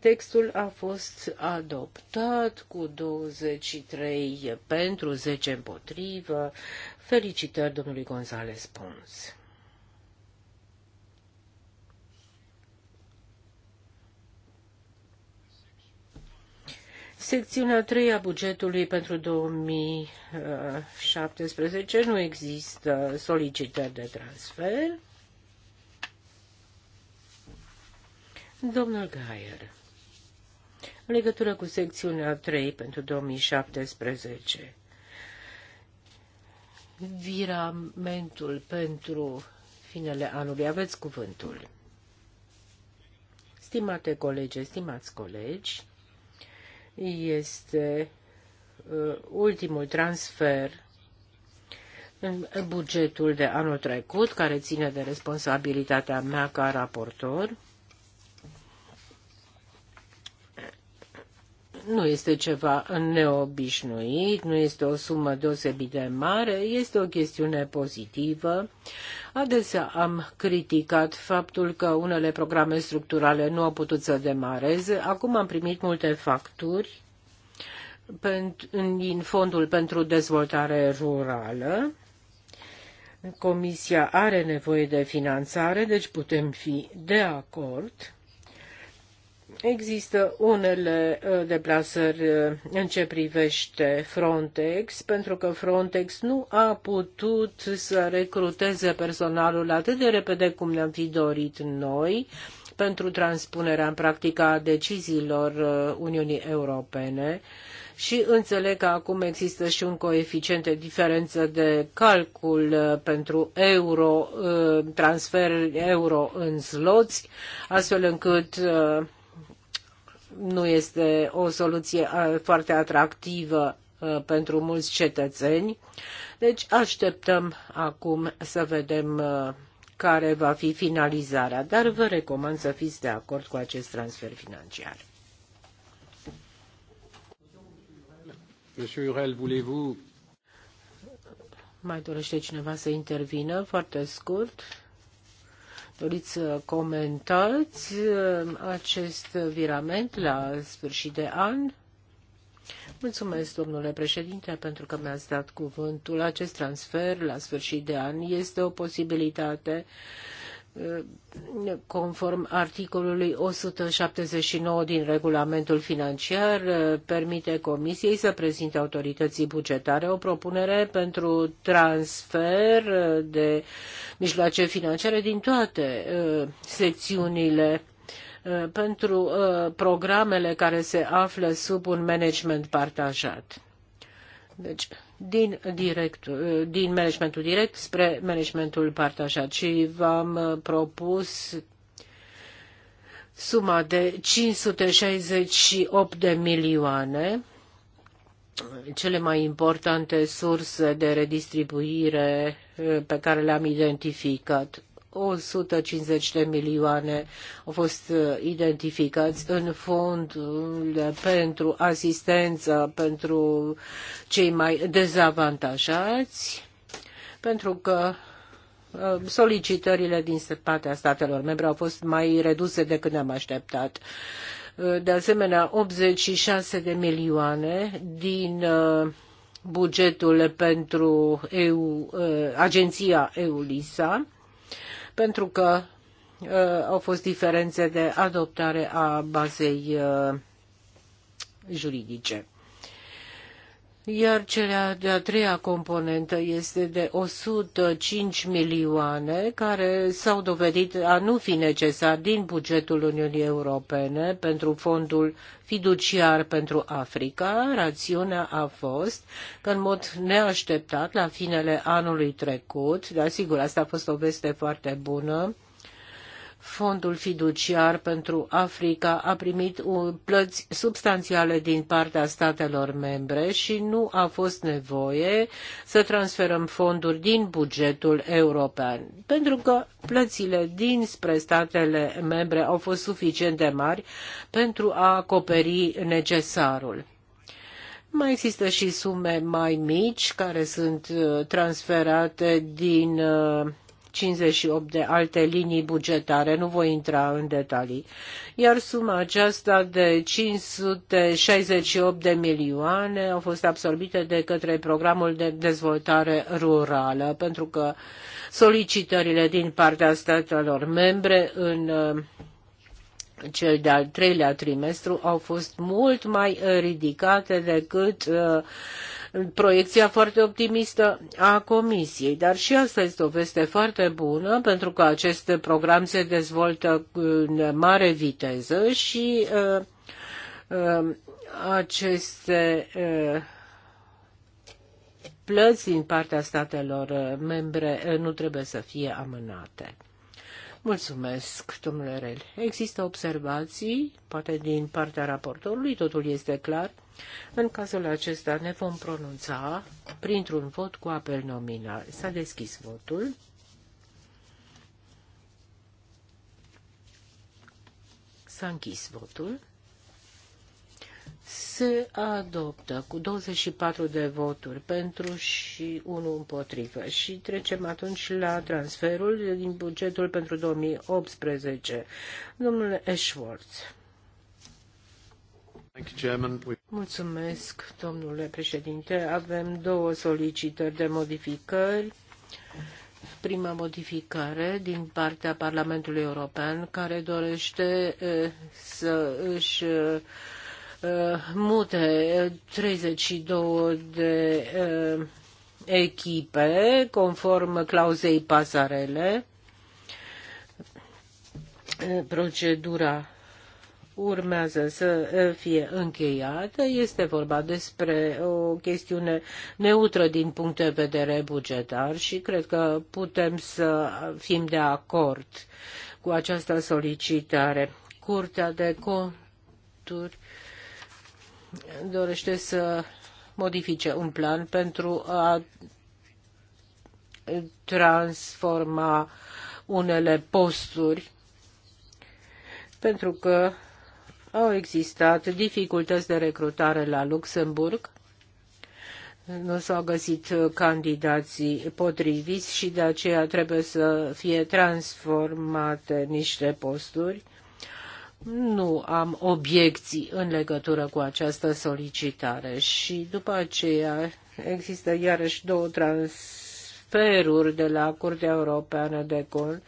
Textul a fost adoptat cu 23 pentru 10 împotrivă. Felicitări domnului Gonzales Pons. Secțiunea 3 a bugetului pentru 2017 nu există solicitări de transfer. Domnul Gaier în legătură cu secțiunea 3 pentru 2017. Viramentul pentru finele anului. Aveți cuvântul. Stimate colegi, stimați colegi, este uh, ultimul transfer în bugetul de anul trecut, care ține de responsabilitatea mea ca raportor. nu este ceva neobișnuit, nu este o sumă deosebit de mare, este o chestiune pozitivă. Adesea am criticat faptul că unele programe structurale nu au putut să demareze. Acum am primit multe facturi din Fondul pentru Dezvoltare Rurală. Comisia are nevoie de finanțare, deci putem fi de acord Există unele uh, deplasări uh, în ce privește Frontex, pentru că Frontex nu a putut să recruteze personalul atât de repede cum ne-am fi dorit noi pentru transpunerea în practică a deciziilor uh, Uniunii Europene și înțeleg că acum există și un coeficient de diferență de calcul pentru euro, transfer euro în zloți, astfel încât nu este o soluție foarte atractivă pentru mulți cetățeni. Deci așteptăm acum să vedem care va fi finalizarea, dar vă recomand să fiți de acord cu acest transfer financiar. Monsieur Urel, voulez-vous mai dorește cineva să intervină? Foarte scurt. Doriți să uh, comentați uh, acest virament la sfârșit de an? Mulțumesc, domnule președinte, pentru că mi-ați dat cuvântul. Acest transfer la sfârșit de an este o posibilitate uh, conform articolului 179 din regulamentul financiar, permite Comisiei să prezinte autorității bugetare o propunere pentru transfer de mijloace financiare din toate uh, secțiunile uh, pentru uh, programele care se află sub un management partajat. Deci, din, direct, din managementul direct spre managementul partajat și v-am uh, propus suma de 568 de milioane cele mai importante surse de redistribuire uh, pe care le-am identificat. 150 de milioane au fost uh, identificați în fondul pentru asistență pentru cei mai dezavantajați, pentru că uh, solicitările din partea statelor membre au fost mai reduse decât ne-am așteptat. Uh, de asemenea, 86 de milioane din bugetul pentru EU, Agenția EULISA, pentru că uh, au fost diferențe de adoptare a bazei uh, juridice iar cea de-a treia componentă este de 105 milioane, care s-au dovedit a nu fi necesar din bugetul Uniunii Europene pentru fondul fiduciar pentru Africa. Rațiunea a fost că, în mod neașteptat, la finele anului trecut, dar sigur, asta a fost o veste foarte bună, Fondul fiduciar pentru Africa a primit plăți substanțiale din partea statelor membre și nu a fost nevoie să transferăm fonduri din bugetul european, pentru că plățile dinspre statele membre au fost suficient de mari pentru a acoperi necesarul. Mai există și sume mai mici care sunt uh, transferate din uh, 58 de alte linii bugetare, nu voi intra în detalii. Iar suma aceasta de 568 de milioane au fost absorbite de către programul de dezvoltare rurală, pentru că solicitările din partea statelor membre în uh, cel de-al treilea trimestru au fost mult mai ridicate decât uh, proiecția foarte optimistă a Comisiei. Dar și asta este o veste foarte bună, pentru că acest program se dezvoltă în mare viteză și uh, uh, aceste uh, plăți din partea statelor uh, membre uh, nu trebuie să fie amânate. Mulțumesc, domnule Rel. Există observații, poate din partea raportorului, totul este clar. În cazul acesta ne vom pronunța printr-un vot cu apel nominal. S-a deschis votul. S-a închis votul se adoptă cu 24 de voturi pentru și unul împotrivă. Și trecem atunci la transferul din bugetul pentru 2018. Domnule Ashworth. Mulțumesc, domnule președinte. Avem două solicitări de modificări prima modificare din partea Parlamentului European care dorește eh, să își eh, Eh, mute 32 eh, de eh, echipe conform clauzei pasarele. Procedura urmează să fie încheiată. Este vorba despre o chestiune neutră din punct de vedere bugetar și cred că putem să fim de acord cu această solicitare. Curtea de conturi dorește să modifice un plan pentru a transforma unele posturi, pentru că au existat dificultăți de recrutare la Luxemburg, nu s-au găsit candidații potriviți și de aceea trebuie să fie transformate niște posturi nu am obiecții în legătură cu această solicitare și după aceea există iarăși două transferuri de la Curtea Europeană de Cont.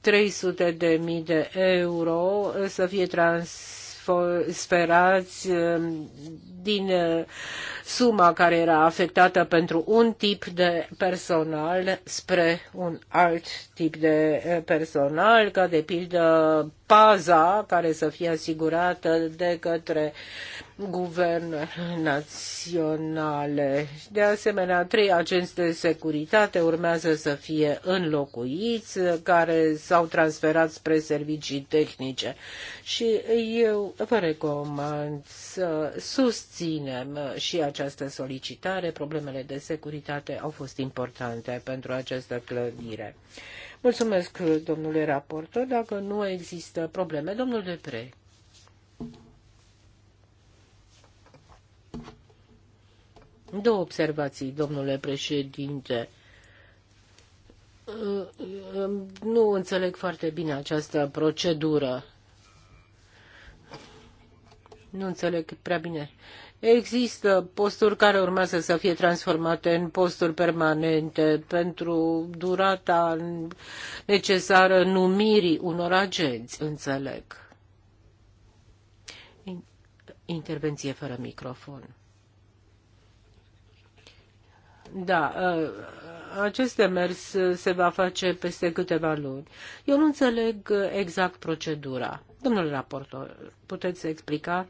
300 ehm, de mii de euro să fie transferate transferați eh, din eh, suma care era afectată pentru un tip de personal spre un alt tip de eh, personal, ca de pildă paza care să fie asigurată de către guverne naționale. De asemenea, trei agenți de securitate urmează să fie înlocuiți, care s-au transferat spre servicii tehnice. Și eu vă recomand să susținem și această solicitare. Problemele de securitate au fost importante pentru această clădire. Mulțumesc, domnule raportor. Dacă nu există probleme, domnule Pre. Două observații, domnule președinte. Nu înțeleg foarte bine această procedură. Nu înțeleg prea bine. Există posturi care urmează să fie transformate în posturi permanente pentru durata necesară numirii unor agenți, înțeleg. Intervenție fără microfon. Da, ă, acest demers se va face peste câteva luni. Eu nu înțeleg exact procedura. Domnule raportor, puteți explica?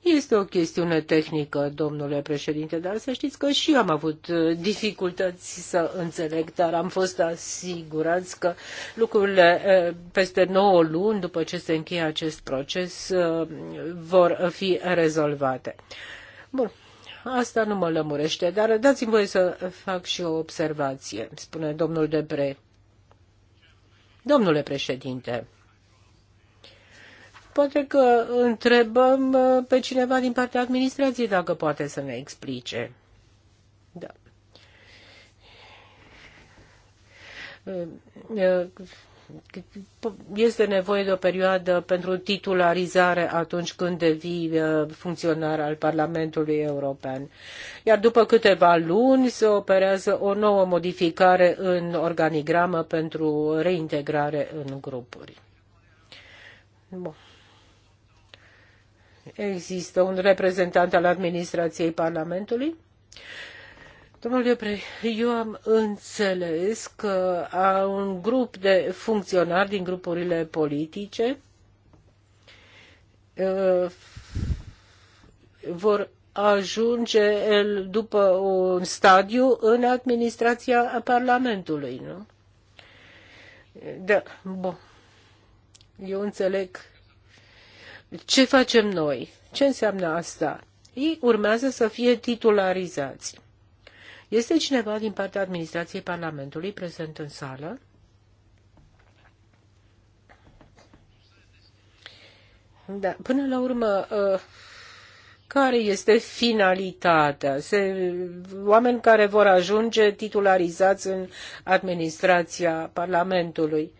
Este o chestiune tehnică, domnule președinte, dar să știți că și eu am avut dificultăți să înțeleg, dar am fost asigurați că lucrurile ă, peste 9 luni, după ce se încheie acest proces, ă, vor fi rezolvate. Bun, Asta nu mă lămurește, dar dați-mi voie să fac și o observație, spune domnul Debre. Domnule președinte, poate că întrebăm uh, pe cineva din partea administrației dacă poate să ne explice. Da. Uh, uh, este nevoie de o perioadă pentru titularizare atunci când devii uh, funcționar al Parlamentului European. Iar după câteva luni se operează o nouă modificare în organigramă pentru reintegrare în grupuri. Bun. Există un reprezentant al administrației Parlamentului Domnule Iopre, eu am înțeles că a un grup de funcționari din grupurile politice uh, vor ajunge după un stadiu în administrația Parlamentului, nu? Da, bun. Eu înțeleg. Ce facem noi? Ce înseamnă asta? Ei urmează să fie titularizați. Este cineva din partea administrației Parlamentului prezent în sală? Da, până la urmă, uh, care este finalitatea? Se, oameni care vor ajunge titularizați în administrația Parlamentului.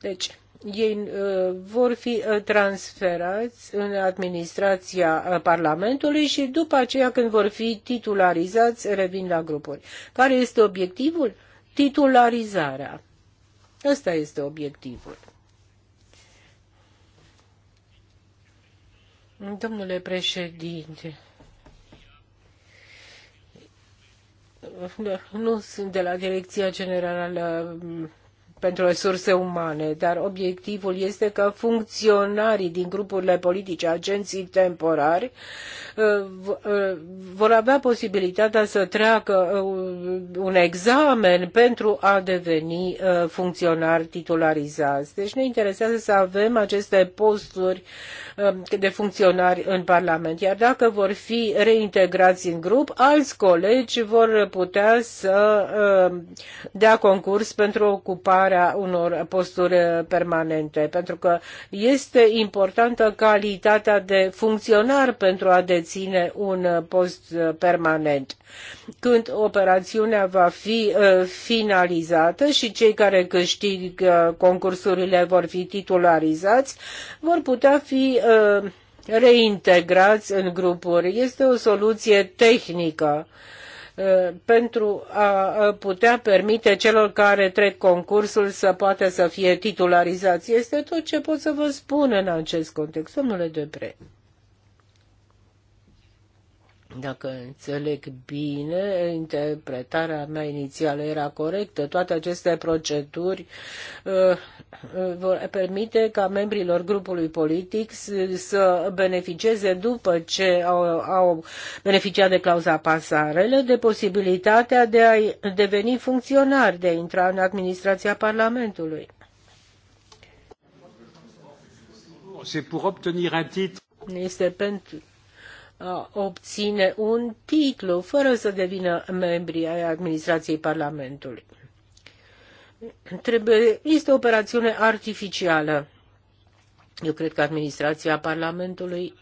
Deci, ei uh, vor fi uh, transferați în administrația uh, Parlamentului și după aceea când vor fi titularizați revin la grupuri. Care este obiectivul? Titularizarea. Ăsta este obiectivul. Domnule președinte, nu sunt de la Direcția Generală pentru resurse umane, dar obiectivul este că funcționarii din grupurile politice, agenții temporari, uh, uh, vor avea posibilitatea să treacă uh, un examen pentru a deveni funcționari titularizați. Deci ne interesează să avem aceste posturi de funcționari în Parlament, iar dacă vor fi reintegrați în grup, alți colegi vor putea să dea concurs pentru ocupare ocuparea unor posturi uh, permanente, pentru că este importantă calitatea de funcționar pentru a deține un uh, post uh, permanent. Când operațiunea va fi finalizată și cei care câștigă concursurile vor fi titularizați, vor putea fi reintegrați în grupuri. Este o soluție tehnică Uh, pentru a putea permite celor care trec concursul să poată să fie titularizați. Este tot ce pot să vă spun în acest context, domnule Depre. Dacă înțeleg bine, interpretarea mea inițială era corectă. Toate aceste proceduri uh, uh vor permite ca membrilor grupului politic să beneficieze după ce au, au beneficiat de clauza pasarele de posibilitatea de a deveni funcționari, de a intra în administrația Parlamentului. Este pentru Uh, obține un titlu fără să devină membri ai administrației Parlamentului. Trebuie, este o operațiune artificială. Eu cred că administrația Parlamentului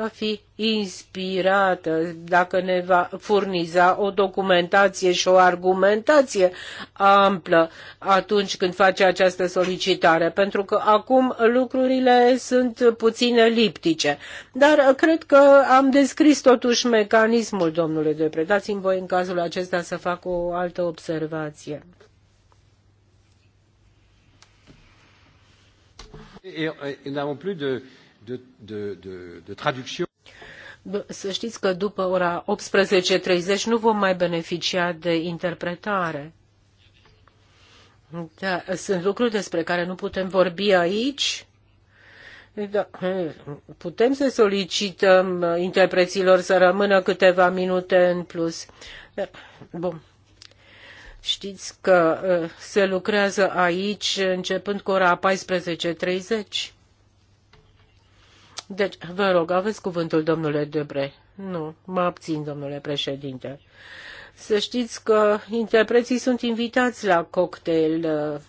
va fi inspirată dacă ne va furniza o documentație și o argumentație amplă atunci când face această solicitare, pentru că acum lucrurile sunt puțin eliptice. Dar cred că am descris totuși mecanismul, domnule Depre. Dați-mi voi în cazul acesta să fac o altă observație. Et, et, et nous n'avons plus de, de, de, de, de traducție. Să știți că după ora 18.30 nu vom mai beneficia de interpretare. Da, sunt lucruri despre care nu putem vorbi aici. Da, putem să solicităm interpreților să rămână câteva minute în plus. Da, bun. Știți că uh, se lucrează aici începând cu ora 14.30? Deci, vă rog, aveți cuvântul, domnule Debre. Nu, mă abțin, domnule președinte. Să știți că interpreții sunt invitați la cocktail. Uh,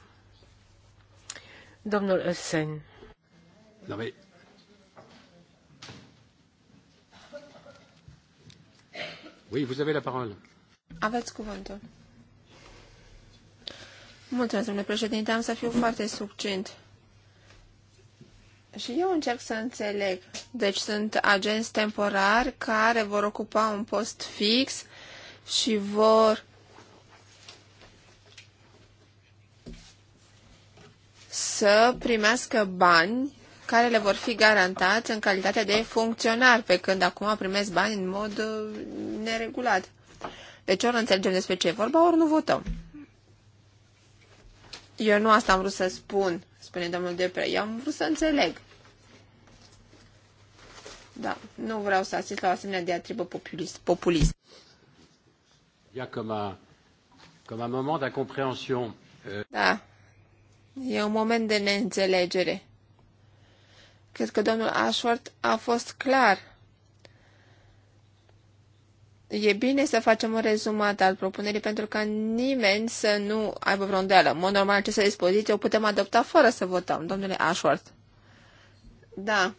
domnul Essen. Da, mai... Oui, vous avez la parole. Aveți cuvântul. Mulțumesc, domnule președinte. Am să fiu foarte succint. Și eu încerc să înțeleg. Deci sunt agenți temporari care vor ocupa un post fix și vor să primească bani care le vor fi garantați în calitate de funcționar, pe când acum primesc bani în mod uh, neregulat. Deci ori înțelegem despre ce e vorba, ori nu votăm. Eu nu asta am vrut să spun spune domnul Depre. Eu am vrut să înțeleg. Da, nu vreau să asist la o asemenea diatribă populist. populist. Ia cum a comme un, comme un moment d'incompréhension. Da, e un moment de neînțelegere. Cred că domnul Ashworth a fost clar e bine să facem un rezumat al propunerii pentru ca nimeni să nu aibă vreo îndoială. În mod normal, această dispoziție o putem adopta fără să votăm, domnule Ashworth. Da.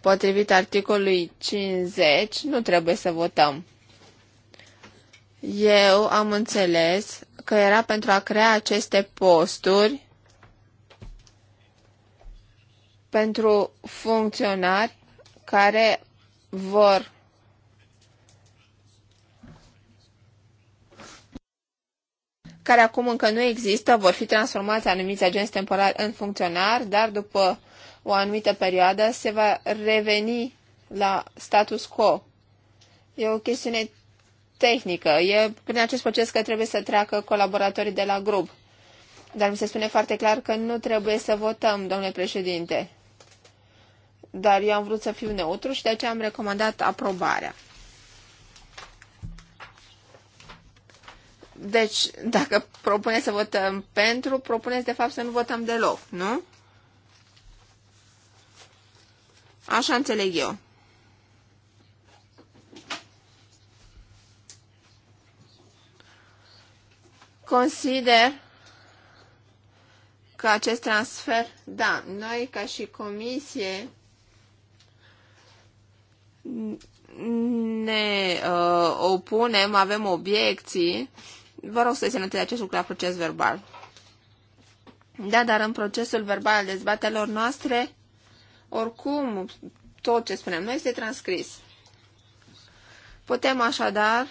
Potrivit articolului 50, nu trebuie să votăm. Eu am înțeles că era pentru a crea aceste posturi pentru funcționari care vor care acum încă nu există, vor fi transformați anumiți agenți temporari în funcționari, dar după o anumită perioadă se va reveni la status quo. E o chestiune tehnică. E prin acest proces că trebuie să treacă colaboratorii de la grup. Dar mi se spune foarte clar că nu trebuie să votăm, domnule președinte. Dar eu am vrut să fiu neutru și de aceea am recomandat aprobarea. Deci, dacă propuneți să votăm pentru, propuneți de fapt să nu votăm deloc, nu? Așa înțeleg eu. Consider că acest transfer, da, noi ca și comisie ne uh, opunem, avem obiecții, Vă rog să țineți acest lucru la proces verbal. Da, dar în procesul verbal al dezbatelor noastre, oricum, tot ce spunem noi este transcris. Putem așadar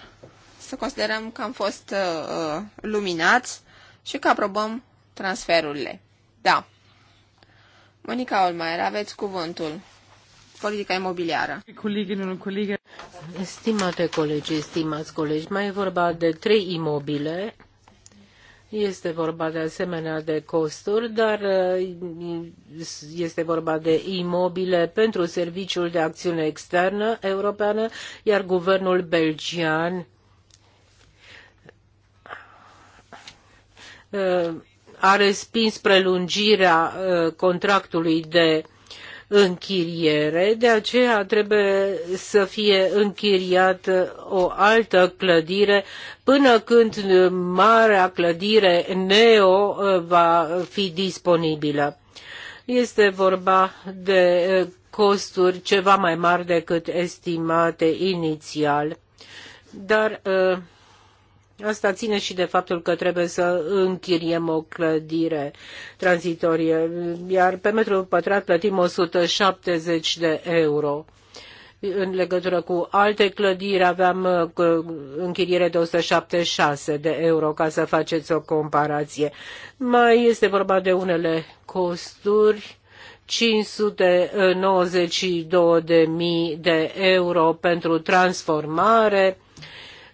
să considerăm că am fost uh, uh luminați și că aprobăm transferurile. Da. Monica Olmaier, aveți cuvântul politica imobiliară. Stimate colegi, stimați colegi, mai e vorba de trei imobile. Este vorba de asemenea de costuri, dar uh, este vorba de imobile pentru Serviciul de Acțiune Externă Europeană, iar guvernul belgian uh, a respins prelungirea uh, contractului de închiriere, de aceea trebuie să fie închiriată uh, o altă clădire până când marea clădire neo uh, va fi disponibilă. Este vorba de uh, costuri ceva mai mari decât estimate inițial, dar uh, Asta ține și de faptul că trebuie să închiriem o clădire tranzitorie, iar pe metru pătrat plătim 170 de euro. În legătură cu alte clădiri aveam uh, închiriere de 176 de euro, ca să faceți o comparație. Mai este vorba de unele costuri 592.000 de euro pentru transformare,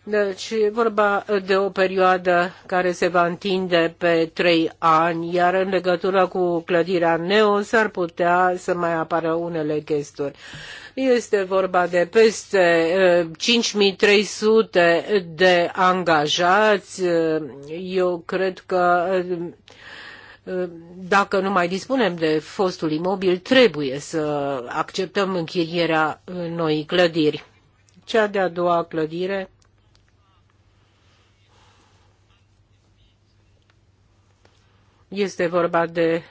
deci e vorba de o perioadă care se va întinde pe trei ani, iar în legătură cu clădirea Neo s-ar putea să mai apară unele chestiuni. Este vorba de peste 5300 eh, de angajați. Eh, eu cred că eh, dacă nu mai dispunem de fostul imobil, trebuie să acceptăm închirierea noii clădiri. Cea de-a doua clădire Este vorba de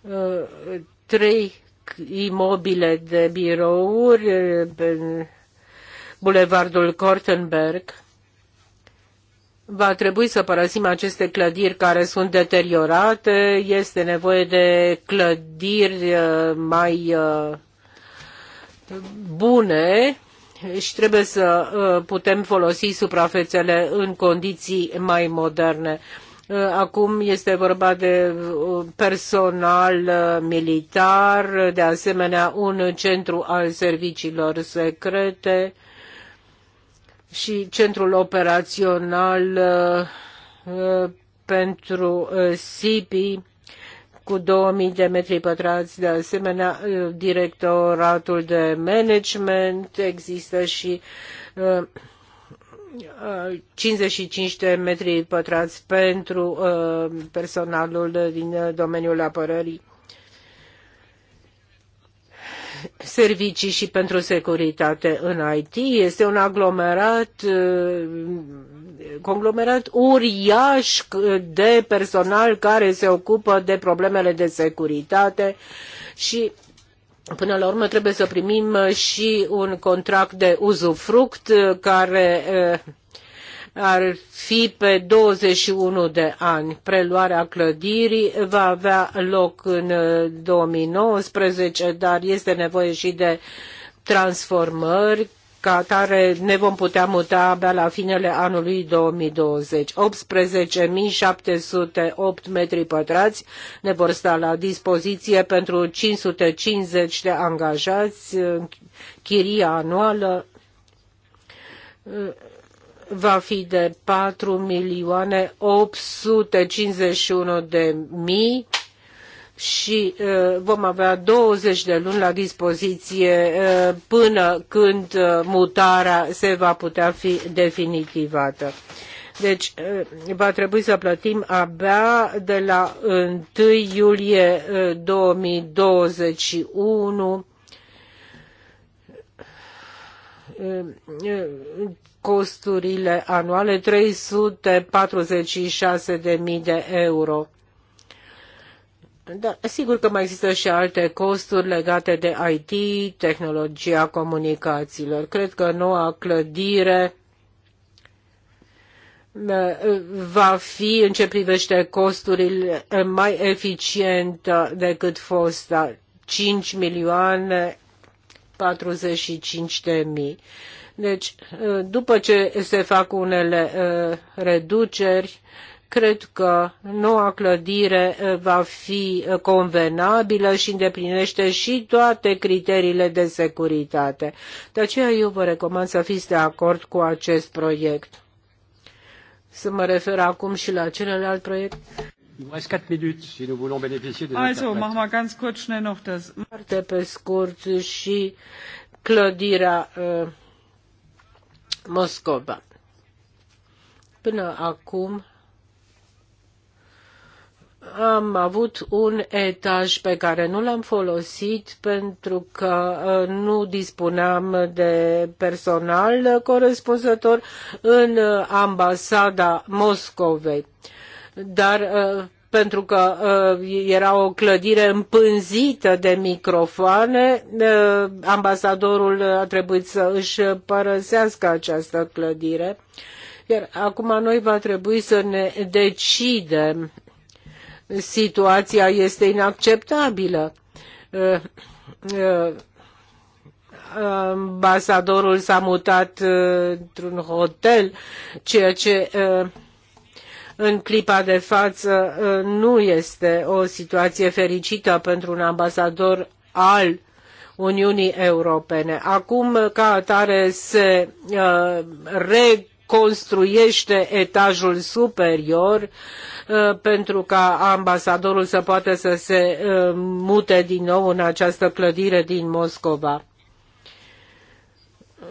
uh, trei imobile de birouri uh, pe Bulevardul Kortenberg. Va trebui să părăsim aceste clădiri care sunt deteriorate. Este nevoie de clădiri uh, mai bune și trebuie să putem folosi suprafețele în condiții mai moderne. Eh, acum este vorba de uh, personal eh, militar, de asemenea un centru al serviciilor secrete și centrul operațional eh, pentru SIPI cu 2000 de metri pătrați, de asemenea directoratul de management, există și uh, 55 de metri pătrați pentru uh, personalul din domeniul apărării servicii și pentru securitate în IT. Este un aglomerat, uh, conglomerat uriaș de personal care se ocupă de problemele de securitate și Până la urmă trebuie să primim uh, și un contract de uzufruct uh, care uh, ar fi pe 21 de ani. Preluarea clădirii va avea loc în 2019, dar este nevoie și de transformări ca atare ne vom putea muta abia la finele anului 2020. 18.708 metri pătrați ne vor sta la dispoziție pentru 550 de angajați, chiria anuală va fi de 4 milioane 851 de mii și uh, vom avea 20 de luni la dispoziție uh, până când uh, mutarea se va putea fi definitivată. Deci va trebui să plătim abia de la 1 iulie 2021 costurile anuale 346.000 de euro. Da, sigur că mai există și alte costuri legate de IT, tehnologia comunicațiilor. Cred că noua clădire da, va fi, în ce privește costurile, mai eficientă decât fosta. 5 milioane 45 de mii. Deci, după ce se fac unele uh, reduceri, Cred că noua clădire eh, va fi eh, convenabilă și îndeplinește și toate criteriile de securitate. De aceea eu vă recomand să fiți de acord cu acest proiect. Să mă refer acum și la celălalt proiect. Also, machen wir ganz kurz schnell noch das. Foarte pe scurt și clădirea uh, Moscova. Până acum am avut un etaj pe care nu l-am folosit pentru că uh, nu dispuneam de personal corespunzător în uh, ambasada Moscovei. Dar uh, pentru că era o clădire împânzită de microfoane, ambasadorul a trebuit să își părăsească această clădire. Iar acum noi va trebui să ne decidem situația este inacceptabilă. Eh, eh, ambasadorul s-a mutat eh, într-un hotel, ceea ce în clipa de față nu este o situație fericită pentru un ambasador al Uniunii Europene. Acum, ca atare, se uh, construiește etajul superior uh, pentru ca ambasadorul să poată să se uh, mute din nou în această clădire din Moscova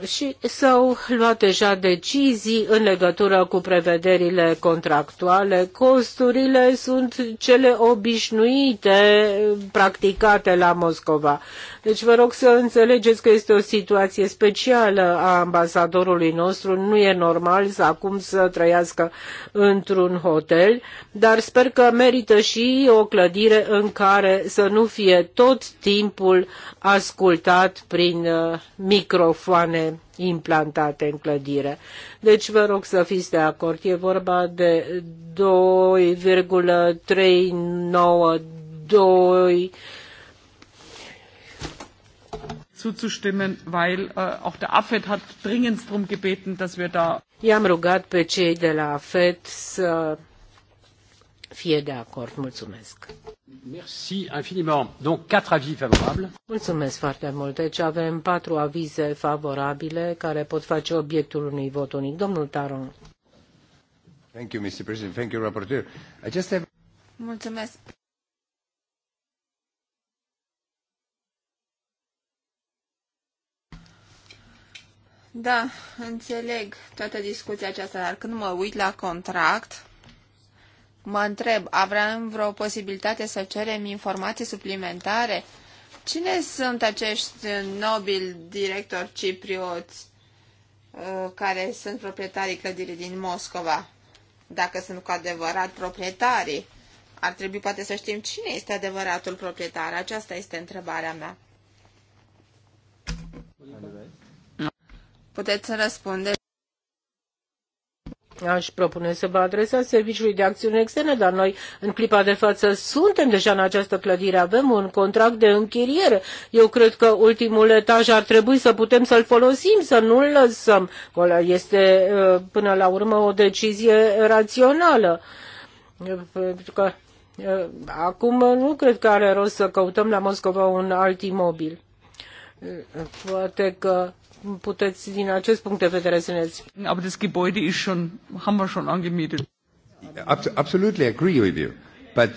și s-au luat deja decizii în legătură cu prevederile contractuale. Costurile sunt cele obișnuite practicate la Moscova. Deci vă rog să înțelegeți că este o situație specială a ambasadorului nostru. Nu e normal să acum să trăiască într-un hotel, dar sper că merită și o clădire în care să nu fie tot timpul ascultat prin uh, microfoane implantate în clădire. Deci vă rog să fiți de acord. E vorba de 2,392 zuzustimmen, weil uh, auch der AFED hat dringend darum gebeten, dass wir da. I-am rugat pe cei de la AFET să fie de acord. Mulțumesc. Merci infiniment. Donc, quatre avis favorables. Mulțumesc foarte mult. Deci avem patru avize favorabile care pot face obiectul unui vot unic. Domnul Taron. Thank you, Mr. President. Thank you, Rapporteur. I just have... Mulțumesc. Da, înțeleg toată discuția aceasta, dar când mă uit la contract, Mă întreb, avem vreo posibilitate să cerem informații suplimentare? Cine sunt acești nobili directori ciprioți uh, care sunt proprietarii clădirii din Moscova? Dacă sunt cu adevărat proprietarii, ar trebui poate să știm cine este adevăratul proprietar. Aceasta este întrebarea mea. Puteți să răspundeți aș propune să vă adresați Serviciului de Acțiune Externe, dar noi în clipa de față suntem deja în această clădire, avem un contract de închiriere. Eu cred că ultimul etaj ar trebui să putem să-l folosim, să nu-l lăsăm. Este uh, până la urmă o decizie rațională. Uh, pentru că uh, acum nu cred că are rost să căutăm la Moscova un alt imobil. Poate că puteți din acest punct de vedere să ne Aber das Gebäude ist schon, haben wir schon angemietet. Absolutely agree with you. But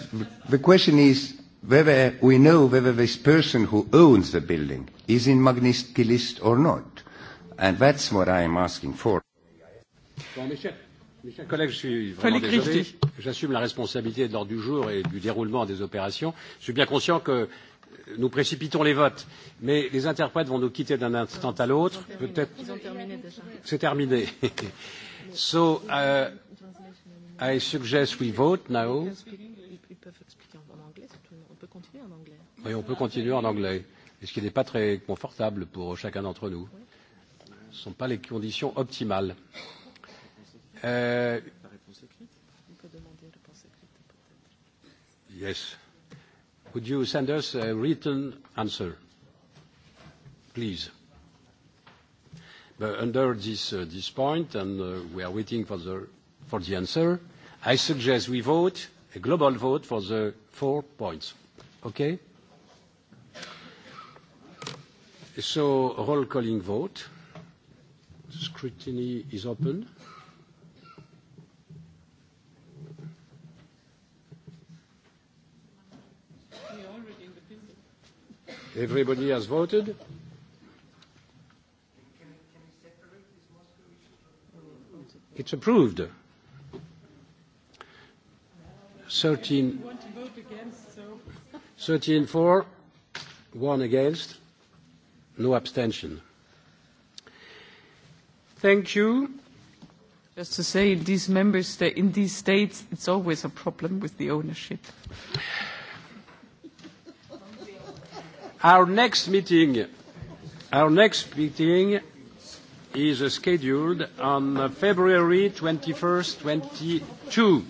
the question is whether we know whether this person who owns the building is in Magnitsky list or not. And that's what I am asking for. Bon, mes chers, collègues, je suis vraiment désolé. J'assume la responsabilité de l'ordre du jour et du déroulement des opérations. Je suis bien conscient que nous précipitons les votes, mais les interprètes vont nous quitter d'un instant à l'autre. Peut-être. C'est terminé. so uh, I suggest we vote now. Oui, on peut continuer en anglais, ce qui n'est pas très confortable pour chacun d'entre nous. Ce ne sont pas les conditions optimales. Euh, yes could you send us a written answer, please? But under this, uh, this point, and uh, we are waiting for the, for the answer, I suggest we vote, a global vote for the four points. Okay? So roll calling vote. Scrutiny is open. Everybody has voted? It's approved. 13, 13 for, one against, no abstention. Thank you. Just to say, these members, in these states, it's always a problem with the ownership. Our next meeting, our next meeting is scheduled on February 21st, 2022.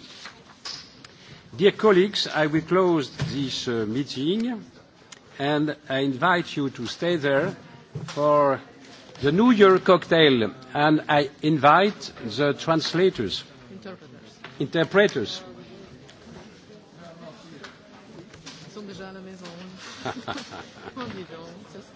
Dear colleagues, I will close this uh, meeting, and I invite you to stay there for the New Year cocktail, and I invite the translators, interpreters. interpreters. oh, dis donc, ça